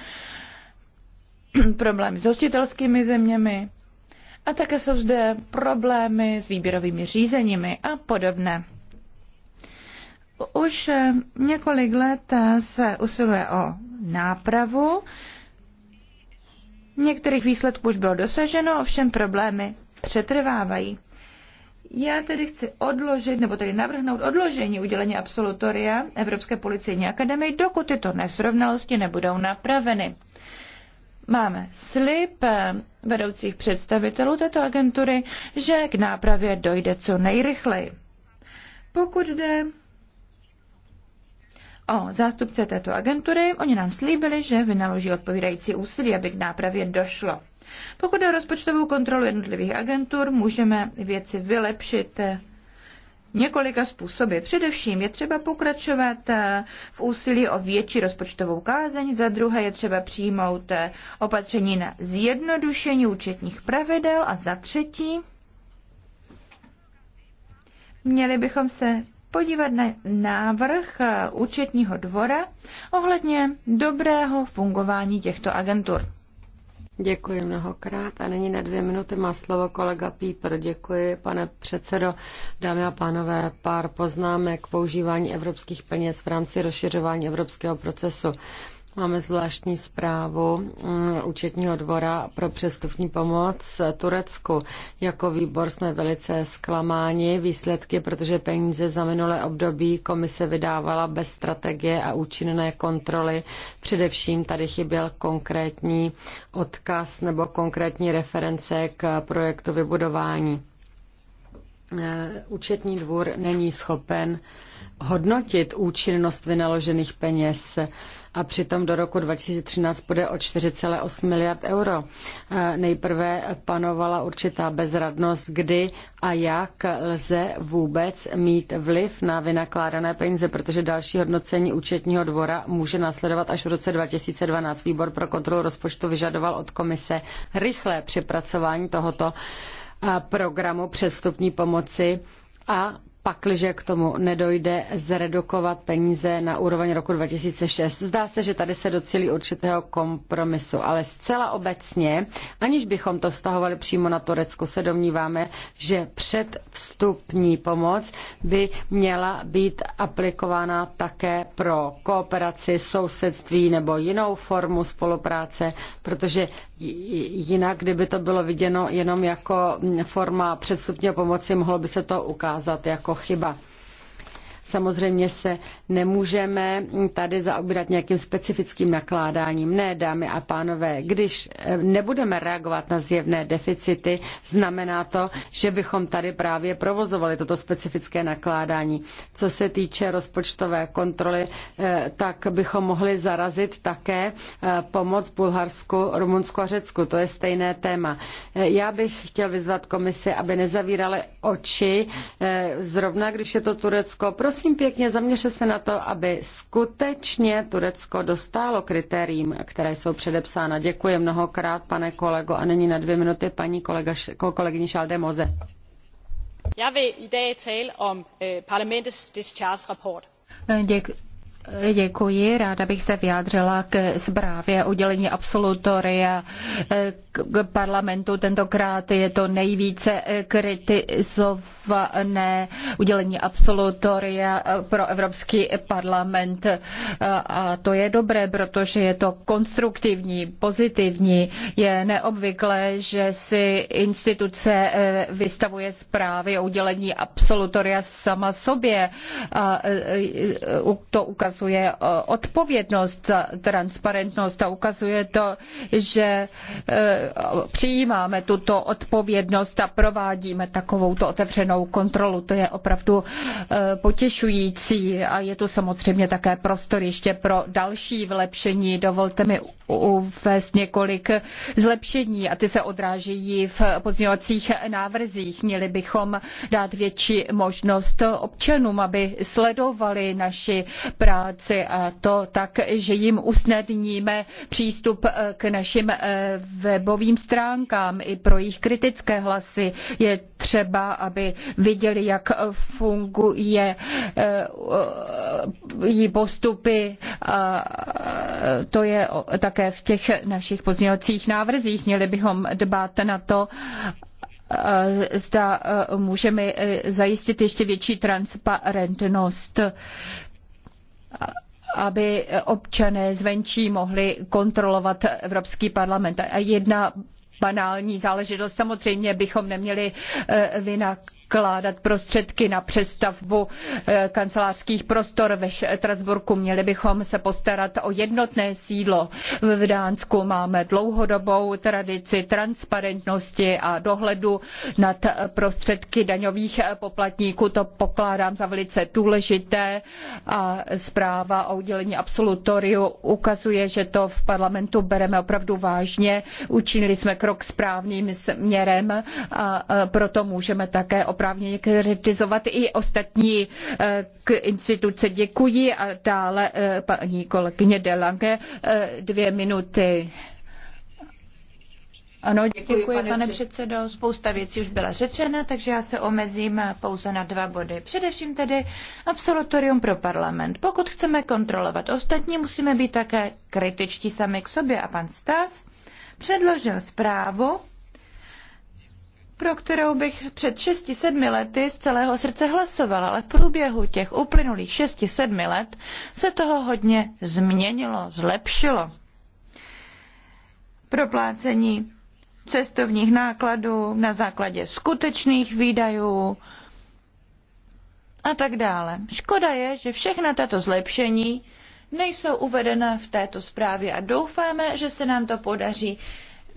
problémy s hostitelskými zeměmi a také jsou zde problémy s výběrovými řízeními a podobné. Už eh, několik let eh, se usiluje o nápravu. Některých výsledků už bylo dosaženo, ovšem problémy přetrvávají. Já tedy chci odložit, nebo tedy navrhnout odložení udělení absolutoria Evropské policejní akademii, dokud tyto nesrovnalosti nebudou napraveny. Máme slib eh, vedoucích představitelů této agentury, že k nápravě dojde co nejrychleji. Pokud jde o zástupce této agentury. Oni nám slíbili, že vynaloží odpovídající úsilí, aby k nápravě došlo. Pokud je o rozpočtovou kontrolu jednotlivých agentur, můžeme věci vylepšit několika způsoby. Především je třeba pokračovat v úsilí o větší rozpočtovou kázeň, za druhé je třeba přijmout opatření na zjednodušení účetních pravidel a za třetí měli bychom se podívat na návrh eh, účetního dvora ohledně dobrého fungování těchto agentur. Děkuji mnohokrát a nyní na dvě minuty má slovo kolega Píper. Děkuji, pane předsedo. Dámy a pánové, pár poznámek k používání evropských peněz v rámci rozšiřování evropského procesu. Máme zvláštní zprávu mm, účetního dvora pro přestupní pomoc Turecku. Jako výbor jsme velice zklamáni výsledky, protože peníze za minulé období komise vydávala bez strategie a účinné kontroly. Především tady chyběl konkrétní odkaz nebo konkrétní reference k projektu vybudování. E, účetní dvůr není schopen hodnotit účinnost vynaložených peněz a přitom do roku 2013 bude o 4,8 miliard euro. Eh, nejprve panovala určitá bezradnost, kdy a jak lze vůbec mít vliv na vynakládané peníze, protože další hodnocení účetního dvora může následovat až v roce 2012. Výbor pro kontrolu rozpočtu vyžadoval od komise rychlé přepracování tohoto eh, programu předstupní pomoci a pakliže k tomu nedojde zredukovat peníze na úroveň roku 2006. Zdá se, že tady se docílí určitého kompromisu, ale zcela obecně, aniž bychom to vztahovali přímo na Turecku, se domníváme, že předvstupní pomoc by měla být aplikována také pro kooperaci, sousedství nebo jinou formu spolupráce, protože Jinak, kdyby to bylo viděno jenom jako forma předstupního pomoci, mohlo by se to ukázat jako chyba. Samozřejmě se nemůžeme tady zaobírat nějakým specifickým nakládáním. Ne, dámy a pánové, když eh, nebudeme reagovat na zjevné deficity, znamená to, že bychom tady právě provozovali toto specifické nakládání. Co se týče rozpočtové kontroly, eh, tak bychom mohli zarazit také eh, pomoc Bulharsku, Rumunsku a Řecku. To je stejné téma. Já bych chtěl vyzvat komisi, aby nezavírali oči, zrovna když je to Turecko. Prosím, prosím pěkně, zaměřte se na to, aby skutečně Turecko dostálo kritériím, které jsou předepsána. Děkuji mnohokrát, pane kolego, a není na dvě minuty paní kolega, Šalde Moze. Já vy i dag tale om øh, parlamentets discharge report. Děkuji. Děkuji. Ráda bych se vyjádřila k zprávě udělení absolutoria k parlamentu. Tentokrát je to nejvíce kritizované udělení absolutoria pro Evropský parlament. A to je dobré, protože je to konstruktivní, pozitivní. Je neobvyklé, že si instituce eh, vystavuje zprávy o udělení absolutoria sama sobě. A eh, to ukazuje ukazuje eh, odpovědnost za transparentnost a ukazuje to, že eh, přijímáme tuto odpovědnost a provádíme takovouto otevřenou kontrolu. To je opravdu eh, potěšující a je tu samozřejmě také prostor ještě pro další vylepšení. Dovolte mi uvést několik zlepšení a ty se odrážejí v pozměňovacích návrzích. Měli bychom dát větší možnost občanům, aby sledovali naši práci práci a to tak, že jim usnadníme přístup eh, k našim eh, webovým stránkám i pro jejich kritické hlasy. Je třeba, aby viděli, jak funguje jí eh, postupy. A to je také v těch našich pozměňovacích návrzích. Měli bychom dbát na to, zda můžeme zajistit ještě větší transparentnost aby občané zvenčí mohli kontrolovat Evropský parlament. A jedna banální záležitost. Samozřejmě bychom neměli eh, vynak vkládat prostředky na přestavbu eh, kancelářských prostor ve Štrasburku. Měli bychom se postarat o jednotné sídlo. V Dánsku máme dlouhodobou tradici transparentnosti a dohledu nad prostředky daňových poplatníků. To pokládám za velice důležité a zpráva o udělení absolutoriu ukazuje, že to v parlamentu bereme opravdu vážně. Učinili jsme krok správným směrem a proto můžeme také oprávněně kritizovat i ostatní eh, k instituce. Děkuji a dále eh, paní kolegyně Delange eh, dvě minuty. Ano, děkuji, děkuji pane, pane předsedo. Spousta věcí už byla řečena, takže já se omezím pouze na dva body. Především tedy absolutorium pro parlament. Pokud chceme kontrolovat ostatní, musíme být také kritičtí sami k sobě. A pan Stas předložil zprávu, pro kterou bych před 6-7 lety z celého srdce hlasovala, ale v průběhu těch uplynulých 6-7 let se toho hodně změnilo, zlepšilo. Proplácení cestovních nákladů na základě skutečných výdajů a tak dále. Škoda je, že všechna tato zlepšení nejsou uvedena v této zprávě a doufáme, že se nám to podaří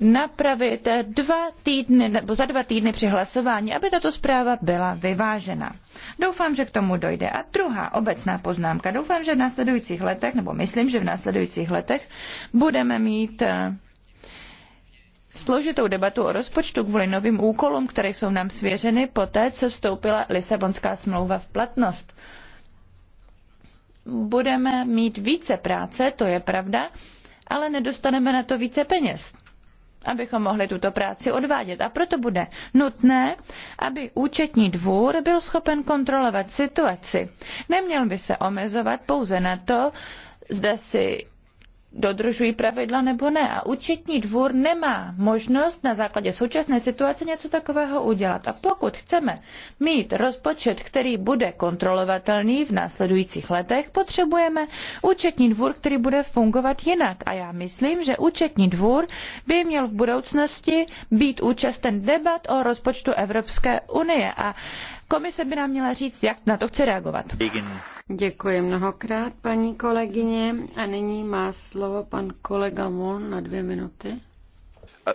napravit dva týdny, nebo za dva týdny při hlasování, aby tato zpráva byla vyvážena. Doufám, že k tomu dojde. A druhá obecná poznámka. Doufám, že v následujících letech, nebo myslím, že v následujících letech budeme mít eh, složitou debatu o rozpočtu kvůli novým úkolům, které jsou nám svěřeny poté, co vstoupila Lisabonská smlouva v platnost. Budeme mít více práce, to je pravda, ale nedostaneme na to více peněz abychom mohli tuto práci odvádět. A proto bude nutné, aby účetní dvůr byl schopen kontrolovat situaci. Neměl by se omezovat pouze na to, zda si dodržují pravidla nebo ne. A účetní dvůr nemá možnost na základě současné situace něco takového udělat. A pokud chceme mít rozpočet, který bude kontrolovatelný v následujících letech, potřebujeme účetní dvůr, který bude fungovat jinak. A já myslím, že účetní dvůr by měl v budoucnosti být účasten debat o rozpočtu Evropské unie. A Komise by nám měla říct, jak na to chce reagovat. Děkuji mnohokrát, paní kolegyně. A nyní má slovo pan kolega Mon na dvě minuty. Uh,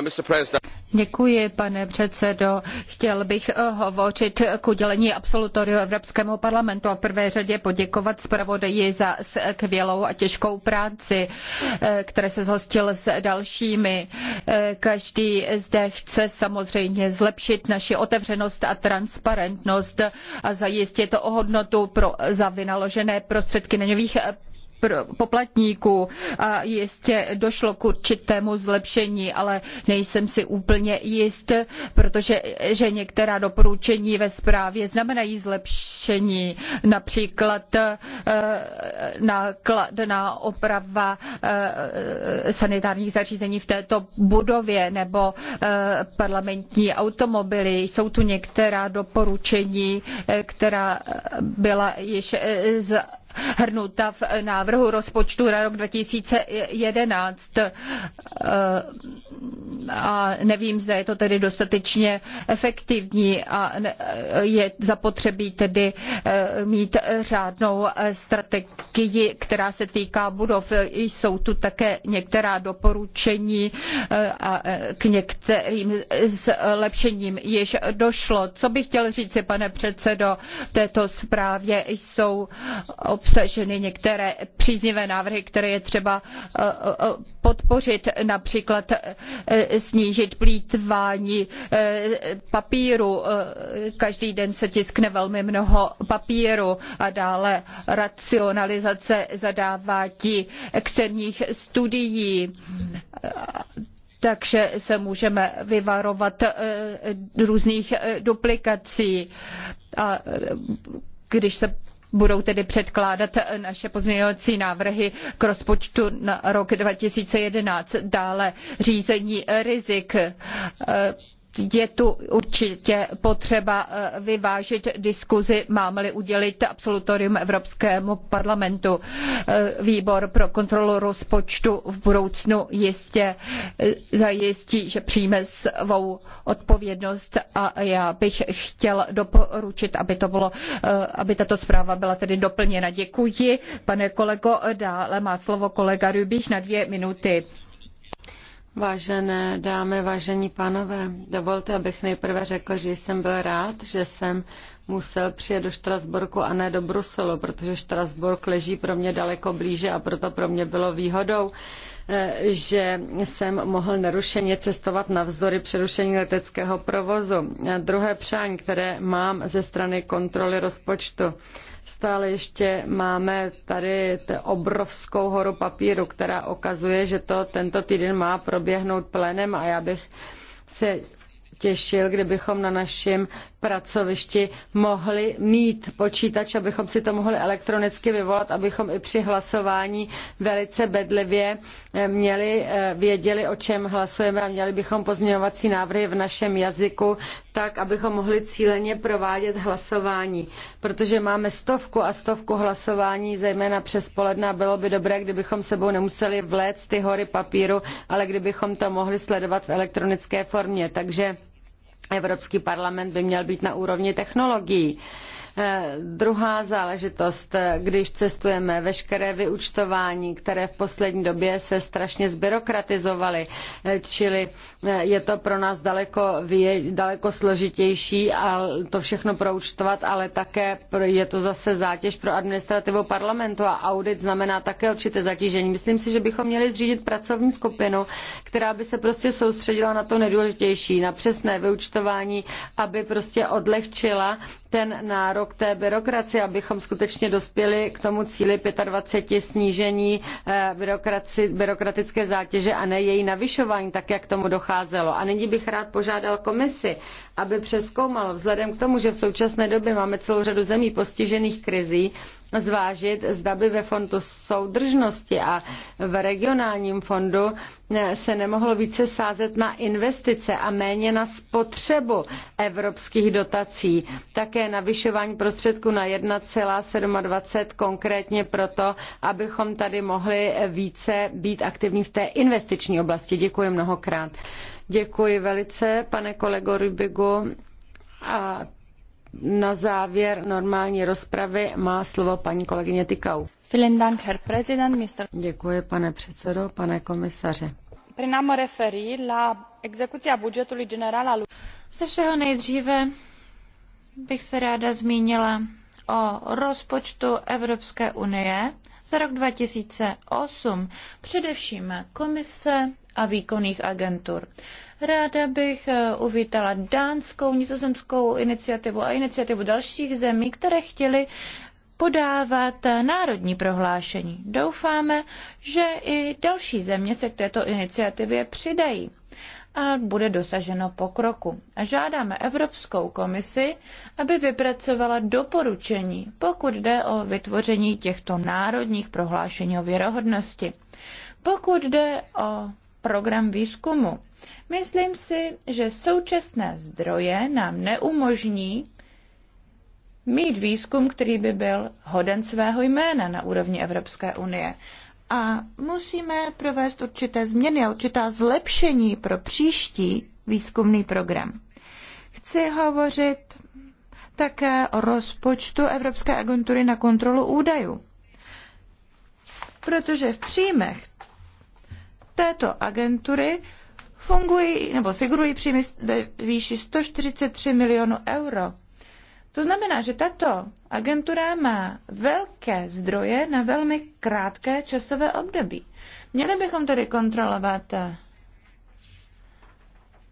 uh, uh, Děkuji, pane předsedo. Chtěl bych hovořit k udělení absolutoria Evropskému parlamentu a v prvé řadě poděkovat zpravodaji za skvělou a těžkou práci, které se zhostil s dalšími. Každý zde chce samozřejmě zlepšit naši otevřenost a transparentnost a zajistit hodnotu pro, za vynaložené prostředky daňových poplatníků a jistě došlo k určitému zlepšení, ale nejsem si úplně jist, protože že některá doporučení ve zprávě znamenají zlepšení, například eh, nákladná oprava eh, sanitárních zařízení v této budově nebo eh, parlamentní automobily. Jsou tu některá doporučení, která byla již za zahrnuta v návrhu rozpočtu na rok 2011. Eh, a nevím, zda je to tedy dostatečně efektivní a je zapotřebí tedy eh, mít řádnou strategii, která se týká budov. Jsou tu také některá doporučení eh, a k některým zlepšením již došlo. Co bych chtěl říci, pane předsedo, této zprávě jsou ob obsaženy některé příznivé návrhy, které je třeba eh, eh, podpořit, například eh, snížit plítvání papíru. Každý den se tiskne velmi mnoho papíru a dále racionalizace zadávání externích studií takže se můžeme vyvarovat různých duplikací. A když se budou tedy předkládat naše pozměňovací návrhy k rozpočtu na rok 2011. Dále řízení rizik je tu určitě potřeba eh, vyvážit diskuzi, máme-li udělit absolutorium Evropskému parlamentu. Eh, výbor pro kontrolu rozpočtu v budoucnu jistě eh, zajistí, že přijme svou odpovědnost a já bych chtěl doporučit, aby, to bylo, aby tato zpráva byla tedy doplněna. Děkuji, pane kolego. Dále má slovo kolega Rybich na dvě minuty. Vážené dámy, vážení pánové, dovolte, abych nejprve řekl, že jsem byl rád, že jsem musel přijet do Štrasburku a ne do Bruselu, protože Štrasburg leží pro mě daleko blíže a proto pro mě bylo výhodou, eh, že jsem mohl nerušeně cestovat navzdory přerušení leteckého provozu. Eh, druhé přání, které mám ze strany kontroly rozpočtu. Stále ještě máme tady obrovskou horu papíru, která okazuje, že to tento týden má proběhnout plenem a já bych se těšil, kdybychom na našem pracovišti mohli mít počítač, abychom si to mohli elektronicky vyvolat, abychom i při hlasování velice bedlivě eh, měli, eh, věděli, o čem hlasujeme a měli bychom pozměňovací návrhy v našem jazyku, tak, abychom mohli cíleně provádět hlasování. Protože máme stovku a stovku hlasování, zejména přes poledne, a bylo by dobré, kdybychom sebou nemuseli vléct ty hory papíru, ale kdybychom to mohli sledovat v elektronické formě. Takže Evropský parlament by měl být na úrovni technologií Eh, druhá záležitost, eh, když cestujeme, veškeré vyučtování, které v poslední době se strašně zbyrokratizovaly, eh, čili je to pro nás daleko, daleko složitější a to všechno proučtovat, ale také je to zase zátěž pro administrativu parlamentu a audit znamená také určité zatížení. Myslím si, že bychom měli zřídit pracovní skupinu, která by se prostě soustředila na to nejdůležitější, na přesné vyučtování, aby prostě odlehčila ten nárok k té byrokracii, abychom skutečně dospěli k tomu cíli 25 snížení eh, byrokratické zátěže a ne její navyšování, tak jak tomu docházelo. A nyní bych rád požádal komisi, aby přeskoumal vzhledem k tomu, že v současné době máme celou řadu zemí postižených krizí, zvážit, zda by ve fondu soudržnosti a v regionálním fondu eh, se nemohlo více sázet na investice a méně na spotřebu evropských dotací. Také navyšování prostředků na 1,27 konkrétně proto, abychom tady mohli více být aktivní v té investiční oblasti. Děkuji mnohokrát. Děkuji velice, pane kolego Rybigu. A na závěr normální rozpravy má slovo paní kolegyně Tykau. Děkuji, pane předsedo, pane komisaře. Prinámo a referi la exekucia bugetului general al... Ze všeho nejdříve bych se ráda zmínila o rozpočtu Evropské unie za rok 2008. Především komise a výkonných agentur. Ráda bych eh, uvítala dánskou, nizozemskou iniciativu a iniciativu dalších zemí, které chtěly podávat eh, národní prohlášení. Doufáme, že i další země se k této iniciativě přidají a bude dosaženo pokroku. A žádáme Evropskou komisi, aby vypracovala doporučení, pokud jde o vytvoření těchto národních prohlášení o věrohodnosti. Pokud jde o program výzkumu. Myslím si, že současné zdroje nám neumožní mít výzkum, který by byl hoden svého jména na úrovni Evropské unie. A musíme provést určité změny a určitá zlepšení pro příští výzkumný program. Chci hovořit také o rozpočtu Evropské agentury na kontrolu údajů. Protože v příjmech této agentury fungují nebo figurují příjmy ve výši 143 milionů euro. To znamená, že tato agentura má velké zdroje na velmi krátké časové období. Měli bychom tedy kontrolovat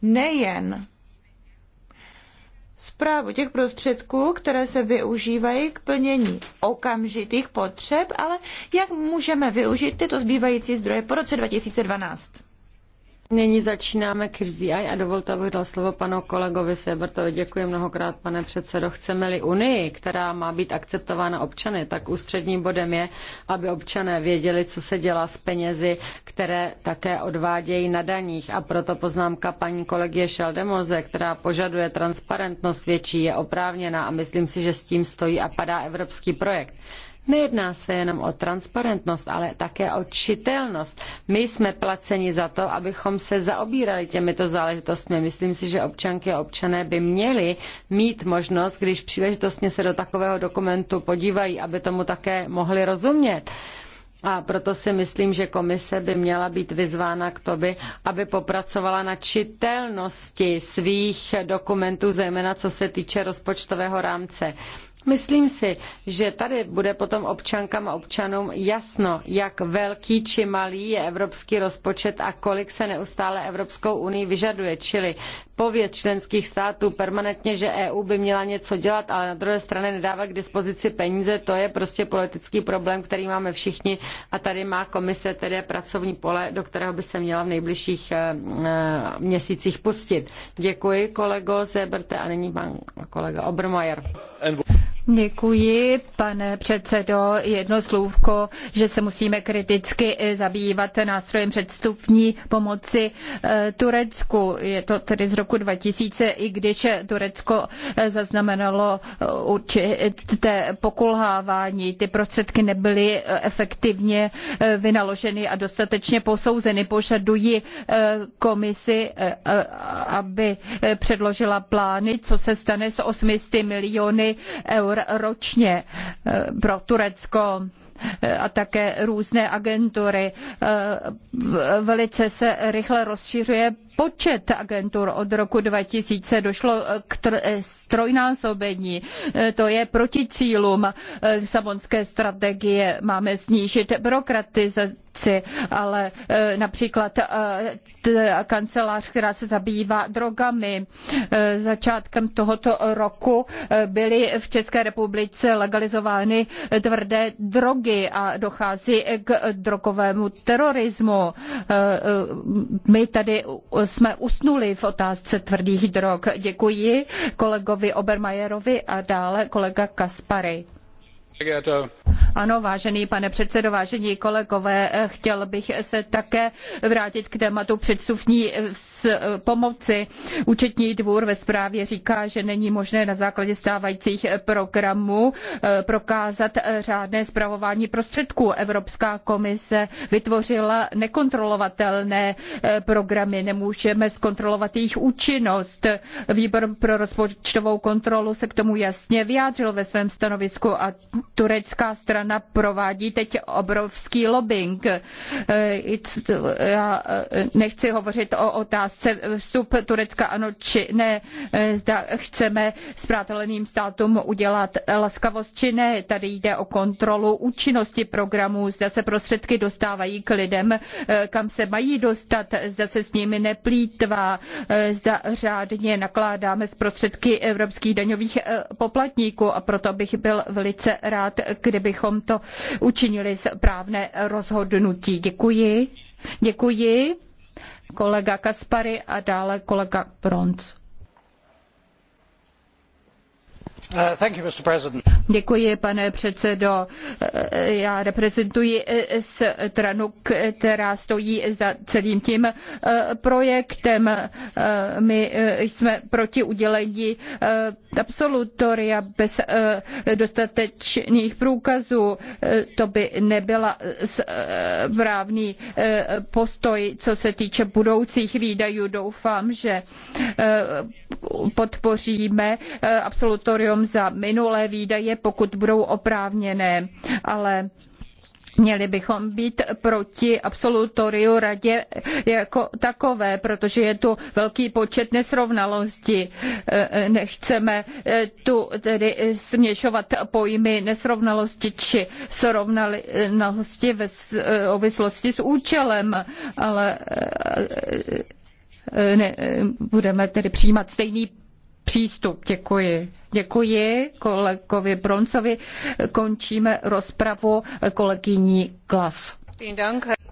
nejen zprávu těch prostředků, které se využívají k plnění okamžitých potřeb, ale jak můžeme využít tyto zbývající zdroje po roce 2012? Nyní začínáme KIRSDI a dovolte, abych dal slovo panu kolegovi Sebertovi. Děkuji mnohokrát, pane předsedo. Chceme-li Unii, která má být akceptována občany, tak ústředním bodem je, aby občané věděli, co se dělá s penězi, které také odvádějí na daních. A proto poznámka paní kolegie Šaldemoze, která požaduje transparentnost větší, je oprávněná a myslím si, že s tím stojí a padá evropský projekt. Nejedná se jenom o transparentnost, ale také o čitelnost. My jsme placeni za to, abychom se zaobírali těmito záležitostmi. Myslím si, že občanky a občané by měli mít možnost, když příležitostně se do takového dokumentu podívají, aby tomu také mohli rozumět. A proto si myslím, že komise by měla být vyzvána k tobě, aby popracovala na čitelnosti svých dokumentů, zejména co se týče rozpočtového rámce. Myslím si, že tady bude potom občankám a občanům jasno, jak velký či malý je evropský rozpočet a kolik se neustále Evropskou unii vyžaduje. Čili výpověď členských států permanentně, že EU by měla něco dělat, ale na druhé straně nedávat k dispozici peníze, to je prostě politický problém, který máme všichni a tady má komise tedy pracovní pole, do kterého by se měla v nejbližších eh, eh, měsících pustit. Děkuji kolego Zeberte a nyní pan kolega Obermajer. Děkuji, pane předsedo. Jedno slůvko, že se musíme kriticky eh, zabývat nástrojem předstupní pomoci Turecku. Je to tedy z roku roku 2000, i když Turecko zaznamenalo určité pokulhávání. Ty prostředky nebyly efektivně vynaloženy a dostatečně posouzeny. Požadují eh, komisi, eh, aby předložila plány, co se stane s 800 miliony eur ročně eh, pro Turecko a také různé agentury. Eh, velice se rychle rozšiřuje počet agentur. Od roku 2000 došlo k eh, strojnásobení. Eh, to je proti cílům Lisabonské strategie. Máme snížit byrokratizaci korupci, ale e, například e, kancelář, která se zabývá drogami. E, začátkem tohoto roku byly v České republice legalizovány tvrdé drogy a dochází k drogovému terorismu. My tady jsme usnuli v otázce tvrdých drog. Děkuji kolegovi Obermajerovi a dále kolega Kaspary. Ano, vážený pane předsedo, vážení kolegové, chtěl bych se také vrátit k tématu předsuvní pomoci. Účetní dvůr ve zprávě říká, že není možné na základě stávajících programů eh, prokázat řádné zpravování prostředků. Evropská komise vytvořila nekontrolovatelné eh, programy, nemůžeme zkontrolovat jejich účinnost. Výbor pro rozpočtovou kontrolu se k tomu jasně vyjádřil ve svém stanovisku a turecká strana strana provádí teď obrovský lobbying. E, já e, nechci hovořit o otázce vstup Turecka ano či ne. E, zda chceme spráteleným státům udělat laskavost či ne. Tady jde o kontrolu účinnosti programů, zda se prostředky dostávají k lidem, kam se mají dostat, zda se s nimi neplýtvá, zda řádně nakládáme s prostředky evropských daňových poplatníků a proto bych byl velice rád, kdybychom abychom to učinili správné rozhodnutí. Děkuji. Děkuji. Kolega Kaspary a dále kolega Bronz. Uh, Děkuji, pane předsedo. Uh, já reprezentuji stranu, která stojí za celým tím uh, projektem. My jsme proti udělení absolutoria bez dostatečných průkazů. To by nebyla správný postoj, co se týče budoucích výdajů. Doufám, že podpoříme absolutorium jenom za minulé výdaje, pokud budou oprávněné, ale Měli bychom být proti absolutoriu radě jako takové, protože je tu velký počet nesrovnalostí. Nechceme tu tedy směšovat pojmy nesrovnalosti či srovnalosti ve souvislosti s účelem, ale ne, budeme tedy přijímat stejný přístup. Děkuji. Děkuji kolegovi Broncovi. Končíme rozpravu kolegyní Klas.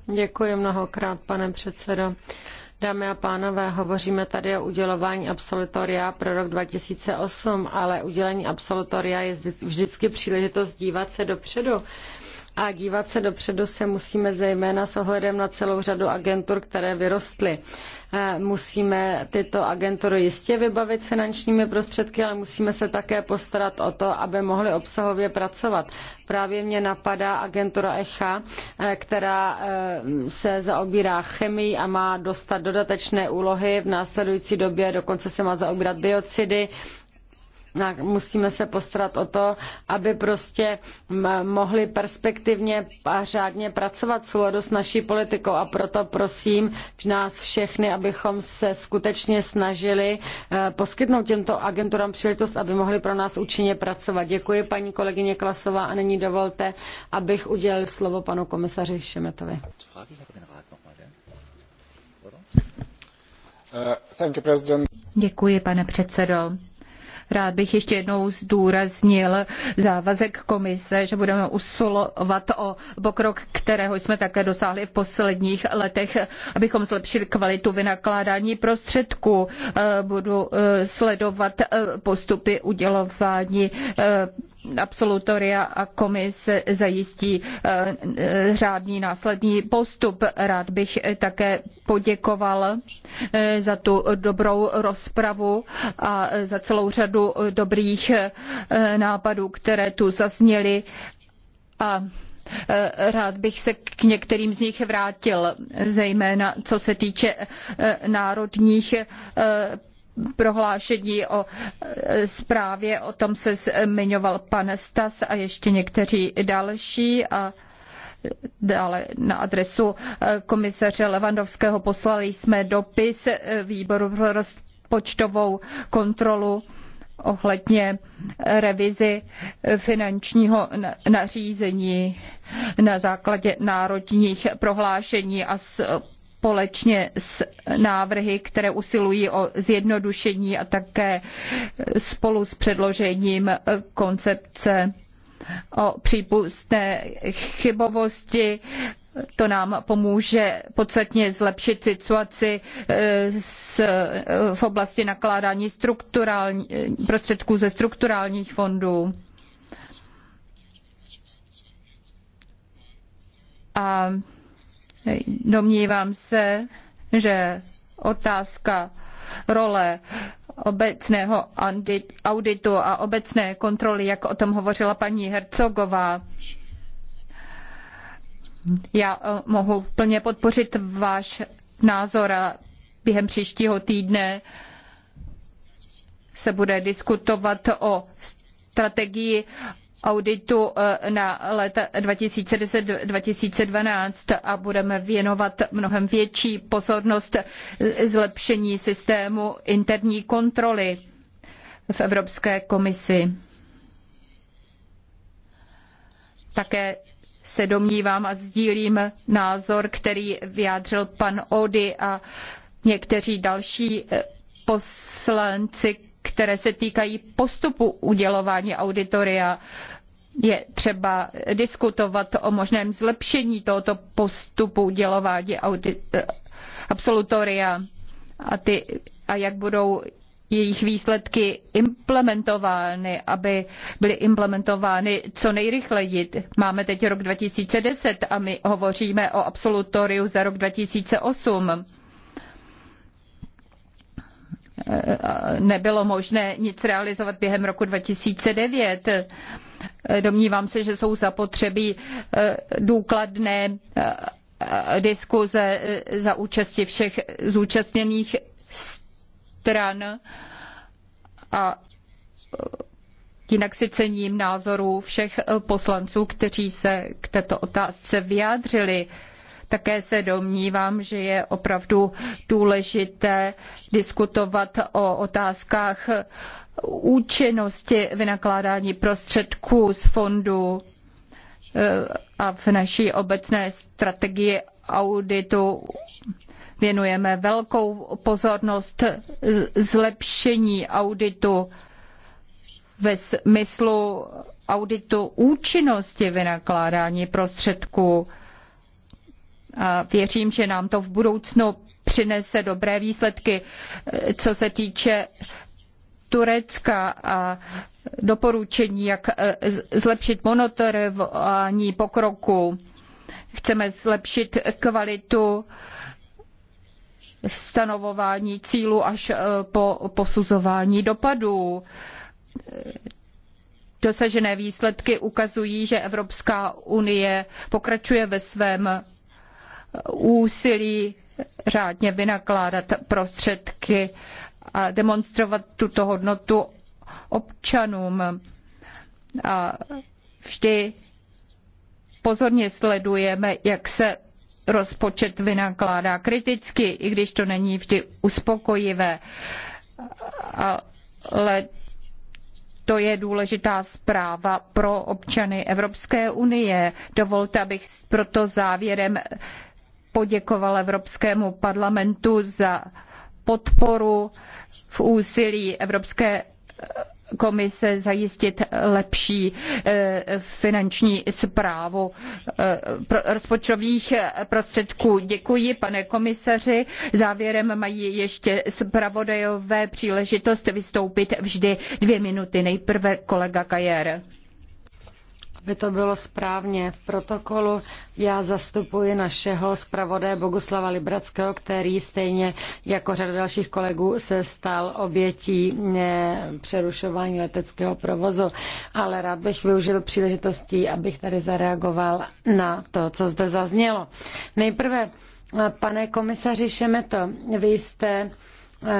Děkuji mnohokrát, pane předsedo. Dámy a pánové, hovoříme tady o udělování absolutoria pro rok 2008, ale udělení absolutoria je vždycky příležitost dívat se dopředu. A dívat se dopředu se musíme zejména s ohledem na celou řadu agentur, které vyrostly. Eh, musíme tyto agentury jistě vybavit finančními prostředky, ale musíme se také postarat o to, aby mohly obsahově pracovat. Právě mě napadá agentura ECHA, eh, která eh, se zaobírá chemií a má dostat dodatečné úlohy v následující době, dokonce se má zaobírat biocidy musíme se postarat o to, aby prostě mohli perspektivně a řádně pracovat v souladu s naší politikou a proto prosím nás všechny, abychom se skutečně snažili eh, poskytnout těmto agenturám příležitost, aby mohli pro nás účinně pracovat. Děkuji paní kolegyně Klasová a nyní dovolte, abych udělal slovo panu komisaři Šemetovi. Uh, Děkuji, pane předsedo. Rád bych ještě jednou zdůraznil závazek komise, že budeme usilovat o pokrok, kterého jsme také dosáhli v posledních letech, abychom zlepšili kvalitu vynakládání prostředků. Eh, budu eh, sledovat eh, postupy udělování absolutoria a komise zajistí eh, eh, řádný následný postup. Rád bych také poděkoval eh, za tu dobrou rozpravu a za celou řadu dobrých nápadů, které tu zazněly. A Rád bych se k některým z nich vrátil, zejména co se týče národních prohlášení o e, zprávě, o tom se zmiňoval pan Stas a ještě někteří další. A dále na adresu e, komisaře Levandovského poslali jsme dopis e, výboru pro rozpočtovou kontrolu ohledně revizi finančního nařízení na základě národních prohlášení a společně s návrhy, které usilují o zjednodušení a také spolu s předložením koncepce o přípustné chybovosti. To nám pomůže podstatně zlepšit situaci eh, eh, v oblasti nakládání eh, prostředků ze strukturálních fondů. A Domnívám se, že otázka role obecného auditu a obecné kontroly, jak o tom hovořila paní Hercogová. Já eh, mohu plně podpořit váš názor a během příštího týdne se bude diskutovat o strategii auditu eh, na léta 2010-2012 a budeme věnovat mnohem větší pozornost zlepšení systému interní kontroly v Evropské komisi. Také se domnívám a sdílím názor, který vyjádřil pan Ody a někteří další eh, poslanci které se týkají postupu udělování auditoria. Je třeba diskutovat o možném zlepšení tohoto postupu udělování audit, absolutoria a, ty, a jak budou jejich výsledky implementovány, aby byly implementovány co nejrychleji. Máme teď rok 2010 a my hovoříme o absolutoriu za rok 2008 Eh, nebylo možné nic realizovat během roku 2009. Eh, domnívám se, že jsou zapotřebí eh, důkladné diskuze za účasti všech zúčastněných stran a jinak si cením názorů všech poslanců, kteří se k této otázce vyjádřili. Také se domnívám, že je opravdu důležité diskutovat o otázkách účinnosti vynakládání prostředků z fondu eh, a v naší obecné strategii auditu věnujeme velkou pozornost zlepšení auditu ve smyslu auditu účinnosti vynakládání prostředků věřím, že nám to v budoucnu přinese dobré výsledky, eh, co se týče Turecka a doporučení, jak eh, zlepšit monitorování pokroku. Chceme zlepšit kvalitu stanovování cílů až eh, po posuzování dopadů. Dosažené výsledky ukazují, že Evropská unie pokračuje ve svém úsilí řádně vynakládat prostředky a demonstrovat tuto hodnotu občanům. A vždy pozorně sledujeme, jak se rozpočet vynakládá kriticky, i když to není vždy uspokojivé. Ale to je důležitá zpráva pro občany Evropské unie. Dovolte, abych proto závěrem poděkoval Evropskému parlamentu za podporu v úsilí Evropské komise zajistit lepší eh, finanční správu eh, rozpočtových prostředků. Děkuji, pane komisaři. Závěrem mají ještě zpravodajové příležitost vystoupit vždy dvě minuty. Nejprve kolega Kajer by to bylo správně. V protokolu já zastupuji našeho zpravodaje Boguslava Librackého, který stejně jako řada dalších kolegů se stal obětí eh, přerušování leteckého provozu. Ale rád bych využil příležitostí, abych tady zareagoval na to, co zde zaznělo. Nejprve, eh, pane komisaři Šemeto, vy jste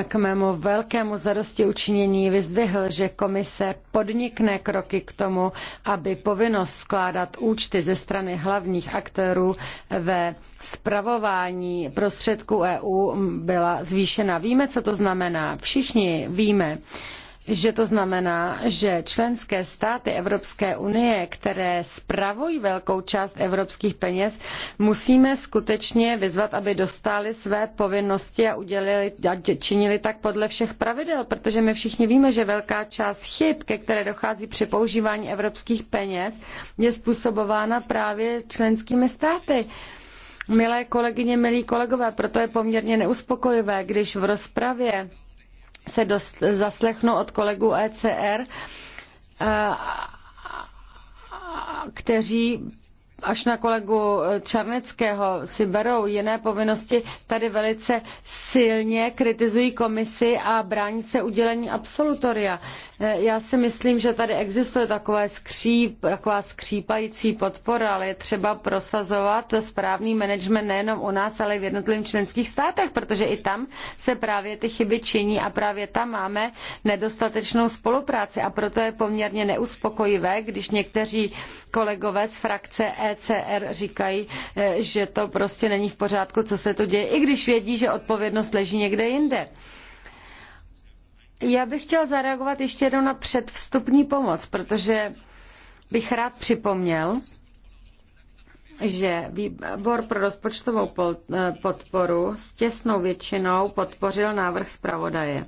k mému velkému zadosti učinění vyzdvihl, že komise podnikne kroky k tomu, aby povinnost skládat účty ze strany hlavních aktérů ve spravování prostředků EU byla zvýšena. Víme, co to znamená. Všichni víme, že to znamená, že členské státy Evropské unie, které spravují velkou část evropských peněz, musíme skutečně vyzvat, aby dostali své povinnosti a, udělili, a činili tak podle všech pravidel, protože my všichni víme, že velká část chyb, ke které dochází při používání evropských peněz, je způsobována právě členskými státy. Milé kolegyně, milí kolegové, proto je poměrně neuspokojivé, když v rozpravě se dost, zaslechnu od kolegů ECR, eh, kteří až na kolegu Čarneckého si berou jiné povinnosti, tady velice silně kritizují komisi a brání se udělení absolutoria. Já si myslím, že tady existuje takové skříp, taková skřípající podpora, ale je třeba prosazovat správný management nejenom u nás, ale i v jednotlivých členských státech, protože i tam se právě ty chyby činí a právě tam máme nedostatečnou spolupráci a proto je poměrně neuspokojivé, když někteří kolegové z frakce ECR říkají, eh, že to prostě není v pořádku, co se tu děje, i když vědí, že odpovědnost leží někde jinde. Já bych chtěl zareagovat ještě jednou na předvstupní pomoc, protože bych rád připomněl, že výbor pro rozpočtovou eh, podporu s těsnou většinou podpořil návrh zpravodaje.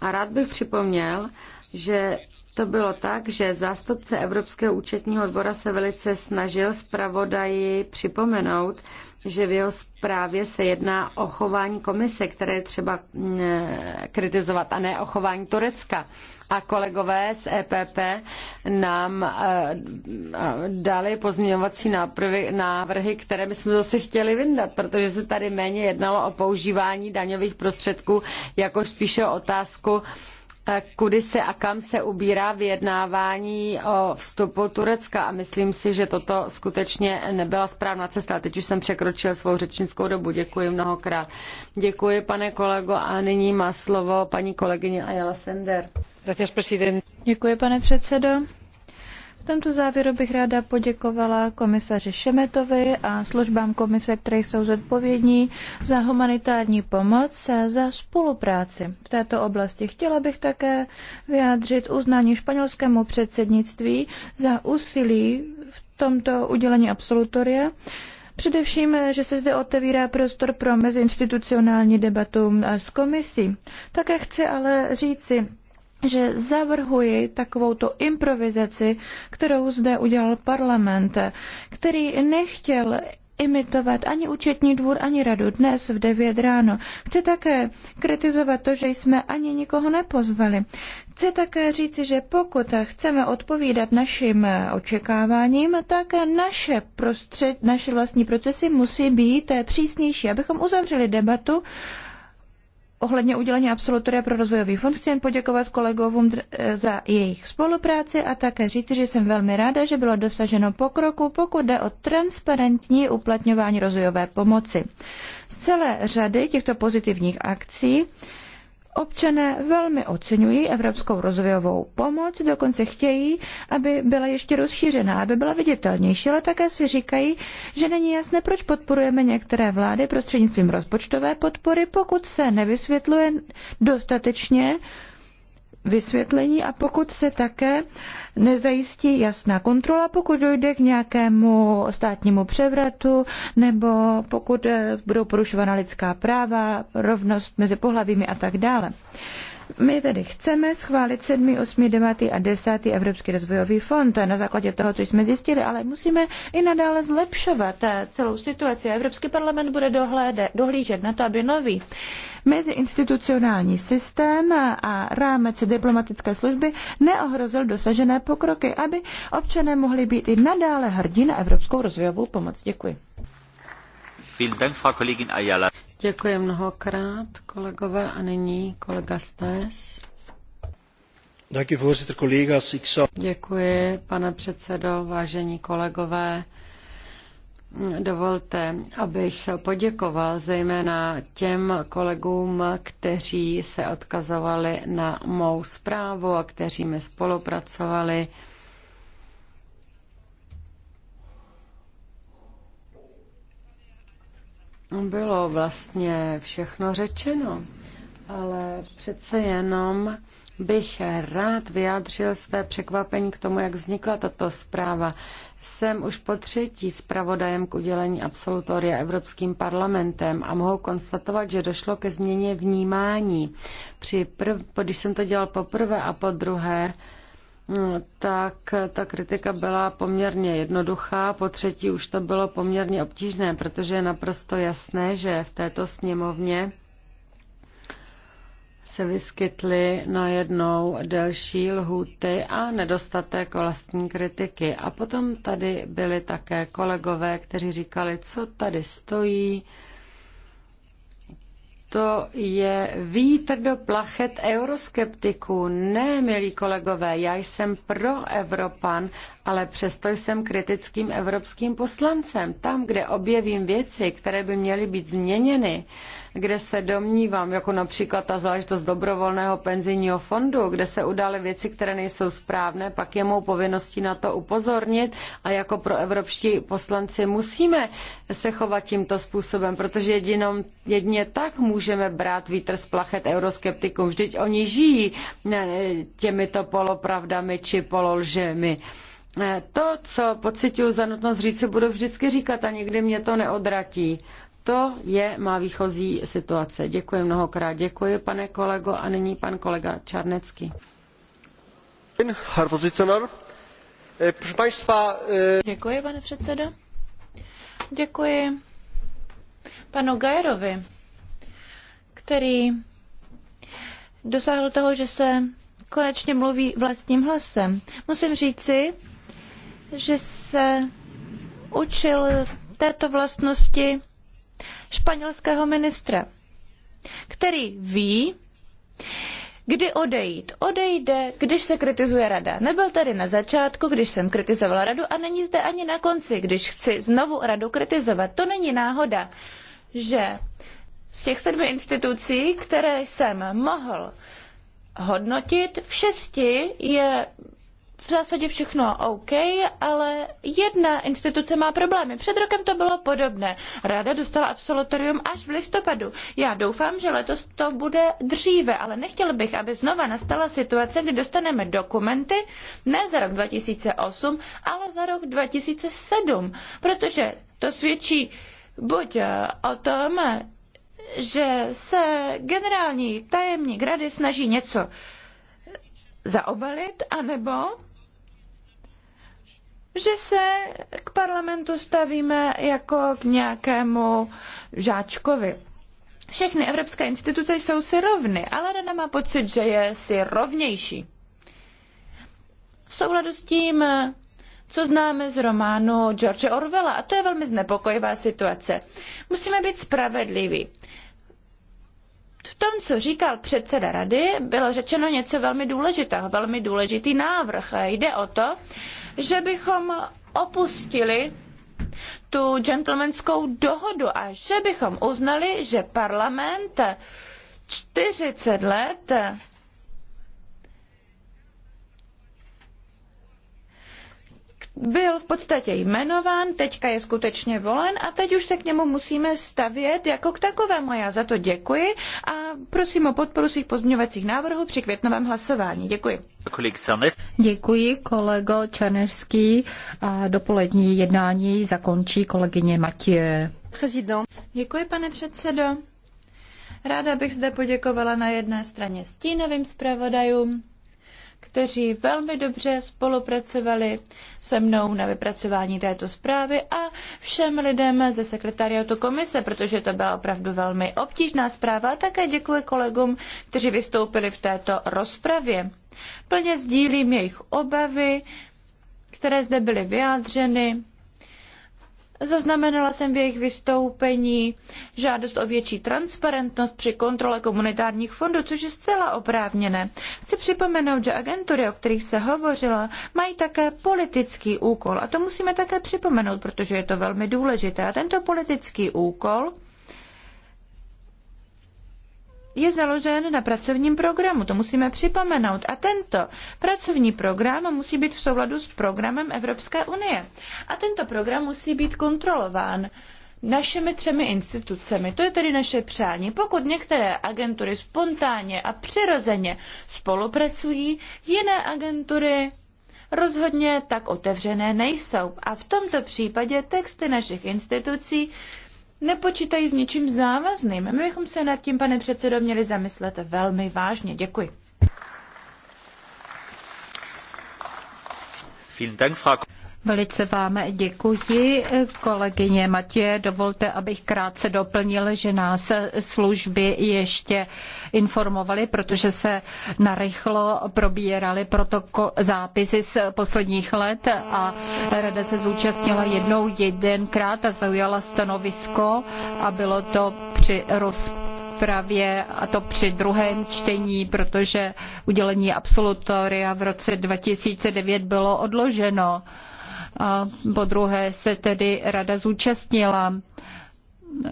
A rád bych připomněl, že to bylo tak, že zástupce Evropského účetního dvora se velice snažil zpravodaji připomenout, že v jeho zprávě se jedná o chování komise, které je třeba mm, kritizovat, a ne o chování Turecka. A kolegové z EPP nám eh, eh, dali pozměňovací návrhy, které my jsme zase chtěli vyndat, protože se tady méně jednalo o používání daňových prostředků, jako spíše o otázku, Eh, kudy se a kam se ubírá vyjednávání o vstupu Turecka a myslím si, že toto skutečně nebyla správná cesta. Teď už jsem překročil svou řečnickou dobu. Děkuji mnohokrát. Děkuji, pane kolego, a nyní má slovo paní kolegyně Ayala Sender. Děkuji, pane předsedo tomto závěru bych ráda poděkovala komisaři Šemetovi a službám komise, které jsou zodpovědní za humanitární pomoc a za spolupráci v této oblasti. Chtěla bych také vyjádřit uznání španělskému předsednictví za úsilí v tomto udělení absolutoria. Především, že se zde otevírá prostor pro meziinstitucionální debatu s komisí. Také chci ale říci, že zavrhuji takovouto improvizaci, kterou zde udělal parlament, který nechtěl imitovat ani účetní dvůr, ani radu dnes v 9 ráno. Chci také kritizovat to, že jsme ani nikoho nepozvali. Chci také říci, že pokud chceme odpovídat našim očekáváním, tak naše, prostřed, naše vlastní procesy musí být přísnější, abychom uzavřeli debatu ohledně udělení absolutoria pro rozvojový fond chci jen poděkovat kolegovům za jejich spolupráci a také říct, že jsem velmi ráda, že bylo dosaženo pokroku, pokud jde o transparentní uplatňování rozvojové pomoci. Z celé řady těchto pozitivních akcí Občané velmi oceňují evropskou rozvojovou pomoc, dokonce chtějí, aby byla ještě rozšířená, aby byla viditelnější, ale také si říkají, že není jasné, proč podporujeme některé vlády prostřednictvím rozpočtové podpory, pokud se nevysvětluje dostatečně, vysvětlení a pokud se také nezajistí jasná kontrola, pokud dojde k nějakému státnímu převratu nebo pokud eh, budou porušována lidská práva, rovnost mezi pohlavími a tak dále. My tedy chceme schválit 7., 8., 9. a 10. Evropský rozvojový fond na základě toho, co jsme zjistili, ale musíme i nadále zlepšovat eh, celou situaci. Evropský parlament bude dohlédat, dohlížet na to, aby nový Meziinstitucionální systém a rámec diplomatické služby neohrozil dosažené pokroky, aby občané mohli být i nadále hrdí na evropskou rozvojovou pomoc. Děkuji. Děkuji mnohokrát, kolegové, a nyní kolega Stes. Děkuji, pane předsedo, vážení kolegové. Dovolte, abych poděkoval zejména těm kolegům, kteří se odkazovali na mou zprávu a kteří mi spolupracovali. Bylo vlastně všechno řečeno, ale přece jenom bych rád vyjádřil své překvapení k tomu, jak vznikla tato zpráva. Jsem už po třetí zpravodajem k udělení absolutoria Evropským parlamentem a mohu konstatovat, že došlo ke změně vnímání. Při prv, když jsem to dělal poprvé a po druhé, mm, tak ta kritika byla poměrně jednoduchá, po třetí už to bylo poměrně obtížné, protože je naprosto jasné, že v této sněmovně se vyskytly najednou delší lhůty a nedostatek vlastní kritiky. A potom tady byli také kolegové, kteří říkali, co tady stojí, to je vítr do plachet euroskeptiků. Ne, milí kolegové, já jsem pro Evropan, ale přesto jsem kritickým evropským poslancem. Tam, kde objevím věci, které by měly být změněny, kde se domnívám, jako například ta záležitost dobrovolného penzijního fondu, kde se udály věci, které nejsou správné, pak je mou povinností na to upozornit a jako pro evropští poslanci musíme se chovat tímto způsobem, protože jedinom, jedině tak můžeme brát vítr z plachet euroskeptikům. Vždyť oni žijí těmito polopravdami či pololžemi. E, to, co pocituju za nutnost říct, se budu vždycky říkat a nikdy mě to neodratí. To je má výchozí situace. Děkuji mnohokrát. Děkuji, pane kolego. A nyní pan kolega Čarnecký. E, e, Děkuji, pane předsedo. Děkuji panu Gajerovi, který dosáhl toho, že se konečně mluví vlastním hlasem. Musím říci, že se učil této vlastnosti španělského ministra, který ví, kdy odejít. Odejde, když se kritizuje rada. Nebyl tady na začátku, když jsem kritizovala radu a není zde ani na konci, když chci znovu radu kritizovat. To není náhoda, že z těch sedmi institucí, které jsem mohl hodnotit, v šesti je v zásadě všechno OK, ale jedna instituce má problémy. Před rokem to bylo podobné. Rada dostala absolutorium až v listopadu. Já doufám, že letos to bude dříve, ale nechtěl bych, aby znova nastala situace, kdy dostaneme dokumenty ne za rok 2008, ale za rok 2007, protože to svědčí buď eh, o tom, že se generální tajemník rady snaží něco zaobalit, anebo že se k parlamentu stavíme jako k nějakému žáčkovi. Všechny evropské instituce jsou si rovny, ale Rada má pocit, že je si rovnější. V souladu s tím, co známe z románu George Orwella, a to je velmi znepokojivá situace. Musíme být spravedliví v tom, co říkal předseda rady, bylo řečeno něco velmi důležitého, velmi důležitý návrh. Jde o to, že bychom opustili tu gentlemanskou dohodu a že bychom uznali, že parlament 40 let byl v podstatě jmenován, teďka je skutečně volen a teď už se k němu musíme stavět jako k takovému. Já za to děkuji a prosím o podporu svých pozměňovacích návrhů při květnovém hlasování. Děkuji. Děkuji kolego Černežský a dopolední jednání zakončí kolegyně Matěje. Děkuji, pane předsedo. Ráda bych zde poděkovala na jedné straně stínovým zpravodajům, kteří velmi dobře spolupracovali se mnou na vypracování této zprávy a všem lidem ze sekretariátu komise, protože to byla opravdu velmi obtížná zpráva a také děkuji kolegům, kteří vystoupili v této rozpravě. Plně sdílím jejich obavy, které zde byly vyjádřeny Zaznamenala jsem v jejich vystoupení žádost o větší transparentnost při kontrole komunitárních fondů, což je zcela oprávněné. Chci připomenout, že agentury, o kterých se hovořila, mají také politický úkol. A to musíme také připomenout, protože je to velmi důležité. A tento politický úkol je založen na pracovním programu, to musíme připomenout. A tento pracovní program musí být v souladu s programem Evropské unie. A tento program musí být kontrolován našimi třemi institucemi. To je tedy naše přání. Pokud některé agentury spontánně a přirozeně spolupracují, jiné agentury rozhodně tak otevřené nejsou. A v tomto případě texty našich institucí nepočítají s ničím závazným. My bychom se nad tím, pane předsedo, měli zamyslet velmi vážně. Děkuji. Vielen Dank, Frau Velice vám děkuji, kolegyně Matě. Dovolte, abych krátce doplnil, že nás služby ještě informovaly, protože se narychlo probíraly protoko- zápisy z posledních let a rada se zúčastnila jednou jedenkrát a zaujala stanovisko a bylo to při rozpočtu právě a to při druhém čtení, protože udělení absolutoria v roce 2009 bylo odloženo. A po druhé se tedy rada zúčastnila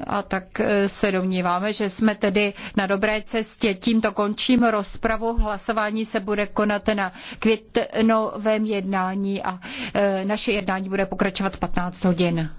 a tak e, se domníváme, že jsme tedy na dobré cestě. Tímto končím rozpravu. Hlasování se bude konat na květnovém jednání a e, naše jednání bude pokračovat 15 hodin.